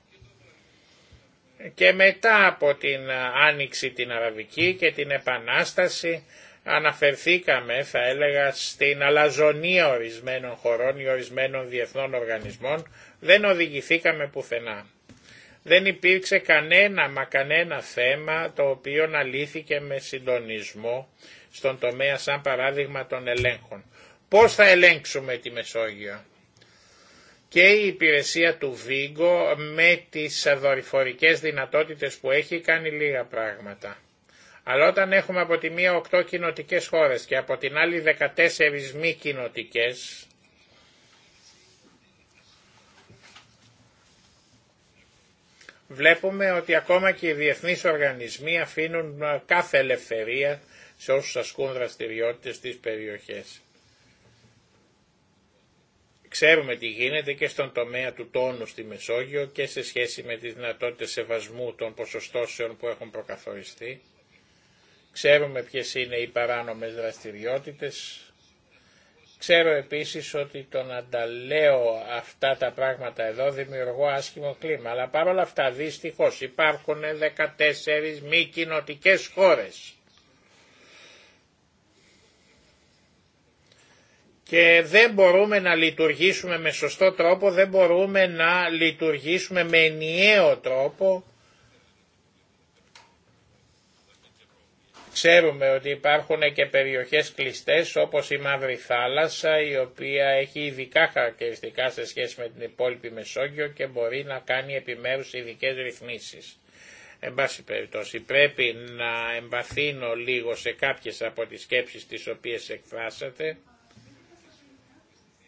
Και μετά από την ε, Άνοιξη την Αραβική και την Επανάσταση αναφερθήκαμε θα έλεγα στην αλαζονία ορισμένων χωρών ή ορισμένων διεθνών οργανισμών δεν οδηγηθήκαμε πουθενά. Δεν υπήρξε κανένα μα κανένα θέμα το οποίο να λύθηκε με συντονισμό στον τομέα σαν παράδειγμα των ελέγχων. Πώς θα ελέγξουμε τη Μεσόγειο. Και η υπηρεσία του Βίγκο με τις δορυφορικές δυνατότητες που έχει κάνει λίγα πράγματα. Αλλά όταν έχουμε από τη μία οκτώ κοινοτικέ χώρες και από την άλλη 14 μη κοινοτικέ. Βλέπουμε ότι ακόμα και οι διεθνείς οργανισμοί αφήνουν ε, κάθε ελευθερία σε όσους ασκούν δραστηριότητε στις περιοχές. Ξέρουμε τι γίνεται και στον τομέα του τόνου στη Μεσόγειο και σε σχέση με τις δυνατότητες σεβασμού των ποσοστώσεων που έχουν προκαθοριστεί. Ξέρουμε ποιες είναι οι παράνομες δραστηριότητες. Ξέρω επίσης ότι το να τα λέω αυτά τα πράγματα εδώ δημιουργώ άσχημο κλίμα, αλλά παρόλα αυτά δυστυχώς υπάρχουν 14 μη κοινοτικέ χώρες. και δεν μπορούμε να λειτουργήσουμε με σωστό τρόπο, δεν μπορούμε να λειτουργήσουμε με ενιαίο τρόπο Ξέρουμε ότι υπάρχουν και περιοχές κλειστές όπως η Μαύρη Θάλασσα η οποία έχει ειδικά χαρακτηριστικά σε σχέση με την υπόλοιπη Μεσόγειο και μπορεί να κάνει επιμέρους ειδικέ ρυθμίσεις. Εν πάση περιπτώσει πρέπει να εμβαθύνω λίγο σε κάποιες από τις σκέψεις τις οποίες εκφράσατε.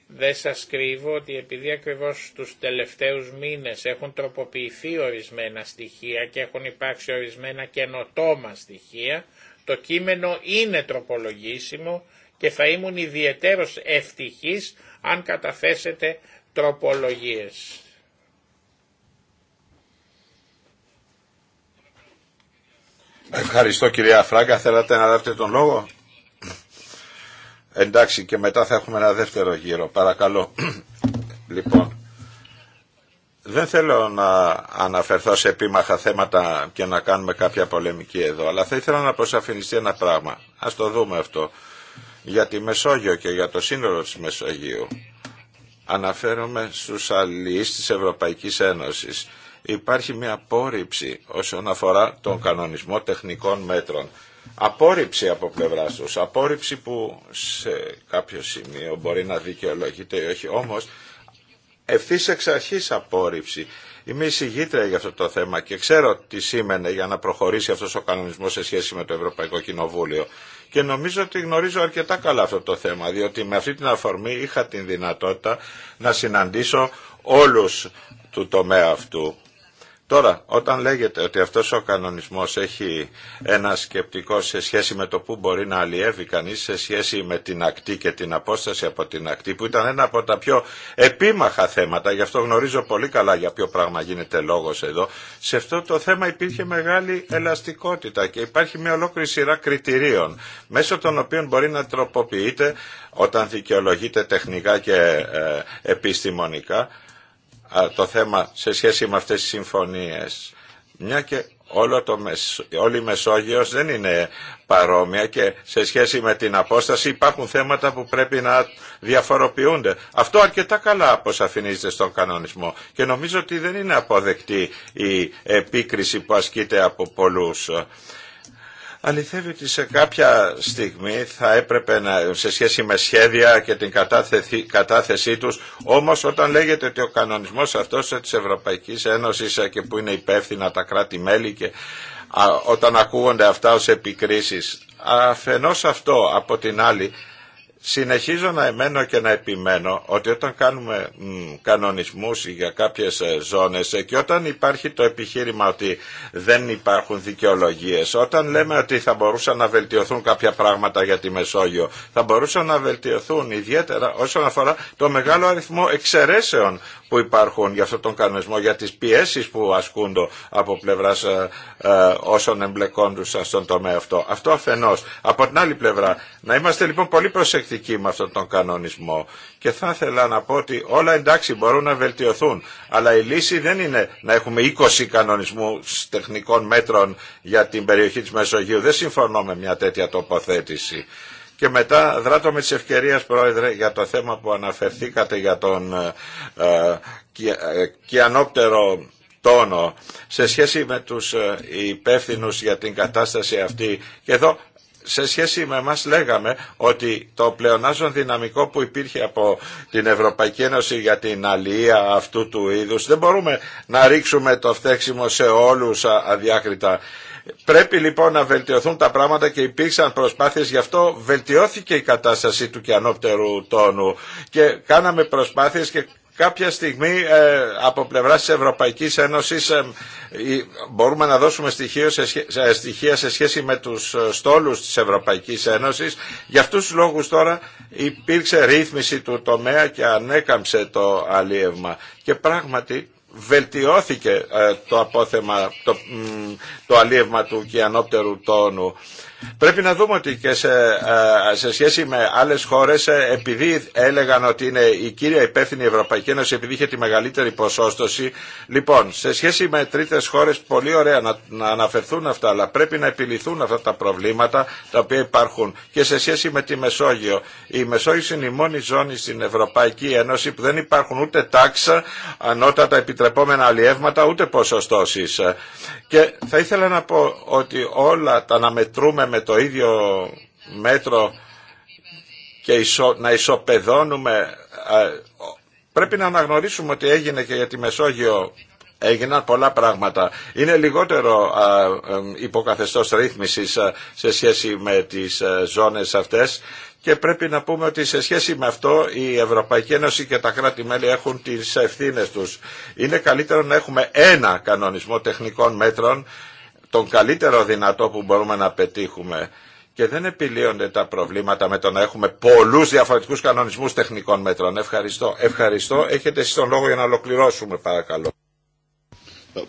Δεν σας κρύβω ότι επειδή ακριβώς τους τελευταίους μήνες έχουν τροποποιηθεί ορισμένα στοιχεία και έχουν υπάρξει ορισμένα καινοτόμα στοιχεία, το κείμενο είναι τροπολογήσιμο και θα ήμουν ιδιαίτερος ευτυχής αν καταθέσετε τροπολογίες. Ευχαριστώ κυρία Φράγκα. Θέλατε να λάβετε τον λόγο. Εντάξει και μετά θα έχουμε ένα δεύτερο γύρο. Παρακαλώ. Λοιπόν, δεν θέλω να αναφερθώ σε επίμαχα θέματα και να κάνουμε κάποια πολεμική εδώ, αλλά θα ήθελα να προσαφινιστεί ένα πράγμα. Ας το δούμε αυτό. Για τη Μεσόγειο και για το σύνολο της Μεσογείου. Αναφέρομαι στους αλληλείς της Ευρωπαϊκής Ένωσης. Υπάρχει μια απόρριψη όσον αφορά τον κανονισμό τεχνικών μέτρων. Απόρριψη από πλευρά τους. Απόρριψη που σε κάποιο σημείο μπορεί να δικαιολογείται ή όχι. Όμως ευθύ εξ αρχή απόρριψη. Είμαι εισηγήτρια για αυτό το θέμα και ξέρω τι σήμαινε για να προχωρήσει αυτός ο κανονισμός σε σχέση με το Ευρωπαϊκό Κοινοβούλιο. Και νομίζω ότι γνωρίζω αρκετά καλά αυτό το θέμα, διότι με αυτή την αφορμή είχα την δυνατότητα να συναντήσω όλους του τομέα αυτού. Τώρα, όταν λέγεται ότι αυτός ο κανονισμός έχει ένα σκεπτικό σε σχέση με το που μπορεί να αλλιεύει κανείς σε σχέση με την ακτή και την απόσταση από την ακτή που ήταν ένα από τα πιο επίμαχα θέματα, γι' αυτό γνωρίζω πολύ καλά για ποιο πράγμα γίνεται λόγος εδώ, σε αυτό το θέμα υπήρχε μεγάλη ελαστικότητα και υπάρχει μια ολόκληρη σειρά κριτηρίων μέσω των οποίων μπορεί να τροποποιείται όταν δικαιολογείται τεχνικά και ε, επιστημονικά το θέμα σε σχέση με αυτές τις συμφωνίες. Μια και όλο το όλη η Μεσόγειος δεν είναι παρόμοια και σε σχέση με την απόσταση υπάρχουν θέματα που πρέπει να διαφοροποιούνται. Αυτό αρκετά καλά αποσαφηνίζεται στον κανονισμό και νομίζω ότι δεν είναι αποδεκτή η επίκριση που ασκείται από πολλούς αληθεύει ότι σε κάποια στιγμή θα έπρεπε να, σε σχέση με σχέδια και την κατάθεση, κατάθεσή τους, όμως όταν λέγεται ότι ο κανονισμός αυτός της Ευρωπαϊκής Ένωσης ε, και που είναι υπεύθυνα τα κράτη-μέλη και όταν ακούγονται αυτά ως επικρίσεις, αφενός αυτό από την άλλη Συνεχίζω να εμένω και να επιμένω ότι όταν κάνουμε μ, κανονισμούς για κάποιες ε, ζώνες ε, και όταν υπάρχει το επιχείρημα ότι δεν υπάρχουν δικαιολογίες, όταν λέμε ότι θα μπορούσαν να βελτιωθούν κάποια πράγματα για τη Μεσόγειο, θα μπορούσαν να βελτιωθούν ιδιαίτερα όσον αφορά το μεγάλο αριθμό εξαιρέσεων που υπάρχουν για αυτόν τον κανονισμό, για τις πιέσεις που ασκούνται από πλευράς ε, ε όσων εμπλεκόντουσαν στον τομέα αυτό. Αυτό αφενός. Από την άλλη πλευρά, να είμαστε λοιπόν πολύ προσεκτικοί με αυτόν τον κανονισμό. Και θα ήθελα να πω ότι όλα εντάξει μπορούν να βελτιωθούν. Αλλά η λύση δεν είναι να έχουμε 20 κανονισμού τεχνικών μέτρων για την περιοχή της Μεσογείου. Δεν συμφωνώ με μια τέτοια τοποθέτηση. Και μετά δράτω με τις ευκαιρίες, Πρόεδρε, για το θέμα που αναφερθήκατε για τον ε, και, ε, ε τόνο σε σχέση με τους ε, υπεύθυνου για την κατάσταση αυτή. Και εδώ σε σχέση με εμάς λέγαμε ότι το πλεονάζον δυναμικό που υπήρχε από την Ευρωπαϊκή Ένωση για την αλληλεία αυτού του είδους δεν μπορούμε να ρίξουμε το φταίξιμο σε όλους αδιάκριτα. Πρέπει λοιπόν να βελτιωθούν τα πράγματα και υπήρξαν προσπάθειες, γι' αυτό βελτιώθηκε η κατάσταση του κιανόπτερου τόνου και κάναμε προσπάθειες και κάποια στιγμή ε, από πλευρά της Ευρωπαϊκής Ένωσης ε, μπορούμε να δώσουμε στοιχεία σε σχέση με τους ε, στόλου της Ευρωπαϊκής Ένωσης. Για αυτούς τους λόγους τώρα υπήρξε ρύθμιση του τομέα και ανέκαμψε το αλίευμα. Και πράγματι βελτιώθηκε το απόθεμα, το, το αλίευμα του κυανόπτερου τόνου. Πρέπει να δούμε ότι και σε, ε, σχέση με άλλες χώρες ε, επειδή έλεγαν ότι είναι η κύρια υπεύθυνη Ευρωπαϊκή Ένωση επειδή είχε τη μεγαλύτερη ποσόστοση λοιπόν σε σχέση με τρίτες χώρες πολύ ωραία να, αναφερθούν αυτά αλλά πρέπει να επιληθούν αυτά τα προβλήματα τα οποία υπάρχουν και σε σχέση με τη Μεσόγειο η Μεσόγειο είναι η μόνη ζώνη στην Ευρωπαϊκή Ένωση που δεν υπάρχουν ούτε τάξα ανώτατα επιτρεπόμενα αλλιεύματα ούτε ποσοστώσεις και θα ήθελα να πω ότι όλα τα να με το ίδιο μέτρο και να ισοπεδώνουμε. Ε, πρέπει να αναγνωρίσουμε ότι έγινε και για τη Μεσόγειο έγιναν πολλά πράγματα. Είναι λιγότερο ε, ε, υποκαθεστώς ρύθμισης σε σχέση με τις ζώνες αυτές και πρέπει να πούμε ότι σε σχέση με αυτό η Ευρωπαϊκή Ένωση και τα κράτη-μέλη έχουν τις ευθύνες τους. Είναι καλύτερο να έχουμε ένα κανονισμό τεχνικών μέτρων τον καλύτερο δυνατό που μπορούμε να πετύχουμε και δεν επιλύονται τα προβλήματα με το να έχουμε πολλούς διαφορετικούς κανονισμούς τεχνικών μέτρων. Ευχαριστώ. Ευχαριστώ. Έχετε εσείς τον λόγο για να ολοκληρώσουμε παρακαλώ. Ε,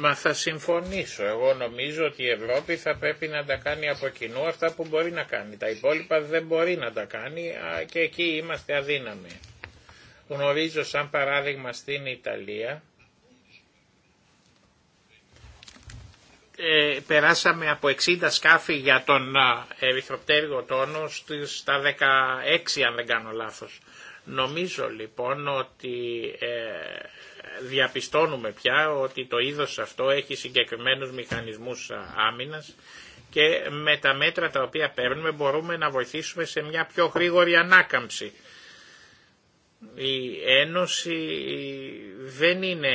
Μα θα συμφωνήσω. Εγώ νομίζω ότι η Ευρώπη θα πρέπει να τα κάνει από κοινού αυτά που μπορεί να κάνει. Τα υπόλοιπα δεν μπορεί να τα κάνει και εκεί είμαστε αδύναμοι. Γνωρίζω σαν παράδειγμα στην Ιταλία Ε, περάσαμε από 60 σκάφη για τον ερυθροπτέρυγο τόνο στα 16 αν δεν κάνω λάθος. Νομίζω λοιπόν ότι ε, διαπιστώνουμε πια ότι το είδος αυτό έχει συγκεκριμένους μηχανισμούς άμυνας και με τα μέτρα τα οποία παίρνουμε μπορούμε να βοηθήσουμε σε μια πιο γρήγορη ανάκαμψη η Ένωση δεν είναι,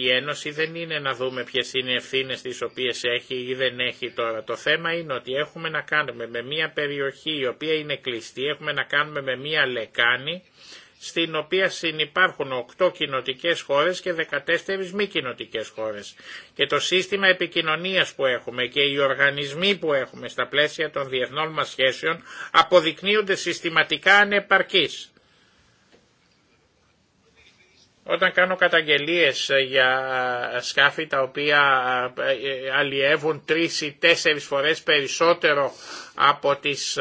η Ένωση δεν είναι να δούμε ποιες είναι οι ευθύνες τις οποίες έχει ή δεν έχει τώρα. Το θέμα είναι ότι έχουμε να κάνουμε με μια περιοχή η οποία είναι κλειστή, έχουμε να κάνουμε με μια λεκάνη στην οποία συνυπάρχουν 8 κοινοτικέ χώρες και 14 μη κοινοτικέ χώρες. Και το σύστημα επικοινωνίας που έχουμε και οι οργανισμοί που έχουμε στα πλαίσια των διεθνών μας σχέσεων αποδεικνύονται συστηματικά ανεπαρκείς. Όταν κάνω καταγγελίες ε, για ε, σκάφη τα οποία ε, αλλιεύουν τρεις ή τέσσερις φορές περισσότερο από τις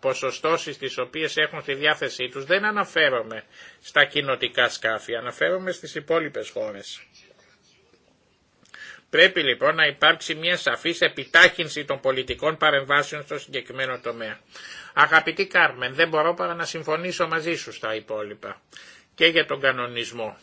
ποσοστώσεις τις οποίες έχουν στη διάθεσή τους, δεν αναφέρομαι στα κοινοτικά σκάφη, αναφέρομαι στις υπόλοιπες χώρες. Πρέπει λοιπόν να υπάρξει μια σαφής επιτάχυνση των πολιτικών παρεμβάσεων στο συγκεκριμένο τομέα. Αγαπητή Κάρμεν, δεν μπορώ παρά να συμφωνήσω μαζί σου στα υπόλοιπα και για τον κανονισμό.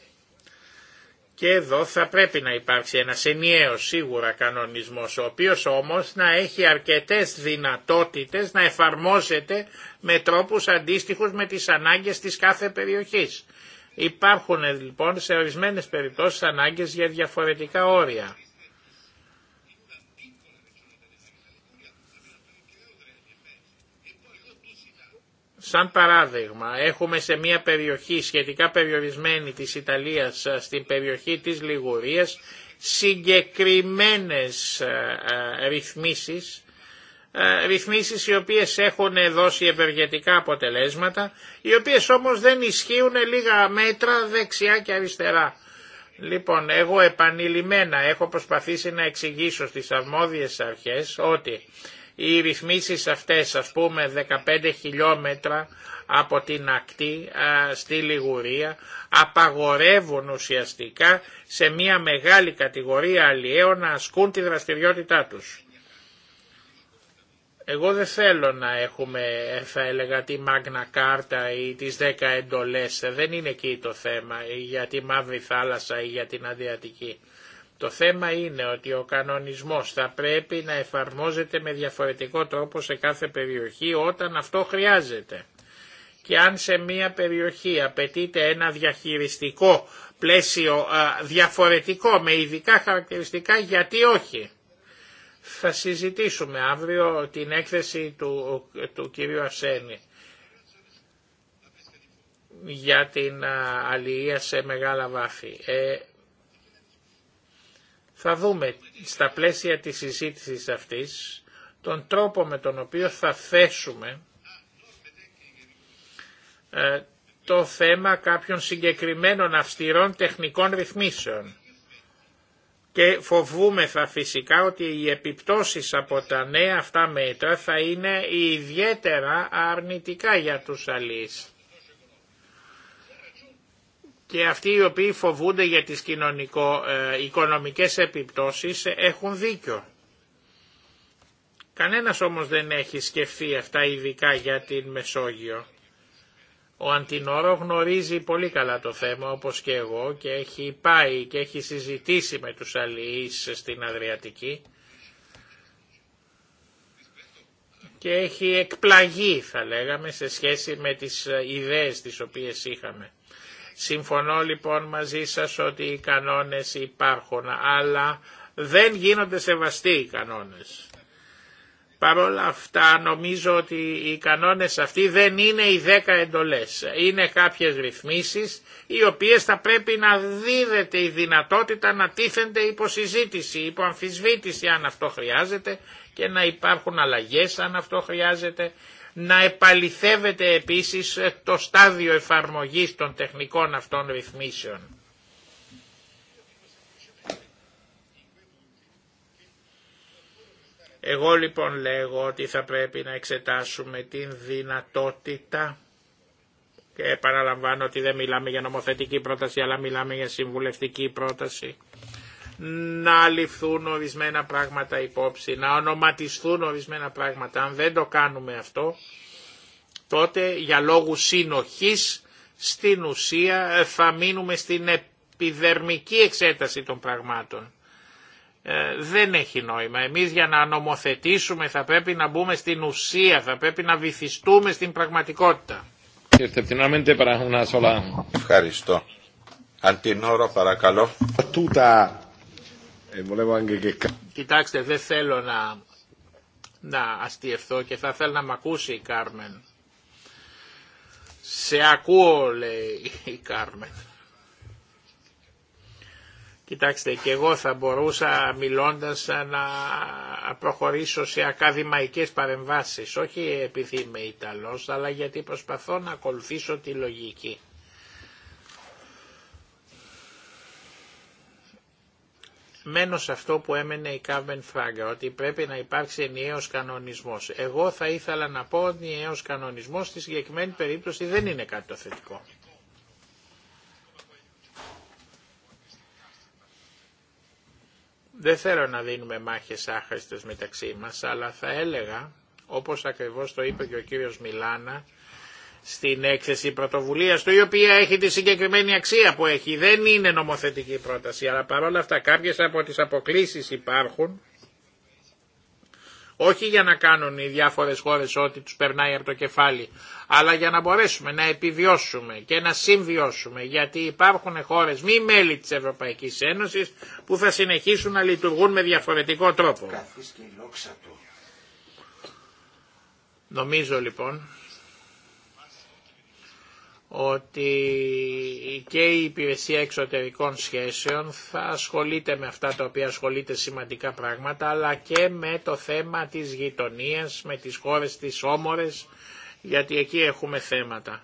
Και εδώ θα πρέπει να υπάρξει ένας ενιαίος σίγουρα κανονισμός, ο οποίος όμως να έχει αρκετές δυνατότητες να εφαρμόζεται με τρόπους αντίστοιχους με τις ανάγκες της κάθε περιοχής. Υπάρχουν λοιπόν σε ορισμένες περιπτώσεις ανάγκες για διαφορετικά όρια. Σαν παράδειγμα, έχουμε σε μια περιοχή σχετικά περιορισμένη της Ιταλίας, ε, στην περιοχή της Λιγουρίας, συγκεκριμένες ε, ε, ρυθμίσεις, ρυθμίσεις οι οποίες έχουν δώσει ευεργετικά αποτελέσματα, οι οποίες όμως δεν ισχύουν λίγα μέτρα δεξιά και αριστερά. Λοιπόν, εγώ επανειλημμένα έχω προσπαθήσει να εξηγήσω στις αρμόδιες αρχές ότι οι ρυθμίσεις αυτές, ας πούμε 15 χιλιόμετρα από την ακτή στη Λιγουρία, απαγορεύουν ουσιαστικά σε μια μεγάλη κατηγορία αλλιέων να ασκούν τη δραστηριότητά τους. Εγώ δεν θέλω να έχουμε, θα έλεγα, τη Μάγνα Κάρτα ή τις 10 εντολές. Δεν είναι εκεί το θέμα για τη Μαύρη Θάλασσα ή για την Αδιατική. Το θέμα είναι ότι ο κανονισμός θα πρέπει να εφαρμόζεται με διαφορετικό τρόπο σε κάθε περιοχή όταν αυτό χρειάζεται. Και αν σε μία περιοχή απαιτείται ένα διαχειριστικό πλαίσιο διαφορετικό με ειδικά χαρακτηριστικά, γιατί όχι. Θα συζητήσουμε αύριο την έκθεση του, του κυρίου Αρσένη για την αλληλεία σε μεγάλα βάθη. Ε, θα δούμε στα πλαίσια της συζήτησης αυτής τον τρόπο με τον οποίο θα θέσουμε ε, το θέμα κάποιων συγκεκριμένων αυστηρών τεχνικών ρυθμίσεων. Και φοβούμεθα φυσικά ότι οι επιπτώσεις από τα νέα αυτά μέτρα θα είναι ιδιαίτερα αρνητικά για τους αλείς και αυτοί οι οποίοι φοβούνται για τις κοινωνικο-οικονομικές ε, επιπτώσεις έχουν δίκιο. Κανένας όμως δεν έχει σκεφτεί αυτά ειδικά για την Μεσόγειο. Ο Αντινόρο γνωρίζει πολύ καλά το θέμα όπως και εγώ και έχει πάει και έχει συζητήσει με τους αλληλείς στην Αδριατική και έχει εκπλαγεί θα λέγαμε σε σχέση με τις ε, ιδέες τις οποίες είχαμε. Συμφωνώ λοιπόν μαζί σας ότι οι κανόνες υπάρχουν, αλλά δεν γίνονται σεβαστοί οι κανόνες. Παρ' όλα αυτά νομίζω ότι οι κανόνες αυτοί δεν είναι οι δέκα εντολές. Είναι κάποιες ρυθμίσεις οι οποίες θα πρέπει να δίδεται η δυνατότητα να τίθενται υπό συζήτηση, υπό αμφισβήτηση αν αυτό χρειάζεται και να υπάρχουν αλλαγές αν αυτό χρειάζεται να επαληθεύεται επίσης το στάδιο εφαρμογής των τεχνικών αυτών ρυθμίσεων. Εγώ λοιπόν λέγω ότι θα πρέπει να εξετάσουμε την δυνατότητα και επαναλαμβάνω ότι δεν μιλάμε για νομοθετική πρόταση αλλά μιλάμε για συμβουλευτική πρόταση να ληφθούν ορισμένα πράγματα υπόψη, να ονοματιστούν ορισμένα πράγματα. Αν δεν το κάνουμε αυτό, τότε για λόγους συνοχής στην ουσία ε, θα μείνουμε στην επιδερμική εξέταση των πραγμάτων. Ε, δεν έχει νόημα. Εμείς για να νομοθετήσουμε θα πρέπει να μπούμε στην ουσία, θα πρέπει να βυθιστούμε στην πραγματικότητα. Ευχαριστώ. ώρα παρακαλώ. Ε, Κοιτάξτε, δεν θέλω να, να και θα θέλω να μ' ακούσει η Κάρμεν. Σε ακούω, λέει η Κάρμεν. Κοιτάξτε, και εγώ θα μπορούσα μιλώντας να προχωρήσω σε ακαδημαϊκές παρεμβάσεις, όχι επειδή είμαι Ιταλός, αλλά γιατί προσπαθώ να ακολουθήσω τη λογική. Μένω σε αυτό που έμενε η Κάβεν Φράγκα, ότι πρέπει να υπάρξει ενιαίος κανονισμός. Εγώ θα ήθελα να πω ότι ενιαίος κανονισμός στη συγκεκριμένη περίπτωση δεν είναι κάτι το θετικό. Δεν θέλω να δίνουμε μάχες άχρηστες μεταξύ μας, αλλά θα έλεγα, όπως ακριβώς το είπε και ο κύριος Μιλάνα, στην έκθεση πρωτοβουλίας του, η οποία έχει τη συγκεκριμένη αξία που έχει. Δεν είναι νομοθετική πρόταση, αλλά παρόλα αυτά κάποιες από τις αποκλήσει υπάρχουν, όχι για να κάνουν οι διάφορες χώρες ό,τι τους περνάει από το κεφάλι, αλλά για να μπορέσουμε να επιβιώσουμε και να συμβιώσουμε, γιατί υπάρχουν χώρες μη μέλη της Ευρωπαϊκής Ένωσης που θα συνεχίσουν να λειτουργούν με διαφορετικό τρόπο. Νομίζω λοιπόν ότι και η Υπηρεσία Εξωτερικών Σχέσεων θα ασχολείται με αυτά τα οποία ασχολείται σημαντικά πράγματα, αλλά και με το θέμα της γειτονίας, με τις χώρες της Όμορες, γιατί εκεί έχουμε θέματα.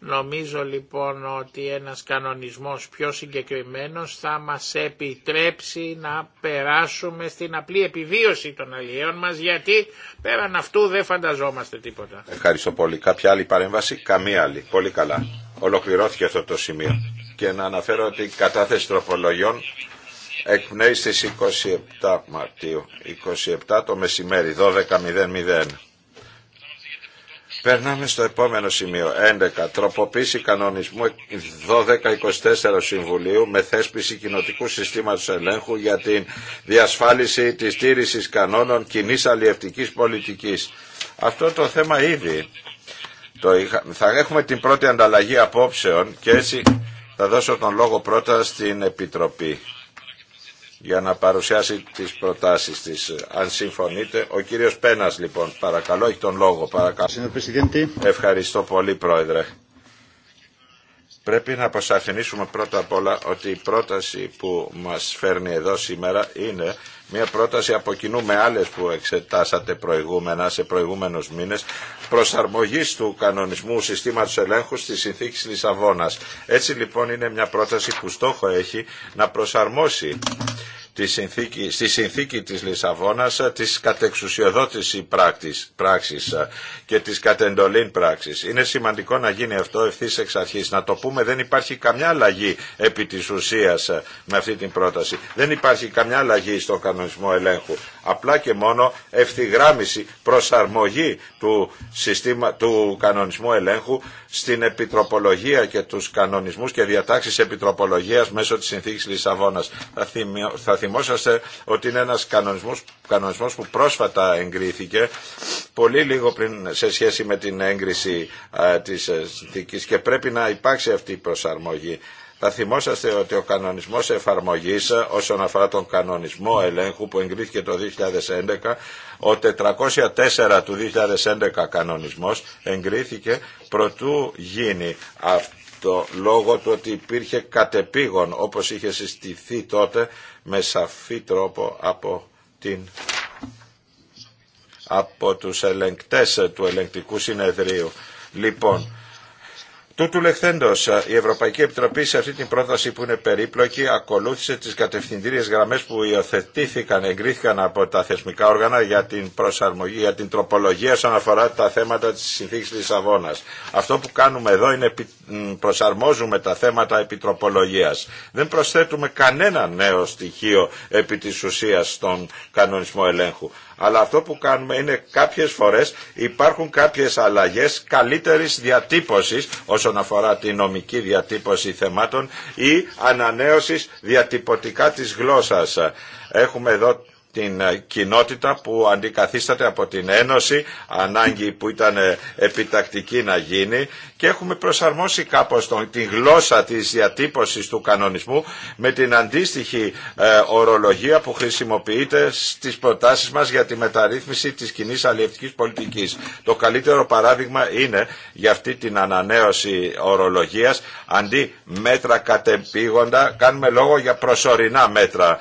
Νομίζω λοιπόν ότι ένας κανονισμός πιο συγκεκριμένος θα μας επιτρέψει να περάσουμε στην απλή επιβίωση των αλλιέων μας γιατί πέραν αυτού δεν φανταζόμαστε τίποτα. Ευχαριστώ πολύ. Κάποια άλλη παρέμβαση, καμία άλλη. Πολύ καλά. Ολοκληρώθηκε αυτό το σημείο. Και να αναφέρω ότι η κατάθεση τροπολογιών εκπνέει στις 27 Μαρτίου. 27 το μεσημέρι, 12.00. Περνάμε στο επόμενο σημείο. 11. Τροποποίηση κανονισμού 1224 Συμβουλίου με θέσπιση κοινοτικού συστήματος ελέγχου για την διασφάλιση της τήρησης κανόνων κοινή αλλιευτικής πολιτικής. Αυτό το θέμα ήδη το θα έχουμε την πρώτη ανταλλαγή απόψεων και έτσι θα δώσω τον λόγο πρώτα στην Επιτροπή για να παρουσιάσει τις προτάσεις της. Αν συμφωνείτε, ο κύριος Πένας λοιπόν, παρακαλώ, έχει τον λόγο. Παρακαλώ. Ευχαριστώ πολύ, Πρόεδρε. Πρέπει να αποσαφηνίσουμε πρώτα απ' όλα ότι η πρόταση που μας φέρνει εδώ σήμερα είναι μια πρόταση από κοινού με άλλες που εξετάσατε προηγούμενα σε προηγούμενους μήνες προσαρμογής του κανονισμού συστήματος ελέγχου συνθήκη της Λισαβόνας. Έτσι λοιπόν είναι μια πρόταση που στόχο έχει να προσαρμόσει στη συνθήκη της Λισαβόνας ε, της κατεξουσιοδότηση πράκτης, πράξης ε, και της κατεντολήν πράξης. Είναι σημαντικό να γίνει αυτό ευθύ εξ αρχής. Να το πούμε δεν υπάρχει καμιά αλλαγή επί της ουσίας ε, με αυτή την πρόταση. Δεν υπάρχει καμιά αλλαγή στον κανονισμό ελέγχου απλά και μόνο ευθυγράμμιση, προσαρμογή του, συστήμα, του κανονισμού ελέγχου στην επιτροπολογία και τους κανονισμούς και διατάξεις επιτροπολογίας μέσω της συνθήκης Λισαβόνας. Θα, θυμόσαστε ότι είναι ένας κανονισμός, κανονισμός που πρόσφατα εγκρίθηκε πολύ λίγο πριν σε σχέση με την έγκριση α, ε, της και πρέπει να υπάρξει αυτή η προσαρμογή. Θα θυμόσαστε ότι ο κανονισμός εφαρμογής όσον αφορά τον κανονισμό ελέγχου που εγκρίθηκε το 2011, ο 404 του 2011 κανονισμός εγκρίθηκε προτού γίνει αυτό λόγω του ότι υπήρχε κατεπήγον όπως είχε συστηθεί τότε με σαφή τρόπο από την από τους ελεγκτές του ελεγκτικού συνεδρίου. Λοιπόν, Τούτου λεχθέντο, η Ευρωπαϊκή Επιτροπή σε αυτή την πρόταση που είναι περίπλοκη ακολούθησε τι κατευθυντήριε γραμμέ που υιοθετήθηκαν, εγκρίθηκαν από τα θεσμικά όργανα για την προσαρμογή, για την τροπολογία όσον αφορά τα θέματα της συνθήκης Λισαβόνα. Αυτό που κάνουμε εδώ είναι προσαρμόζουμε τα θέματα επιτροπολογία. Δεν προσθέτουμε κανένα νέο στοιχείο επί τη ουσία στον κανονισμό ελέγχου. Αλλά αυτό που κάνουμε είναι κάποιες φορές υπάρχουν κάποιες αλλαγές καλύτερης διατύπωσης όσον αφορά τη νομική διατύπωση θεμάτων ή ανανέωσης διατυπωτικά της γλώσσας. Έχουμε εδώ την ε, κοινότητα που αντικαθίσταται από την Ένωση, ανάγκη που ήταν ε, επιτακτική να γίνει και έχουμε προσαρμόσει κάπως τον, την γλώσσα της διατύπωσης του κανονισμού με την αντίστοιχη ε, ορολογία που χρησιμοποιείται στις προτάσεις μας για τη μεταρρύθμιση της κοινή αλλιευτικής πολιτικής. Το καλύτερο παράδειγμα είναι για αυτή την ανανέωση ορολογίας αντί μέτρα κατεπήγοντα κάνουμε λόγο για προσωρινά μέτρα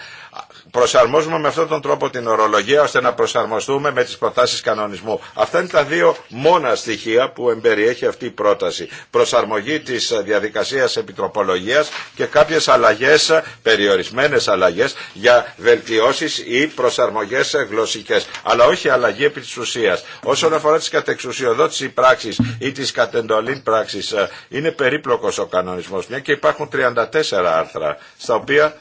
προσαρμόζουμε με αυτόν τον τρόπο την ορολογία ώστε να προσαρμοστούμε με τις προτάσεις κανονισμού. Αυτά είναι τα δύο μόνα στοιχεία που εμπεριέχει αυτή η πρόταση. Προσαρμογή της διαδικασίας επιτροπολογίας και κάποιες αλλαγές, περιορισμένες αλλαγές για βελτιώσεις ή προσαρμογές γλωσσικές. Αλλά όχι αλλαγή επί της ουσίας. Όσον αφορά τις κατεξουσιοδότηση πράξης ή τις κατεντολήν πράξης ε, είναι περίπλοκος ο κανονισμός μια και υπάρχουν 34 άρθρα στα οποία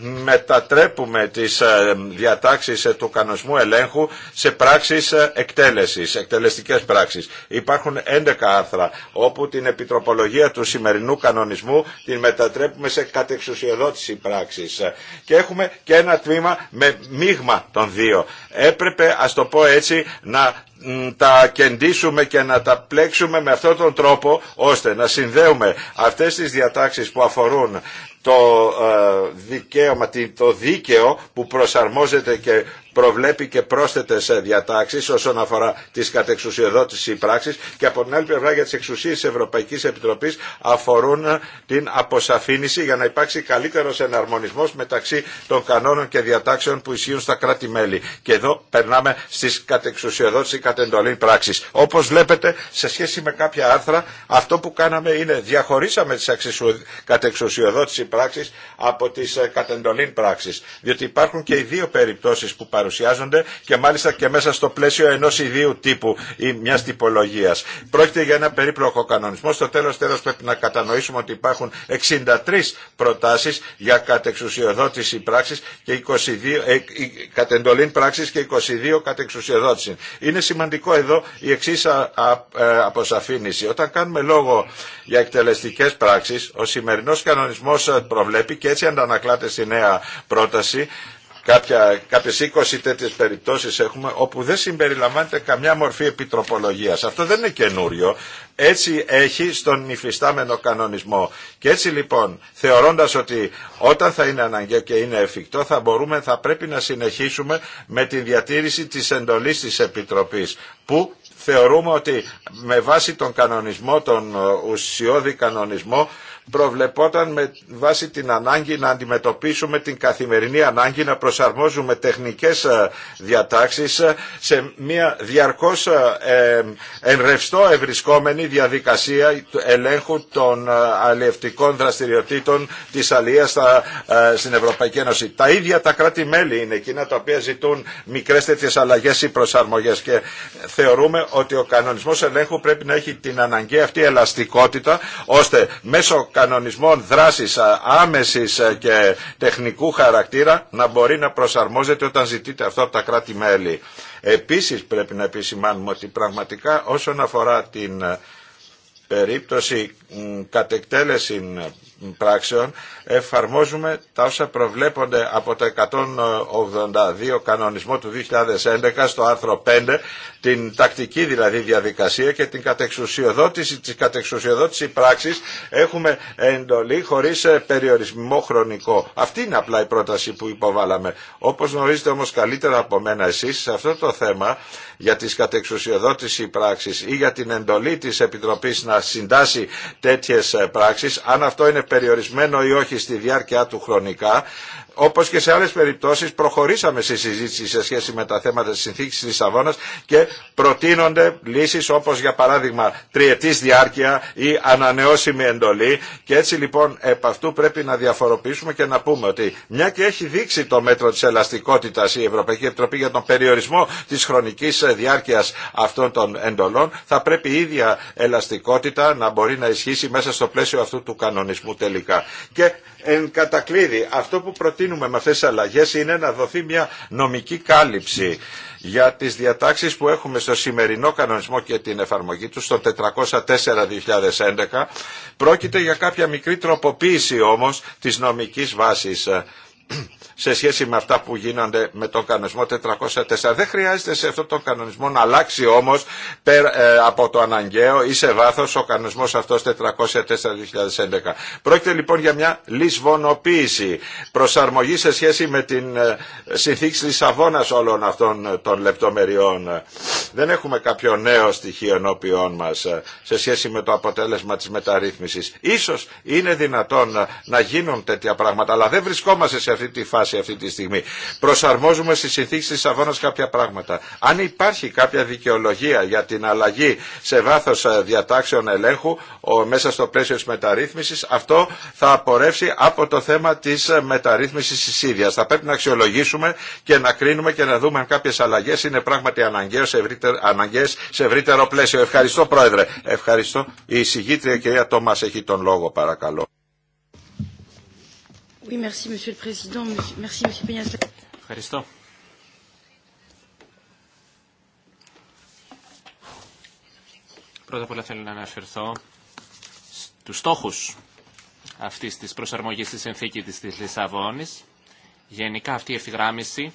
μετατρέπουμε τις ε, διατάξεις ε, του κανονισμού ελέγχου σε πράξεις ε, εκτέλεσης, εκτελεστικές πράξεις. Υπάρχουν 11 άρθρα όπου την επιτροπολογία του σημερινού κανονισμού την μετατρέπουμε σε κατεξουσιοδότηση πράξης. Και έχουμε και ένα τμήμα με μείγμα των δύο. Έπρεπε, ας το πω έτσι, να τα κεντήσουμε και να τα πλέξουμε με αυτόν τον τρόπο ώστε να συνδέουμε αυτές τις διατάξεις που αφορούν το ε, δικαίωμα, το δίκαιο που προσαρμόζεται και προβλέπει και πρόσθετες ε, διατάξεις όσον αφορά τις κατεξουσιοδότηση πράξεις και από την άλλη πλευρά για τις εξουσίες της Ευρωπαϊκής Επιτροπής αφορούν ε, την αποσαφήνιση για να υπάρξει καλύτερος εναρμονισμός μεταξύ των κανόνων και διατάξεων που ισχύουν στα κράτη-μέλη. Και εδώ περνάμε στις κατεξουσιοδότηση κατεντολή πράξη. Όπως βλέπετε σε σχέση με κάποια άρθρα αυτό που κάναμε είναι διαχωρίσαμε τις κατεξουσιοδότηση πράξη από τις ε, κατεντολήν πράξεις. Διότι υπάρχουν και οι δύο περιπτώσεις που παρουσιάζονται και μάλιστα και μέσα στο πλαίσιο ενός ιδίου τύπου ή μιας τυπολογίας. Πρόκειται για ένα περίπλοκο κανονισμό. Στο τέλος τέλος πρέπει να κατανοήσουμε ότι υπάρχουν 63 προτάσεις για κατεξουσιοδότηση πράξη και 22, ε, κατεντολήν πράξης και 22 ε, κατεξουσιοδότηση. Είναι σημαντικό εδώ η εξή ε, αποσαφήνιση. Όταν κάνουμε λόγο για εκτελεστικές πράξεις, ο σημερινός κανονισμός προβλέπει και έτσι αντανακλάται στη νέα πρόταση Κάποια, κάποιες 20 τέτοιες περιπτώσεις έχουμε όπου δεν συμπεριλαμβάνεται καμιά μορφή επιτροπολογίας. Αυτό δεν είναι καινούριο. Έτσι έχει στον υφιστάμενο κανονισμό. Και έτσι λοιπόν, θεωρώντας ότι όταν θα είναι αναγκαίο και είναι εφικτό, θα μπορούμε, θα πρέπει να συνεχίσουμε με τη διατήρηση της εντολής της Επιτροπής, που θεωρούμε ότι με βάση τον κανονισμό, τον ε, ουσιώδη κανονισμό, προβλεπόταν με βάση την ανάγκη να αντιμετωπίσουμε την καθημερινή ανάγκη να προσαρμόζουμε τεχνικές ε, διατάξεις ε, σε μια διαρκώς ε, ενρευστό ευρισκόμενη διαδικασία ελέγχου των αλλιευτικών δραστηριοτήτων της αλλία στην Ευρωπαϊκή Ένωση. Τα ίδια τα κράτη-μέλη είναι εκείνα τα οποία ζητούν μικρές τέτοιες αλλαγές ή προσαρμογές και θεωρούμε ότι ο κανονισμός ελέγχου πρέπει να έχει την αναγκαία αυτή ελαστικότητα ώστε μέσω κανονισμών δράσης άμεσης και τεχνικού χαρακτήρα να μπορεί να προσαρμόζεται όταν ζητείται αυτό από τα κράτη-μέλη. Επίσης πρέπει να επισημάνουμε ότι πραγματικά όσον αφορά την ε, περίπτωση κατεκτέλεση πράξεων εφαρμόζουμε τα όσα προβλέπονται από το 182 κανονισμό του 2011 στο άρθρο 5 την τακτική δηλαδή διαδικασία και την κατεξουσιοδότηση της κατεξουσιοδότηση πράξης έχουμε εντολή χωρίς ε, περιορισμό χρονικό. Αυτή είναι απλά η πρόταση που υποβάλαμε. Όπως γνωρίζετε όμως καλύτερα από μένα εσείς σε αυτό το θέμα για τις κατεξουσιοδότηση πράξης ή για την εντολή της Επιτροπής να συντάσει τέτοιες ε, πράξεις αν αυτό είναι περιορισμένο ή όχι στη διάρκεια του χρονικά όπως και σε άλλες περιπτώσεις προχωρήσαμε στη συζήτηση σε σχέση με τα θέματα της συνθήκης της Λισαβόνα και προτείνονται λύσεις όπως για παράδειγμα τριετής διάρκεια ή ανανεώσιμη εντολή και έτσι λοιπόν επ' αυτού πρέπει να διαφοροποιήσουμε και να πούμε ότι μια και έχει δείξει το μέτρο της ελαστικότητας η Ευρωπαϊκή Επιτροπή για τον περιορισμό της χρονικής διάρκειας αυτών των εντολών θα πρέπει η ίδια ελαστικότητα να μπορεί να ισχύσει μέσα στο πλαίσιο αυτού του κανονισμού τελικά. Και εν κατακλείδη αυτό που προτείνει προτείνουμε με αυτές τις αλλαγές είναι να δοθεί μια νομική κάλυψη για τις διατάξεις που έχουμε στο σημερινό κανονισμό και την εφαρμογή του στο 404-2011 πρόκειται για κάποια μικρή τροποποίηση όμως της νομικής βάσης σε σχέση με αυτά που γίνονται με τον κανονισμό 404. Δεν χρειάζεται σε αυτόν τον κανονισμό να αλλάξει όμως ε, από το αναγκαίο ή σε βάθος ο κανονισμός αυτός 404-2011. Πρόκειται λοιπόν για μια λησβονοποίηση, προσαρμογή σε σχέση με την ε, συνθήκη Λισαβόνας όλων αυτών των λεπτομεριών. Δεν έχουμε κάποιο νέο στοιχείο ενώπιόν μας ε, σε σχέση με το αποτέλεσμα της μεταρρύθμισης. Ίσως είναι δυνατόν να γίνουν τέτοια πράγματα, αλλά δεν βρισκόμαστε σε αυτή τη φάση φάση αυτή τη στιγμή. Προσαρμόζουμε στι συνθήκε τη αγώνα κάποια πράγματα. Αν υπάρχει κάποια δικαιολογία για την αλλαγή σε βάθο ε, διατάξεων ελέγχου μέσα στο πλαίσιο της μεταρρύθμισης, αυτό θα απορρεύσει από το θέμα τη ε, μεταρρύθμισης τη ίδια. Θα πρέπει να αξιολογήσουμε και να κρίνουμε και να δούμε αν κάποιες αλλαγέ είναι πράγματι αναγκαίε σε ευρύτερο, σε ευρύτερο πλαίσιο. Ευχαριστώ Πρόεδρε. Ευχαριστώ. Η συγγήτρια κυρία Τόμα έχει τον λόγο παρακαλώ. Ευχαριστώ. Πρώτα απ' όλα θέλω να αναφερθώ στους στόχους αυτής της προσαρμογής της συνθήκη της, της Γενικά αυτή η ευθυγράμμιση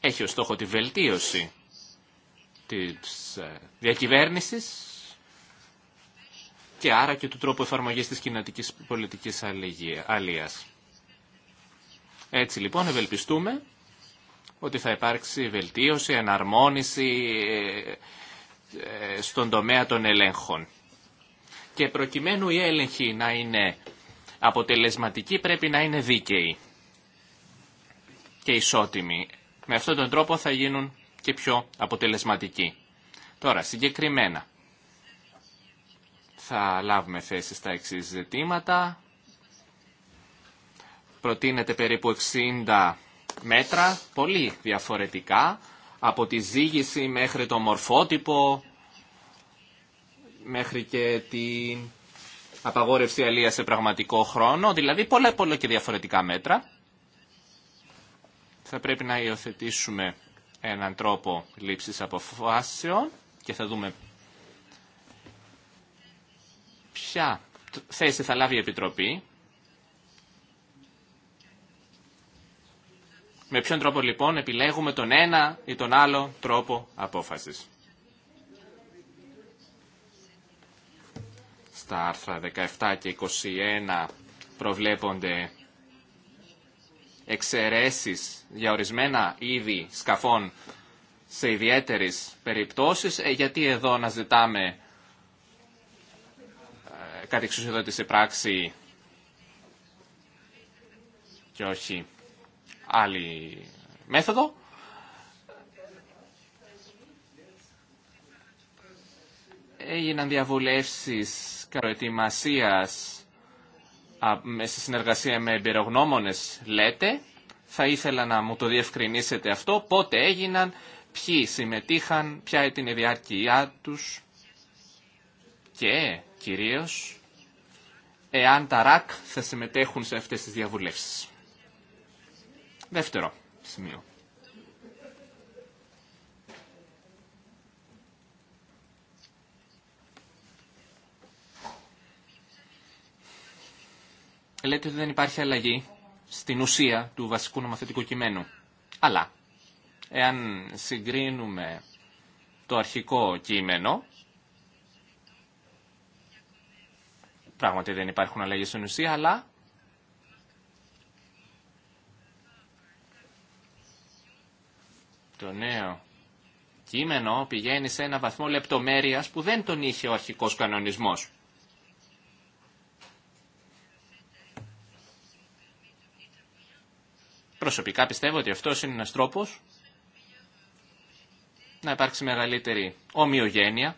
έχει ως στόχο τη βελτίωση της ε, διακυβέρνησης και άρα και του τρόπου εφαρμογής της κοινωνικής πολιτικής αλλίας. Έτσι λοιπόν ευελπιστούμε ότι θα υπάρξει βελτίωση, εναρμόνιση ε, ε, στον τομέα των ελέγχων. Και προκειμένου η έλεγχη να είναι αποτελεσματική πρέπει να είναι δίκαιη και ισότιμη. Με αυτόν τον τρόπο θα γίνουν και πιο αποτελεσματικοί. Τώρα, συγκεκριμένα, θα λάβουμε θέση στα εξή ζητήματα. Προτείνεται περίπου 60 μέτρα, πολύ διαφορετικά, από τη ζήγηση μέχρι το μορφότυπο, μέχρι και την απαγόρευση αλίας σε πραγματικό χρόνο, δηλαδή πολλά πολλά και διαφορετικά μέτρα. Θα πρέπει να υιοθετήσουμε έναν τρόπο λήψης αποφάσεων και θα δούμε ποια θέση θα λάβει η Επιτροπή. Με ποιον τρόπο λοιπόν επιλέγουμε τον ένα ή τον άλλο τρόπο απόφασης. Στα άρθρα 17 και 21 προβλέπονται εξαιρέσεις για ορισμένα είδη σκαφών σε ιδιαίτερες περιπτώσεις. Ε, γιατί εδώ να ζητάμε σε πράξη και όχι άλλη μέθοδο. Έγιναν διαβουλεύσεις καροετοιμασίας σε συνεργασία με εμπειρογνώμονες, λέτε. Θα ήθελα να μου το διευκρινίσετε αυτό. Πότε έγιναν, ποιοι συμμετείχαν, ποια ήταν η διάρκεια τους και κυρίως εάν τα ΡΑΚ θα συμμετέχουν σε αυτές τις διαβουλεύσεις. Δεύτερο σημείο. Λέτε ότι δεν υπάρχει αλλαγή στην ουσία του βασικού νομοθετικού κειμένου. Αλλά, εάν συγκρίνουμε το αρχικό κείμενο Πράγματι δεν υπάρχουν αλλαγές στην ουσία, αλλά το νέο κείμενο πηγαίνει σε ένα βαθμό λεπτομέρειας που δεν τον είχε ο αρχικός κανονισμός. Προσωπικά πιστεύω ότι αυτό είναι ένας τρόπος να υπάρξει μεγαλύτερη ομοιογένεια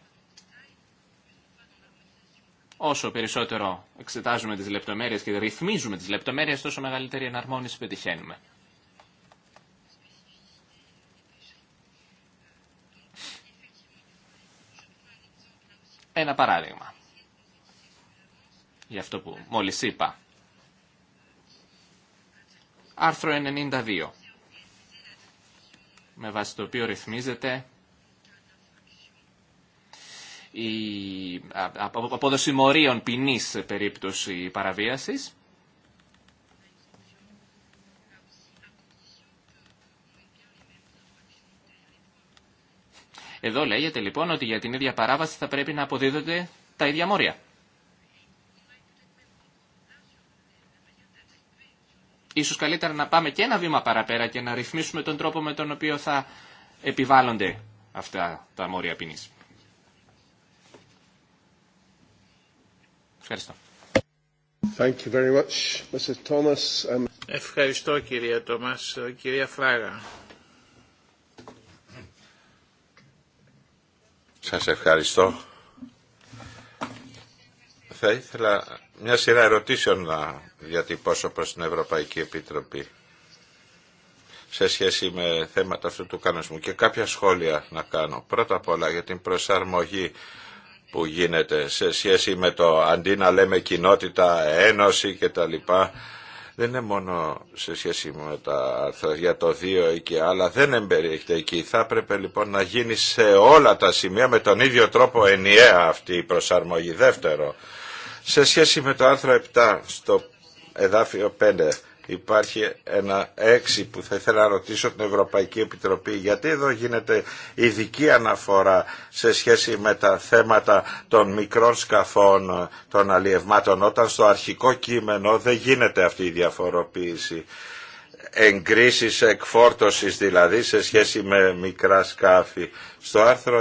Όσο περισσότερο εξετάζουμε τις λεπτομέρειες και ρυθμίζουμε τις λεπτομέρειες, τόσο μεγαλύτερη εναρμόνιση πετυχαίνουμε. Ένα παράδειγμα για αυτό που μόλις είπα. Άρθρο 92 με βάση το οποίο ρυθμίζεται η απόδοση μορίων ποινή σε περίπτωση παραβίασης. Εδώ λέγεται λοιπόν ότι για την ίδια παράβαση θα πρέπει να αποδίδονται τα ίδια μόρια. Ίσως καλύτερα να πάμε και ένα βήμα παραπέρα και να ρυθμίσουμε τον τρόπο με τον οποίο θα επιβάλλονται αυτά τα μόρια ποινής. Ευχαριστώ. Thank you very much, Ευχαριστώ κυρία Τόμας. Ε, κυρία Φράγα. Σας ευχαριστώ. Θα ήθελα μια σειρά ερωτήσεων να διατυπώσω προς την Ευρωπαϊκή Επιτροπή σε σχέση με θέματα αυτού του κανονισμού και κάποια σχόλια να κάνω. Πρώτα απ' όλα για την προσαρμογή που γίνεται σε σχέση με το αντί να λέμε κοινότητα, ένωση κτλ. Δεν είναι μόνο σε σχέση με τα άρθρα για το 2 ή και άλλα, δεν εμπεριέχεται εκεί. Θα έπρεπε λοιπόν να γίνει σε όλα τα σημεία με τον ίδιο τρόπο ενιαία αυτή η προσαρμογή. Δεύτερο, σε σχέση με το άρθρο 7 στο εδάφιο 5 Υπάρχει ένα έξι που θα ήθελα να ρωτήσω την Ευρωπαϊκή Επιτροπή. Γιατί εδώ γίνεται ειδική αναφορά σε σχέση με τα θέματα των μικρών σκαφών των αλλιευμάτων όταν στο αρχικό κείμενο δεν γίνεται αυτή η διαφοροποίηση εγκρίσεις εκφόρτωσης δηλαδή σε σχέση με μικρά σκάφη. Στο άρθρο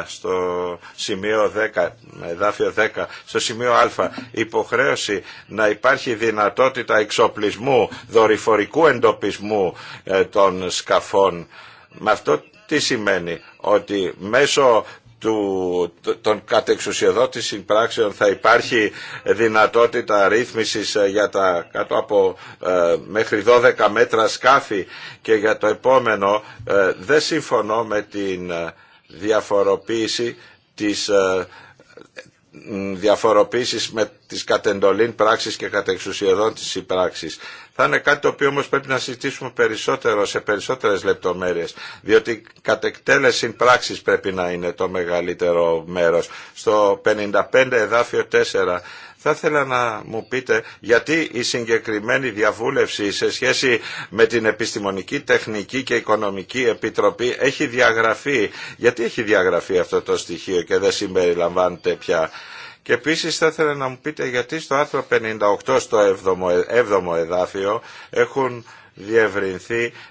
9, στο σημείο 10, εδάφιο 10, στο σημείο α, υποχρέωση να υπάρχει δυνατότητα εξοπλισμού, δορυφορικού εντοπισμού ε, των σκαφών. Με αυτό τι σημαίνει, ότι μέσω του, των κατεξουσιοδότης συμπράξεων θα υπάρχει δυνατότητα ρύθμισης ε, για τα κάτω από ε, μέχρι 12 μέτρα σκάφη και για το επόμενο ε, δεν συμφωνώ με την ε, διαφοροποίηση της διαφοροποίησης με τις κατεντολήν πράξεις και κατεξουσιοδότηση πράξης. Θα είναι κάτι το οποίο όμως πρέπει να συζητήσουμε περισσότερο σε περισσότερες λεπτομέρειες, διότι κατεκτέλεση πράξης πρέπει να είναι το μεγαλύτερο μέρος. Στο 55 εδάφιο 4 θα ήθελα να μου πείτε γιατί η συγκεκριμένη διαβούλευση σε σχέση με την Επιστημονική, Τεχνική και Οικονομική Επιτροπή έχει διαγραφεί. Γιατί έχει διαγραφεί αυτό το στοιχείο και δεν συμπεριλαμβάνεται πια. Και επίση θα ήθελα να μου πείτε γιατί στο άρθρο 58 στο 7ο εδάφιο έχουν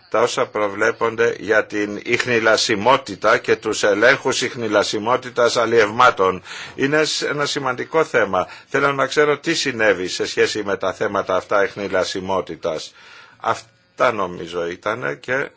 τα όσα προβλέπονται για την ιχνηλασιμότητα και τους ελέγχους ιχνηλασιμότητας αλλιευμάτων. Είναι ένα σημαντικό θέμα. Θέλω να ξέρω τι συνέβη σε σχέση με τα θέματα αυτά ιχνηλασιμότητας. Αυτά νομίζω ήταν και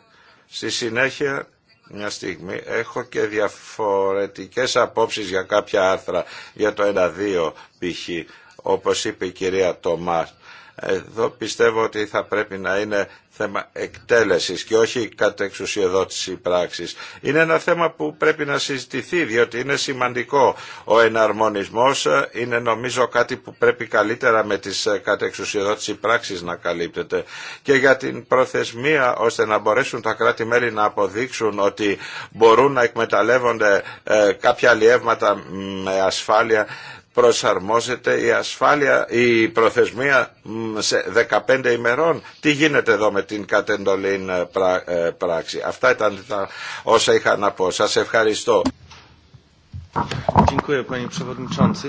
στη συνέχεια μια στιγμή έχω και διαφορετικές απόψεις για κάποια άρθρα για το 1-2 π.χ. όπως είπε η κυρία Τομάς εδώ πιστεύω ότι θα πρέπει να είναι θέμα εκτέλεσης και όχι κατεξουσιοδότηση πράξης. Είναι ένα θέμα που πρέπει να συζητηθεί διότι είναι σημαντικό. Ο εναρμονισμός είναι νομίζω κάτι που πρέπει καλύτερα με τις κατεξουσιοδότηση πράξης να καλύπτεται. Και για την προθεσμία ώστε να μπορέσουν τα κράτη-μέλη να αποδείξουν ότι μπορούν να εκμεταλλεύονται ε, κάποια αλλιεύματα με ασφάλεια προσαρμόζεται η ασφάλεια, η προθεσμία σε 15 ημερών. Τι γίνεται εδώ με την κατεντολή ε, ε, πράξη. Αυτά ήταν τα όσα είχα να πω. Σας ευχαριστώ.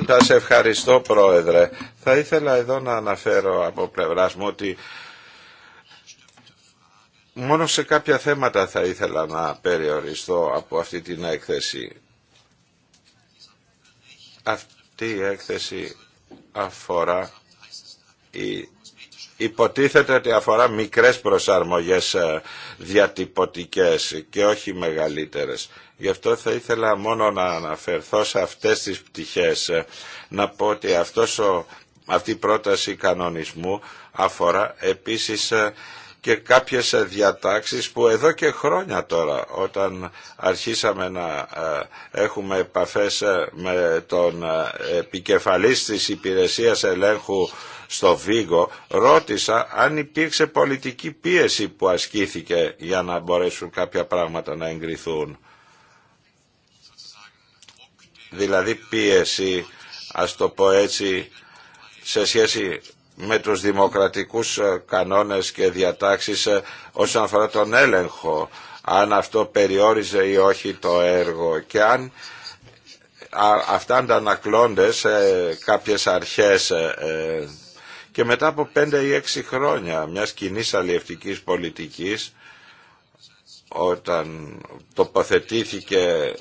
Σας ευχαριστώ Πρόεδρε. Θα ήθελα εδώ να αναφέρω από πλευράς μου ότι μόνο σε κάποια θέματα θα ήθελα να περιοριστώ από αυτή την έκθεση αυτή η έκθεση αφορά η Υποτίθεται ότι αφορά μικρές προσαρμογές ε, διατυπωτικές και όχι μεγαλύτερες. Γι' αυτό θα ήθελα μόνο να αναφερθώ σε αυτές τις πτυχές, ε, να πω ότι αυτός ο, αυτή η πρόταση κανονισμού αφορά επίσης ε, και κάποιες ε, διατάξεις που εδώ και χρόνια τώρα όταν αρχίσαμε να ε, έχουμε επαφές ε, με τον επικεφαλής της υπηρεσίας ελέγχου στο ΒΙΓΟ, ρώτησα αν υπήρξε πολιτική πίεση που ασκήθηκε για να μπορέσουν κάποια πράγματα να εγκριθούν. Δηλαδή πίεση, ας το πω έτσι, σε σχέση με τους δημοκρατικούς ε, κανόνες και διατάξεις ε, όσον αφορά τον έλεγχο, αν αυτό περιόριζε ή όχι το έργο και αν αυτά αντανακλώνται σε κάποιες αρχές ε, και μετά από πέντε ή έξι χρόνια μιας κοινή αλλιευτικής πολιτικής όταν τοποθετήθηκε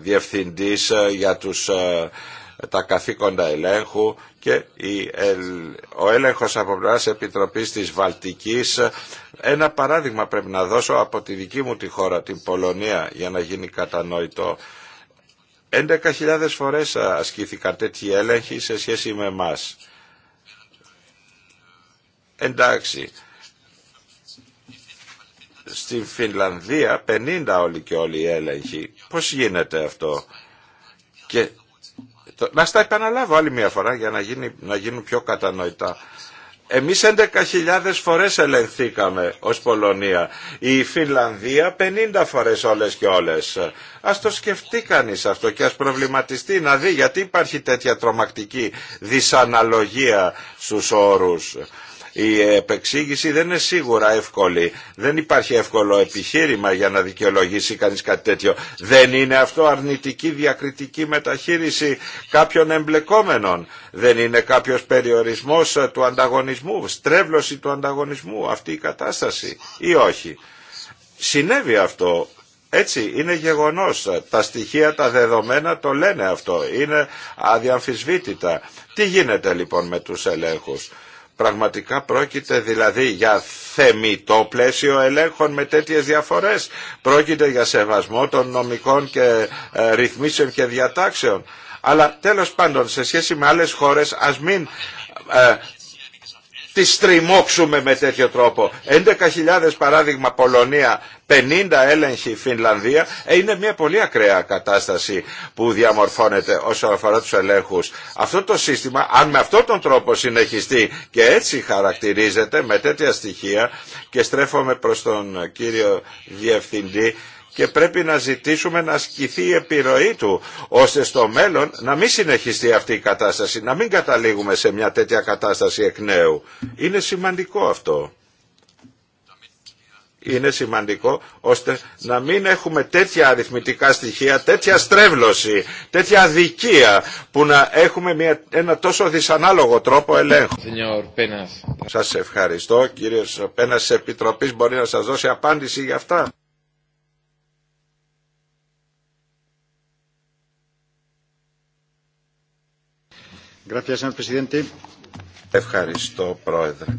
διευθυντής για τους τα καθήκοντα ελέγχου και ο έλεγχος από Επιτροπής της Βαλτικής. Ένα παράδειγμα πρέπει να δώσω από τη δική μου τη χώρα, την Πολωνία, για να γίνει κατανοητό. 11.000 φορές ασκήθηκαν τέτοιοι έλεγχοι σε σχέση με εμά. Εντάξει, στην Φινλανδία 50 όλοι και όλοι οι έλεγχοι. Πώς γίνεται αυτό. Και να στα επαναλάβω άλλη μια φορά για να, γίνει, να γίνουν πιο κατανοητά. Εμείς 11.000 φορές ελεγχθήκαμε ως Πολωνία. Η Φινλανδία 50 φορές όλες και όλες. Ας το σκεφτεί κανείς αυτό και ας προβληματιστεί να δει γιατί υπάρχει τέτοια τρομακτική δυσαναλογία στους όρους. Η επεξήγηση δεν είναι σίγουρα εύκολη. Δεν υπάρχει εύκολο επιχείρημα για να δικαιολογήσει κανείς κάτι τέτοιο. Δεν είναι αυτό αρνητική διακριτική μεταχείριση κάποιων εμπλεκόμενων. Δεν είναι κάποιος περιορισμός ε, του ανταγωνισμού, στρέβλωση του ανταγωνισμού αυτή η κατάσταση ή όχι. Συνέβη αυτό έτσι, είναι γεγονός. Τα στοιχεία, τα δεδομένα το λένε αυτό. Είναι αδιαμφισβήτητα. Τι γίνεται λοιπόν με τους ελέγχους. Πραγματικά πρόκειται δηλαδή για θεμητό πλαίσιο ελέγχων με τέτοιες διαφορές. Πρόκειται για σεβασμό των νομικών και ε, ρυθμίσεων και διατάξεων. Αλλά τέλος πάντων σε σχέση με άλλες χώρες ας μην ε, τις στριμώξουμε με τέτοιο τρόπο. 11.000 παράδειγμα Πολωνία, 50 έλεγχοι Φινλανδία. Ε, είναι μια πολύ ακραία κατάσταση που διαμορφώνεται όσον αφορά τους ελέγχους. Αυτό το σύστημα, αν με αυτόν τον τρόπο συνεχιστεί και έτσι χαρακτηρίζεται με τέτοια στοιχεία και στρέφομαι προς τον κύριο Διευθυντή, και πρέπει να ζητήσουμε να ασκηθεί η επιρροή του ώστε στο μέλλον να μην συνεχιστεί αυτή η κατάσταση, να μην καταλήγουμε σε μια τέτοια κατάσταση εκ νέου. Είναι σημαντικό αυτό. Είναι σημαντικό ώστε να μην έχουμε τέτοια αριθμητικά στοιχεία, τέτοια στρέβλωση, τέτοια αδικία που να έχουμε μια, ένα τόσο δυσανάλογο τρόπο ελέγχου. Σας ευχαριστώ κύριος Πένας της Επιτροπής μπορεί να σας δώσει απάντηση για αυτά. Ευχαριστώ, Πρόεδρε.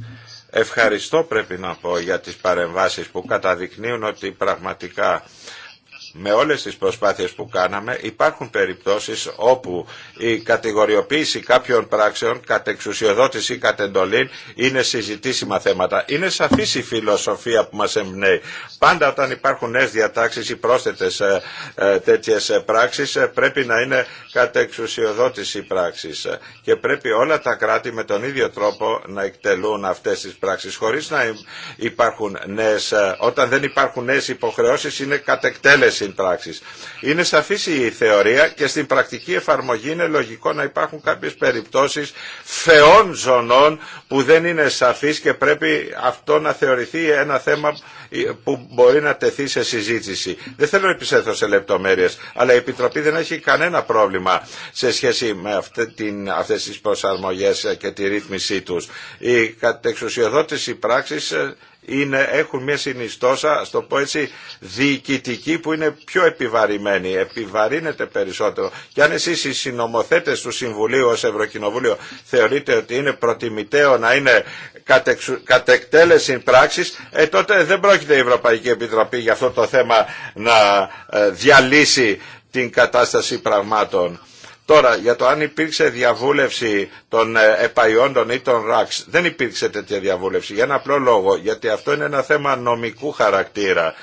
Ευχαριστώ πρέπει να πω για τις παρεμβάσεις που καταδεικνύουν ότι πραγματικά με όλες τις προσπάθειες που κάναμε υπάρχουν περιπτώσεις όπου η κατηγοριοποίηση κάποιων πράξεων κατ' εξουσιοδότηση ή κατ' εντολή είναι συζητήσιμα θέματα. Είναι σαφής η κατ εντολη ειναι συζητησιμα θεματα ειναι σαφη η φιλοσοφια που μας εμπνέει. Πάντα όταν υπάρχουν πράξει, πρέπει διατάξεις ή πρόσθετες ε, ε, τέτοιες ε, πράξεις πρέπει να είναι κατ' εξουσιοδότηση πράξης και πρέπει όλα τα κράτη με τον ίδιο τρόπο να εκτελούν αυτές τις πράξει, χωρίς να υπάρχουν όταν δεν υπάρχουν νέε υποχρεώσει, είναι κατ' εκτέλεση πράξει. Είναι σαφή η θεωρία και στην πρακτική εφαρμογή λογικό να υπάρχουν κάποιες περιπτώσεις θεών ζωνών που δεν είναι σαφείς και πρέπει αυτό να θεωρηθεί ένα θέμα που μπορεί να τεθεί σε συζήτηση. Δεν θέλω να επισέθω σε λεπτομέρειες, αλλά η Επιτροπή δεν έχει κανένα πρόβλημα σε σχέση με αυτή την, αυτές τις προσαρμογές και τη ρύθμισή τους. Η κατεξουσιοδότηση πράξης ε, είναι, έχουν μια συνιστόσα, στο πω έτσι, διοικητική που είναι πιο επιβαρημένη, επιβαρύνεται περισσότερο. Και αν εσείς οι συνομοθέτες του Συμβουλίου ως Ευρωκοινοβούλιο θεωρείτε ότι είναι προτιμητέο να είναι κατεκτέλεση πράξης, ε, τότε δεν πρόκειται η Ευρωπαϊκή Επιτροπή για αυτό το θέμα να ε, διαλύσει την κατάσταση πραγμάτων. Τώρα, για το αν υπήρξε διαβούλευση των ε, επαϊόντων ή των ράξ, δεν υπήρξε τέτοια διαβούλευση. Για ένα απλό λόγο, γιατί αυτό είναι ένα θέμα νομικού χαρακτήρα,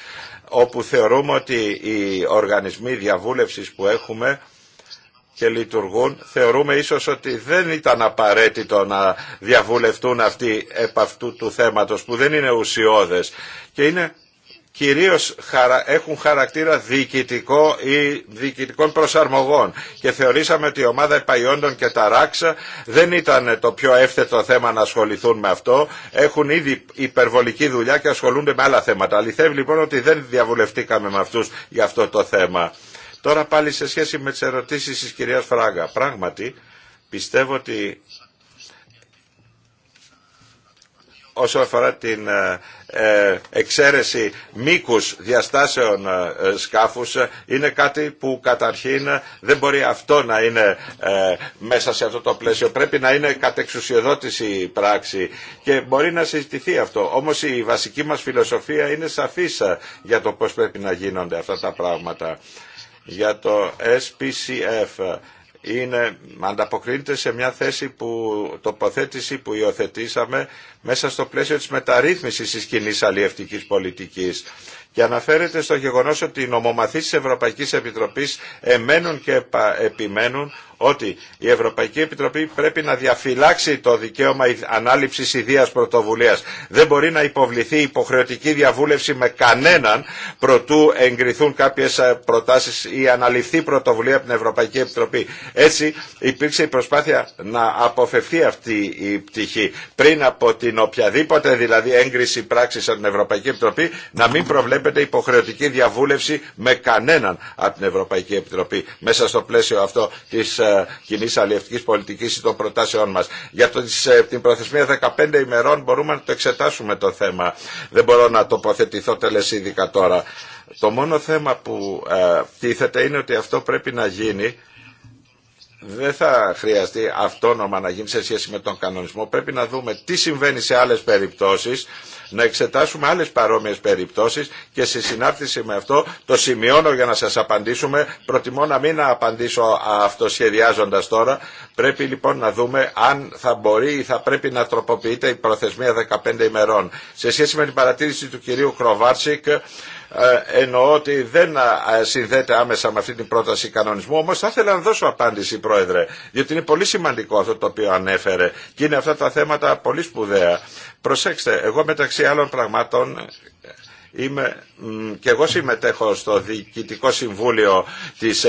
όπου θεωρούμε ότι οι οργανισμοί διαβούλευσης που έχουμε και λειτουργούν, θεωρούμε ίσως ότι δεν ήταν απαραίτητο να διαβουλευτούν αυτοί επ' αυτού του θέματος που δεν είναι ουσιώδες και είναι κυρίως έχουν χαρακτήρα διοικητικό ή διοικητικών προσαρμογών και θεωρήσαμε ότι η ομάδα επαϊόντων και τα ράξα δεν ήταν το πιο εύθετο θέμα να ασχοληθούν με αυτό. Έχουν ήδη υπερβολική δουλειά και ασχολούνται με άλλα θέματα. Αληθεύει λοιπόν ότι δεν διαβουλευτήκαμε με αυτούς για αυτό το θέμα. Τώρα πάλι σε σχέση με τις ερωτήσεις της κυρίας Φράγκα. Πράγματι πιστεύω ότι ε, όσο αφορά την ε, ε, εξαίρεση μήκους διαστάσεων ε, σκάφους ε, είναι κάτι που καταρχήν δεν μπορεί αυτό να είναι μέσα σε αυτό το πλαίσιο. Πρέπει να είναι κατεξουσιοδότηση πράξη και μπορεί να συζητηθεί αυτό. Όμως η βασική μας φιλοσοφία είναι σαφής για το πώς πρέπει να γίνονται αυτά τα πράγματα. Για το SPCF είναι, ανταποκρίνεται σε μια θέση που, τοποθέτηση που υιοθετήσαμε μέσα στο πλαίσιο της μεταρρύθμισης της κοινή αλλιευτικής πολιτικής και αναφέρεται στο γεγονός ότι οι νομομαθείς της Ευρωπαϊκής Επιτροπής εμένουν και επιμένουν ότι η Ευρωπαϊκή Επιτροπή πρέπει να διαφυλάξει το δικαίωμα ανάληψη ιδία πρωτοβουλία. Δεν μπορεί να υποβληθεί υποχρεωτική διαβούλευση με κανέναν προτού εγκριθούν κάποιε προτάσει ή αναλυφθεί πρωτοβουλία από την Ευρωπαϊκή Επιτροπή. Έτσι υπήρξε η προσπάθεια να αποφευθεί αυτή η πτυχή πριν από την οποιαδήποτε δηλαδή έγκριση πράξη από την Ευρωπαϊκή Επιτροπή να μην προβλέπεται υποχρεωτική διαβούλευση με κανέναν από την Ευρωπαϊκή Επιτροπή μέσα στο πλαίσιο αυτό της ε, ε, κοινή αλληλευτικής πολιτική ή των προτάσεών μας. Για ε, την προθεσμία 15 ημερών μπορούμε να το εξετάσουμε το θέμα. Δεν μπορώ να τοποθετηθώ τελεσίδικα τώρα. Το μόνο θέμα που ε, τίθεται είναι ότι αυτό πρέπει να γίνει δεν θα χρειαστεί αυτόνομα να γίνει σε σχέση με τον κανονισμό. Πρέπει να δούμε τι συμβαίνει σε άλλες περιπτώσεις, να εξετάσουμε άλλες παρόμοιες περιπτώσεις και σε συνάρτηση με αυτό το σημειώνω για να σας απαντήσουμε. Προτιμώ να μην απαντήσω αυτοσχεδιάζοντας τώρα. Πρέπει λοιπόν να δούμε αν θα μπορεί ή θα πρέπει να τροποποιείται η προθεσμία 15 ημερών. Σε σχέση με την παρατήρηση του κυρίου Κροβάρσικ, ε, εννοώ ότι δεν ε, συνδέεται άμεσα με αυτή την πρόταση κανονισμού, όμως θα ήθελα να δώσω απάντηση, Πρόεδρε, γιατί είναι πολύ σημαντικό αυτό το οποίο ανέφερε και είναι αυτά τα θέματα πολύ σπουδαία. Προσέξτε, εγώ μεταξύ άλλων πραγμάτων είμαι και εγώ συμμετέχω στο Διοικητικό Συμβούλιο της,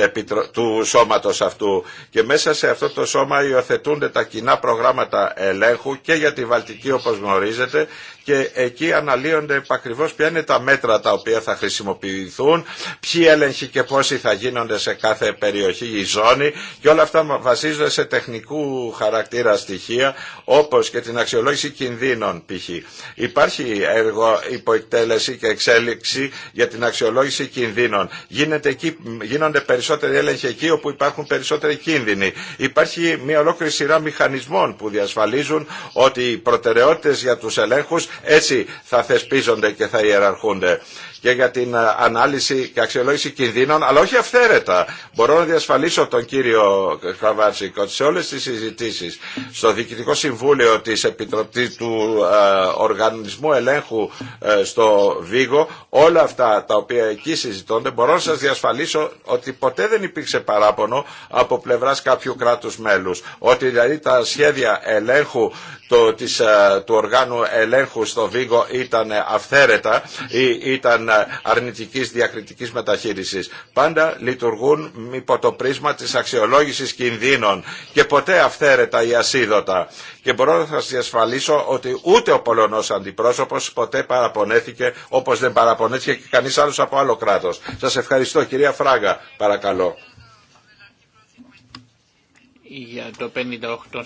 του σώματος αυτού και μέσα σε αυτό το σώμα υιοθετούνται τα κοινά προγράμματα ελέγχου και για τη Βαλτική όπως γνωρίζετε και εκεί αναλύονται επακριβώς ποια είναι τα μέτρα τα οποία θα χρησιμοποιηθούν, ποιοι έλεγχοι και πόσοι θα γίνονται σε κάθε περιοχή ή ζώνη και όλα αυτά βασίζονται σε τεχνικού χαρακτήρα στοιχεία όπως και την αξιολόγηση κινδύνων π.χ. Υπάρχει έργο υποεκτέλεση και εξέλιξη για την αξιολόγηση κινδύνων. Γίνεται εκεί, γίνονται περισσότεροι έλεγχοι εκεί όπου υπάρχουν περισσότεροι κίνδυνοι. Υπάρχει μια ολόκληρη σειρά μηχανισμών που διασφαλίζουν ότι οι προτεραιότητες για τους ελέγχους έτσι θα θεσπίζονται και θα ιεραρχούνται και για την ε, ανάλυση και αξιολόγηση κινδύνων, αλλά όχι αυθαίρετα. Μπορώ να διασφαλίσω τον κύριο ότι σε όλες τις συζητήσεις στο Διοικητικό Συμβούλιο της Επιτροπής του ε, Οργανισμού Ελέγχου ε, στο Βίγο, όλα αυτά τα οποία εκεί συζητώνται, μπορώ να σας διασφαλίσω ότι ποτέ δεν υπήρξε παράπονο από πλευράς κάποιου κράτους μέλους. Ότι δηλαδή τα σχέδια ελέγχου το, του οργάνου ελέγχου στο Βίγο ήταν αυθαίρετα ήταν αρνητικής διακριτικής μεταχείρισης. Πάντα λειτουργούν υπό το πρίσμα της αξιολόγησης κινδύνων και ποτέ αυθαίρετα ή ασίδωτα. Και μπορώ να σας διασφαλίσω ότι ούτε ο Πολωνός αντιπρόσωπος ποτέ παραπονέθηκε όπως δεν παραπονέθηκε και κανείς άλλος από άλλο κράτος. Σας ευχαριστώ κυρία Φράγκα παρακαλώ. Για το 58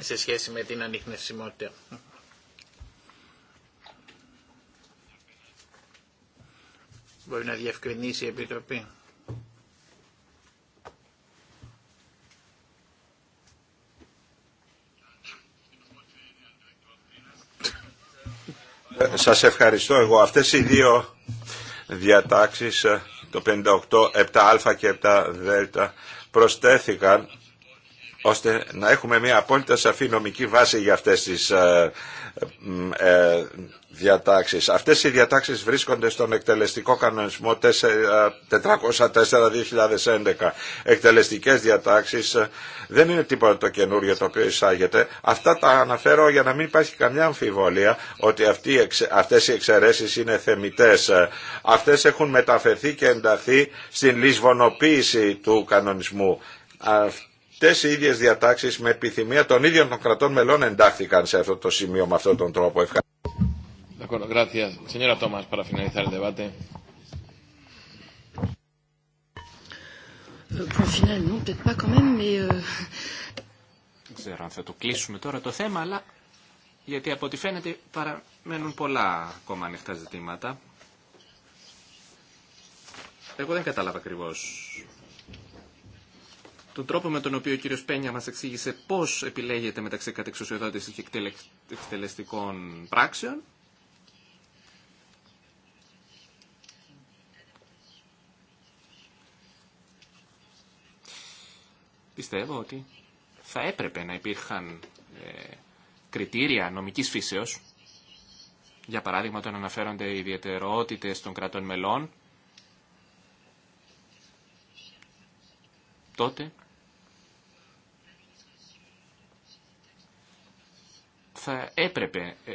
σε σχέση με την ανιχνευσιμότητα. Μπορεί να διευκρινίσει η Επιτροπή. Σας ευχαριστώ εγώ. Αυτές οι δύο διατάξεις, το 58, 7α και 7δ, προσθέθηκαν ώστε να έχουμε μια απόλυτα σαφή νομική βάση για αυτές τις ε, ε, διατάξεις. Αυτές οι διατάξεις βρίσκονται στον εκτελεστικό κανονισμό 404-2011. Ε, Εκτελεστικές διατάξεις δεν είναι τίποτα το καινούριο το οποίο εισάγεται. Αυτά τα αναφέρω για να μην υπάρχει καμιά αμφιβολία ότι αυτοί, αυτές οι εξαιρέσεις είναι θεμητές. Αυτές έχουν μεταφερθεί και ενταθεί στην λησβονοποίηση του κανονισμού. Τέσσερις οι ίδιες διατάξεις με επιθυμία των ίδιων των κρατών μελών εντάχθηκαν σε αυτό το σημείο με αυτόν τον τρόπο. Ευχαριστώ. Euh, euh, δεν ξέρω αν θα το κλείσουμε τώρα το θέμα, αλλά γιατί από ό,τι φαίνεται παραμένουν πολλά ακόμα ανοιχτά ζητήματα. Εγώ δεν κατάλαβα ακριβώς τον τρόπο με τον οποίο ο κύριος Πένια μας εξήγησε πώς επιλέγεται μεταξύ κατεξουσιοδότησης και εκτελεστικών πράξεων. Πιστεύω ότι θα έπρεπε να υπήρχαν ε, κριτήρια νομικής φύσεως, για παράδειγμα όταν αναφέρονται οι ιδιαιτερότητες των κρατών μελών, τότε θα έπρεπε ε,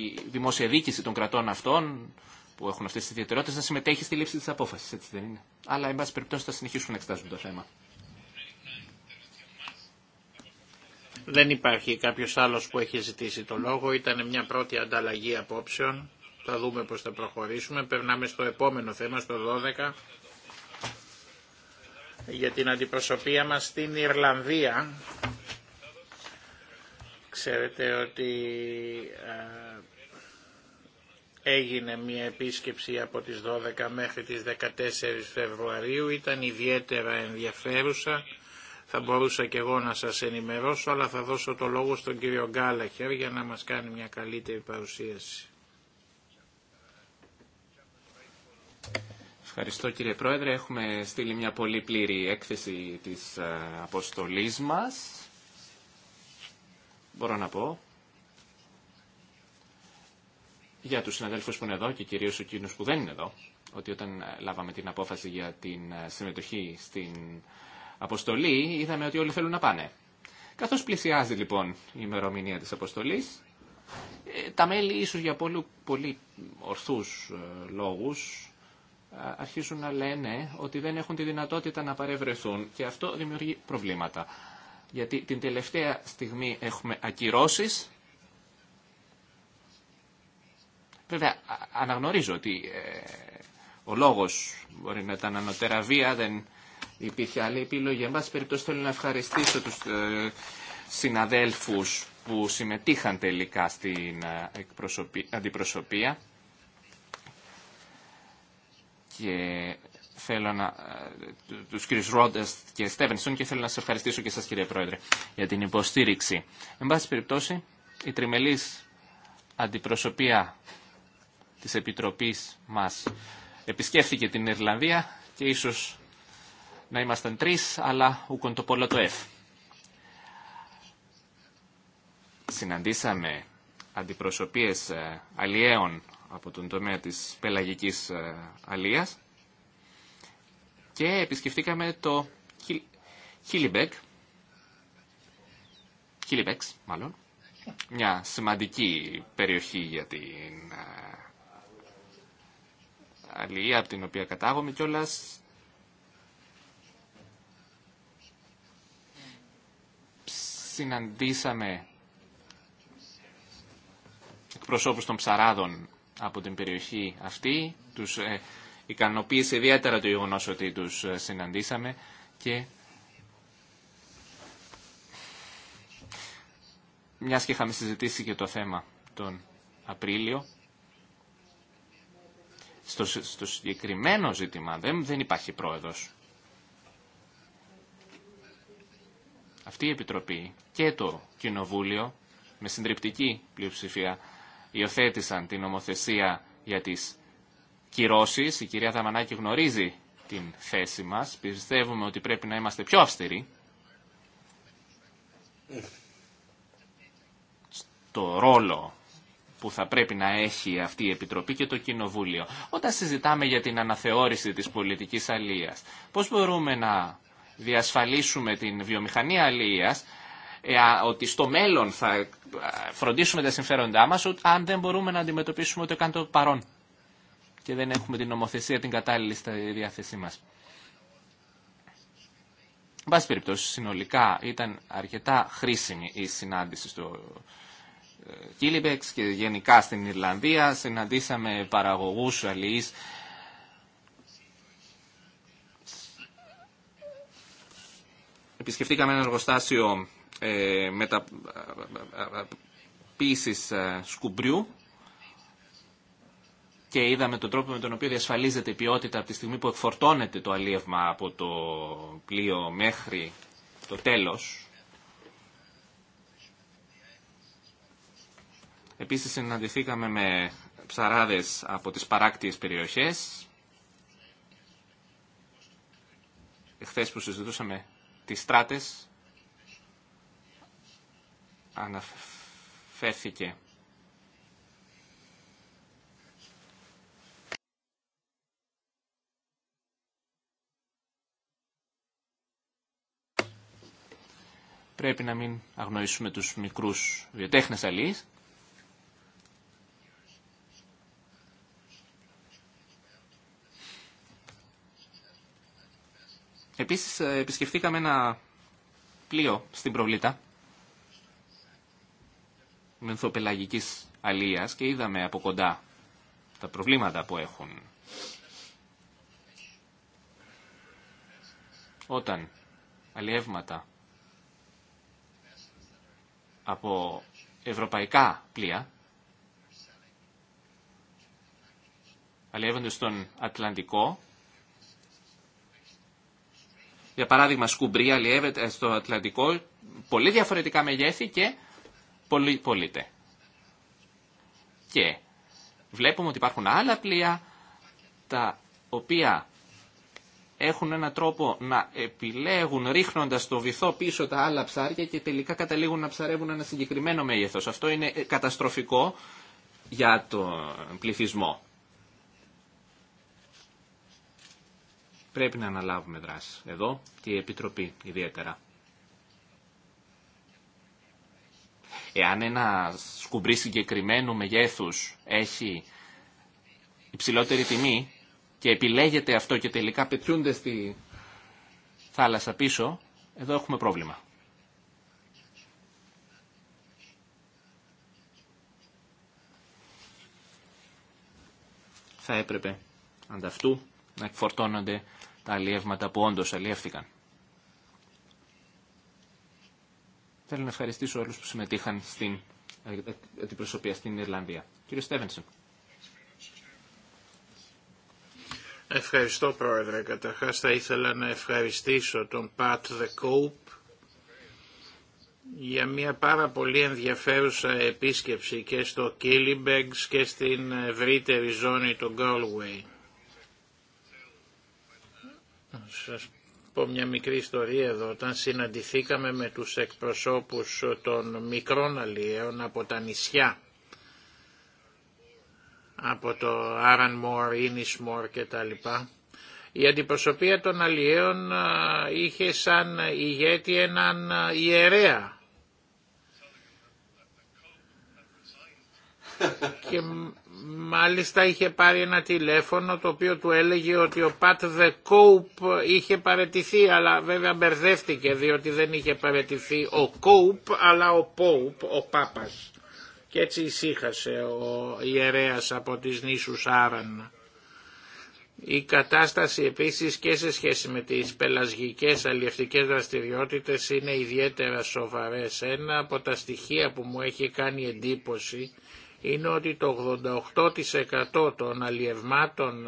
η δημόσια διοίκηση των κρατών αυτών που έχουν αυτές τις ιδιαιτερότητε να συμμετέχει στη λήψη τη απόφαση. έτσι δεν είναι. Αλλά, εν πάση περιπτώσει, θα συνεχίσουμε να εξετάζουμε το θέμα. Δεν υπάρχει κάποιο άλλο που έχει ζητήσει το λόγο. Ήταν μια πρώτη ανταλλαγή απόψεων. Θα δούμε πώ θα προχωρήσουμε. Περνάμε στο επόμενο θέμα, στο 12, για την αντιπροσωπεία μας στην Ιρλανδία. Ξέρετε ότι ε, έγινε μια επίσκεψη από τις 12 μέχρι τις 14 Φεβρουαρίου. Ήταν ιδιαίτερα ενδιαφέρουσα. Θα μπορούσα και εγώ να σας ενημερώσω, αλλά θα δώσω το λόγο στον κύριο Γκάλαχερ για να μας κάνει μια καλύτερη παρουσίαση. Ευχαριστώ κύριε Πρόεδρε. Έχουμε στείλει μια πολύ πλήρη έκθεση της ε, αποστολής μας μπορώ να πω για τους συναδέλφους που είναι εδώ και κυρίως εκείνους που δεν είναι εδώ, ότι όταν ε, λάβαμε την απόφαση για την ε, συμμετοχή στην αποστολή, είδαμε ότι όλοι θέλουν να πάνε. Καθώς πλησιάζει λοιπόν η ημερομηνία της αποστολής, ε, τα μέλη ίσως για πολύ, πολύ ορθούς λόγους αρχίζουν να λένε ότι δεν έχουν τη δυνατότητα να παρευρεθούν και αυτό δημιουργεί προβλήματα γιατί την τελευταία στιγμή έχουμε ακυρώσεις. Βέβαια, αναγνωρίζω ότι ε, ο λόγος μπορεί να ήταν ανωτεραβία, δεν υπήρχε άλλη επιλογή. Εν πάση περιπτώσει θέλω να ευχαριστήσω τους ε, συναδέλφους που συμμετείχαν τελικά στην ε, αντιπροσωπεία και θέλω να, ε, τους κύριους Ρόντες και Στέβενσον και θέλω να σας ευχαριστήσω και σας κύριε Πρόεδρε για την υποστήριξη. Εν πάση περιπτώσει, η τριμελής αντιπροσωπεία της Επιτροπής μας επισκέφθηκε την Ιρλανδία και ίσως να ήμασταν τρεις, αλλά ούκον το πόλο το F. Συναντήσαμε αντιπροσωπείες ε, αλλιέων από τον τομέα της πελαγικής ε, αλίας και επισκεφτήκαμε το Χίλιμπεκ, μάλλον, μια σημαντική περιοχή για την ε, αλληλία, από την οποία κατάγομαι κιόλα. Συναντήσαμε εκπροσώπους των ψαράδων από την περιοχή αυτή, τους ε, ικανοποίησε ιδιαίτερα το γεγονό ότι τους ε, συναντήσαμε και μιας και είχαμε συζητήσει και το θέμα τον Απρίλιο, στο, στο συγκεκριμένο ζήτημα δεν, δεν υπάρχει πρόεδρος. Αυτή η Επιτροπή και το Κοινοβούλιο με συντριπτική πλειοψηφία υιοθέτησαν την νομοθεσία για τις κυρώσεις. Η κυρία Θαμανάκη γνωρίζει την θέση μας. Πιστεύουμε ότι πρέπει να είμαστε πιο αυστηροί στο ρόλο που θα πρέπει να έχει αυτή η Επιτροπή και το Κοινοβούλιο. Όταν συζητάμε για την αναθεώρηση της πολιτικής αλίας, πώς μπορούμε να διασφαλίσουμε την βιομηχανία αλίας ε, ότι στο μέλλον θα φροντίσουμε τα συμφέροντά μας αν δεν μπορούμε να αντιμετωπίσουμε ούτε καν το παρόν και δεν έχουμε την νομοθεσία την κατάλληλη στη διάθεσή μας. Εν πάση περιπτώσει, συνολικά ήταν αρκετά χρήσιμη η συνάντηση στο Κίλιμπεξ και γενικά στην Ιρλανδία. Συναντήσαμε παραγωγούς αλληλείς επισκεφτήκαμε ένα εργοστάσιο ε, μεταποίησης σκουμπριού και είδαμε τον τρόπο με τον οποίο διασφαλίζεται η ποιότητα από τη στιγμή που εκφορτώνεται το αλίευμα από το πλοίο μέχρι το τέλος. Επίσης συναντηθήκαμε με ψαράδες από τις παράκτιες περιοχές. Εχθές που συζητούσαμε τις στράτες αναφέρθηκε πρέπει να μην αγνοήσουμε τους μικρούς βιοτέχνες αλληλείς. Επίσης ε, επισκεφτήκαμε ένα πλοίο στην Προβλήτα μενθοπελαγικής αλίας και είδαμε από κοντά τα προβλήματα που έχουν όταν αλλιεύματα από ευρωπαϊκά πλοία αλλιεύονται στον Ατλαντικό. Για παράδειγμα, σκουμπρία αλλιεύεται στο Ατλαντικό, πολύ διαφορετικά μεγέθη και πολύ πολύτε. Και βλέπουμε ότι υπάρχουν άλλα πλοία τα οποία έχουν έναν τρόπο να επιλέγουν ρίχνοντας το βυθό πίσω τα άλλα ψάρια και τελικά καταλήγουν να ψαρεύουν ένα συγκεκριμένο μέγεθος. Αυτό είναι καταστροφικό για τον πληθυσμό. Πρέπει να αναλάβουμε δράση εδώ και η Επιτροπή ιδιαίτερα. Εάν ένα σκουμπρί συγκεκριμένου μεγέθους έχει υψηλότερη τιμή, και επιλέγεται αυτό και τελικά πετιούνται στη θάλασσα πίσω, εδώ έχουμε πρόβλημα. Θα έπρεπε ανταυτού να εκφορτώνονται τα αλλιεύματα που όντως αλλιεύτηκαν. Θέλω να ευχαριστήσω όλους που συμμετείχαν στην αντιπροσωπεία στην Ιρλανδία. Κύριε Στέβενσον. Ευχαριστώ Πρόεδρε. Καταρχάς θα ήθελα να ευχαριστήσω τον Πατ Δεκόουπ για μια πάρα πολύ ενδιαφέρουσα επίσκεψη και στο Κίλιμπεγκς και στην ευρύτερη ζώνη του Γκόλουεϊ. Σας πω μια μικρή ιστορία εδώ. Όταν συναντηθήκαμε με τους εκπροσώπους των μικρών αλλιέων από τα νησιά από το Άραν Μόρ, Ίνις Μόρ κτλ. Η αντιπροσωπεία των Αλλιέων είχε σαν ηγέτη έναν ιερέα. Και μάλιστα είχε πάρει ένα τηλέφωνο το οποίο του έλεγε ότι ο Πατ The Κόουπ είχε παρετηθεί αλλά βέβαια μπερδεύτηκε διότι δεν είχε παρετηθεί ο Κόπ αλλά ο Pope, ο Πάπας. Και έτσι ησύχασε ο ιερέας από τις νήσους Άραν. Η κατάσταση επίσης και σε σχέση με τις πελασγικές αλλιευτικές δραστηριότητες είναι ιδιαίτερα σοβαρές. Ένα από τα στοιχεία που μου έχει κάνει εντύπωση είναι ότι το 88% των αλλιευμάτων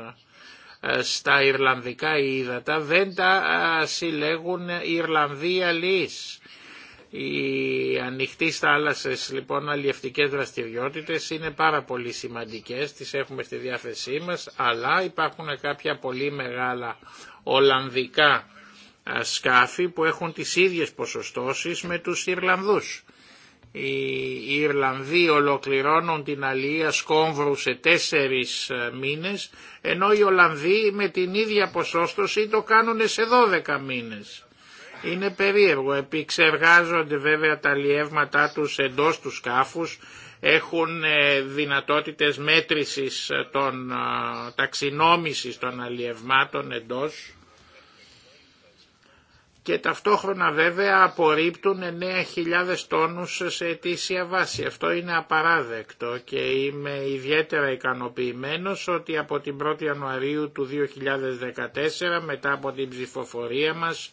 ε, στα Ιρλανδικά ύδατα δεν τα συλλέγουν Ιρλανδοί αλλιείς. Οι ανοιχτέ θάλασσε, λοιπόν αλλιευτικέ δραστηριότητες είναι πάρα πολύ σημαντικές, τις έχουμε στη διάθεσή μας, αλλά υπάρχουν κάποια πολύ μεγάλα Ολλανδικά σκάφη που έχουν τις ίδιες ποσοστώσεις με τους Ιρλανδούς. Οι Ιρλανδοί ολοκληρώνουν την αλία σκόμβρου σε τέσσερις μήνες, ενώ οι Ολλανδοί με την ίδια ποσόστοση το κάνουν σε δώδεκα μήνες. Είναι περίεργο, Επιξεργάζονται βέβαια τα λιεύματά τους εντός του σκάφους, έχουν ε, δυνατότητες μέτρησης ε, των ε, ταξινόμησης των αλλιευμάτων εντός και ταυτόχρονα βέβαια απορρίπτουν 9.000 τόνους σε αιτήσια βάση. Αυτό είναι απαράδεκτο και είμαι ιδιαίτερα ικανοποιημένος ότι από την 1η Ιανουαρίου του 2014 μετά από την ψηφοφορία μας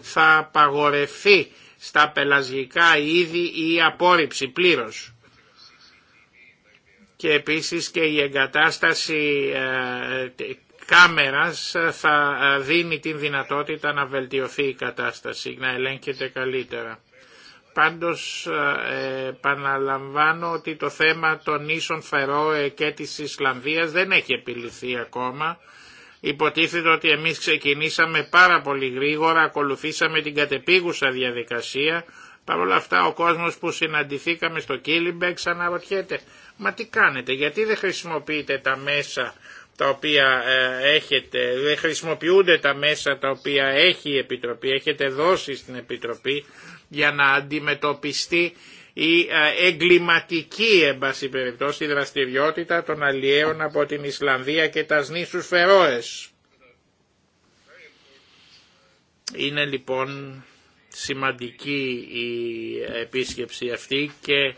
θα απαγορευτεί στα πελασγικά ήδη η απόρριψη πλήρως. Και επίσης και η εγκατάσταση ε, κάμερας ε, θα ε, δίνει την δυνατότητα να βελτιωθεί η κατάσταση, να ελέγχεται καλύτερα. Πάντως παναλαμβάνω ότι το θέμα των ίσων Φερόε και της Ισλανδίας δεν έχει επιληθεί ακόμα Υποτίθεται ότι εμείς ξεκινήσαμε πάρα πολύ γρήγορα, ακολουθήσαμε την κατεπίγουσα διαδικασία. Παρ' όλα αυτά ο κόσμος που συναντηθήκαμε στο Κίλιμπεξ αναρωτιέται «Μα τι κάνετε, γιατί δεν χρησιμοποιείτε τα μέσα τα οποία ε, έχετε, δεν χρησιμοποιούνται τα μέσα τα οποία έχει η Επιτροπή, έχετε δώσει στην Επιτροπή για να αντιμετωπιστεί η εγκληματική εμπάση περιπτώσει δραστηριότητα των αλλιέων από την Ισλανδία και τα νήσους Φερόες. Είναι λοιπόν σημαντική η επίσκεψη αυτή και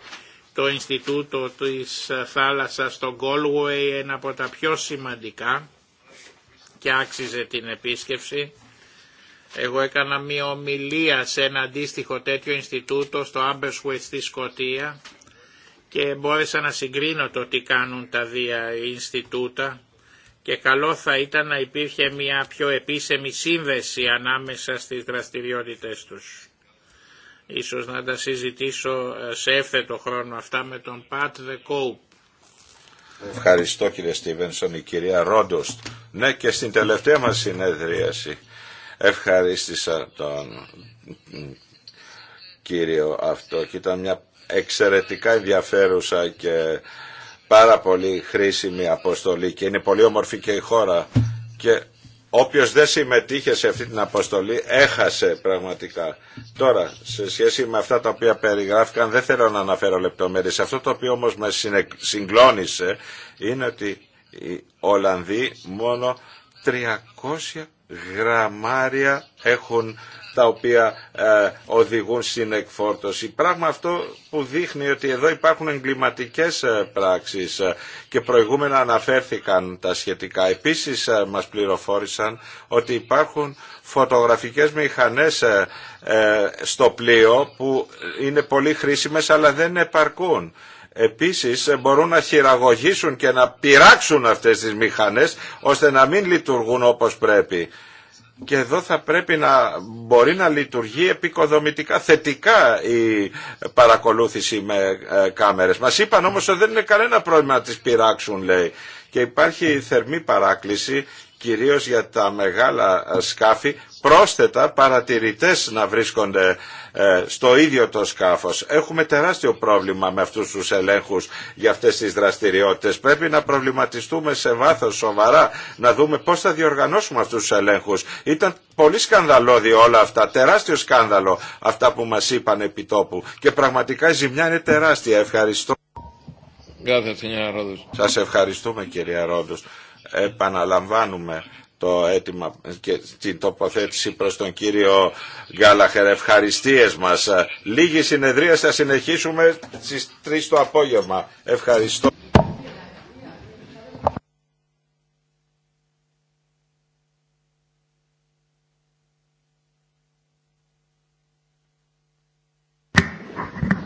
το Ινστιτούτο της Θάλασσας στο Galway είναι από τα πιο σημαντικά και άξιζε την επίσκεψη εγώ έκανα μια ομιλία σε ένα αντίστοιχο τέτοιο Ινστιτούτο στο Άμπερσουετ στη Σκοτία και μπόρεσα να συγκρίνω το τι κάνουν τα δύο Ινστιτούτα και καλό θα ήταν να υπήρχε μια πιο επίσημη σύνδεση ανάμεσα στις δραστηριότητες τους. Ίσως να τα συζητήσω ε, σε έφθετο χρόνο αυτά με τον Πατ Δεκόουπ. Ευχαριστώ κύριε Στίβενσον, η κυρία Ρόντοστ. Ναι και στην τελευταία μας συνεδρίαση Ευχαρίστησα τον κύριο αυτό και ήταν μια εξαιρετικά ενδιαφέρουσα και πάρα πολύ χρήσιμη αποστολή και είναι πολύ όμορφη και η χώρα και όποιος δεν συμμετείχε σε αυτή την αποστολή έχασε πραγματικά. Τώρα, σε σχέση με αυτά τα οποία περιγράφηκαν δεν θέλω να αναφέρω λεπτομέρειες. Αυτό το οποίο όμως με συγκλώνησε είναι ότι οι Ολλανδοί μόνο 300 γραμμάρια έχουν τα οποία ε, οδηγούν στην εκφόρτωση. Πράγμα αυτό που δείχνει ότι εδώ υπάρχουν εγκληματικές ε, πράξεις ε, και προηγούμενα αναφέρθηκαν τα σχετικά. Επίσης μας πληροφόρησαν ότι υπάρχουν φωτογραφικές μηχανές στο πλοίο που είναι πολύ χρήσιμες αλλά δεν επαρκούν επίσης ε, μπορούν να χειραγωγήσουν και να πειράξουν αυτές τις μηχανές ώστε να μην λειτουργούν όπως πρέπει. Και εδώ θα πρέπει να μπορεί να λειτουργεί επικοδομητικά θετικά η παρακολούθηση με ε, κάμερες. Μας είπαν όμως ότι δεν είναι κανένα πρόβλημα να τις πειράξουν λέει. Και υπάρχει θερμή παράκληση κυρίως για τα μεγάλα ε, σκάφη, πρόσθετα παρατηρητές να βρίσκονται ε, στο ίδιο το σκάφος. Έχουμε τεράστιο πρόβλημα με αυτούς τους ελέγχους για αυτές τις δραστηριότητες. Πρέπει να προβληματιστούμε σε βάθος σοβαρά, να δούμε πώς θα διοργανώσουμε αυτούς τους ελέγχους. Ήταν πολύ σκανδαλώδη όλα αυτά, τεράστιο σκάνδαλο αυτά που μας είπαν επί τόπου. Και πραγματικά η ζημιά είναι τεράστια. Ευχαριστώ. Σας ευχαριστούμε κύριε Ρόντος επαναλαμβάνουμε το αίτημα και την τοποθέτηση προς τον κύριο Γκάλαχερ. Ευχαριστίες μας. Λίγη συνεδρία θα συνεχίσουμε στις 3 το απόγευμα. Ευχαριστώ.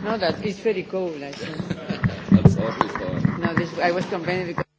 No, that is very cool, I think. That's awfully No, this, I was complaining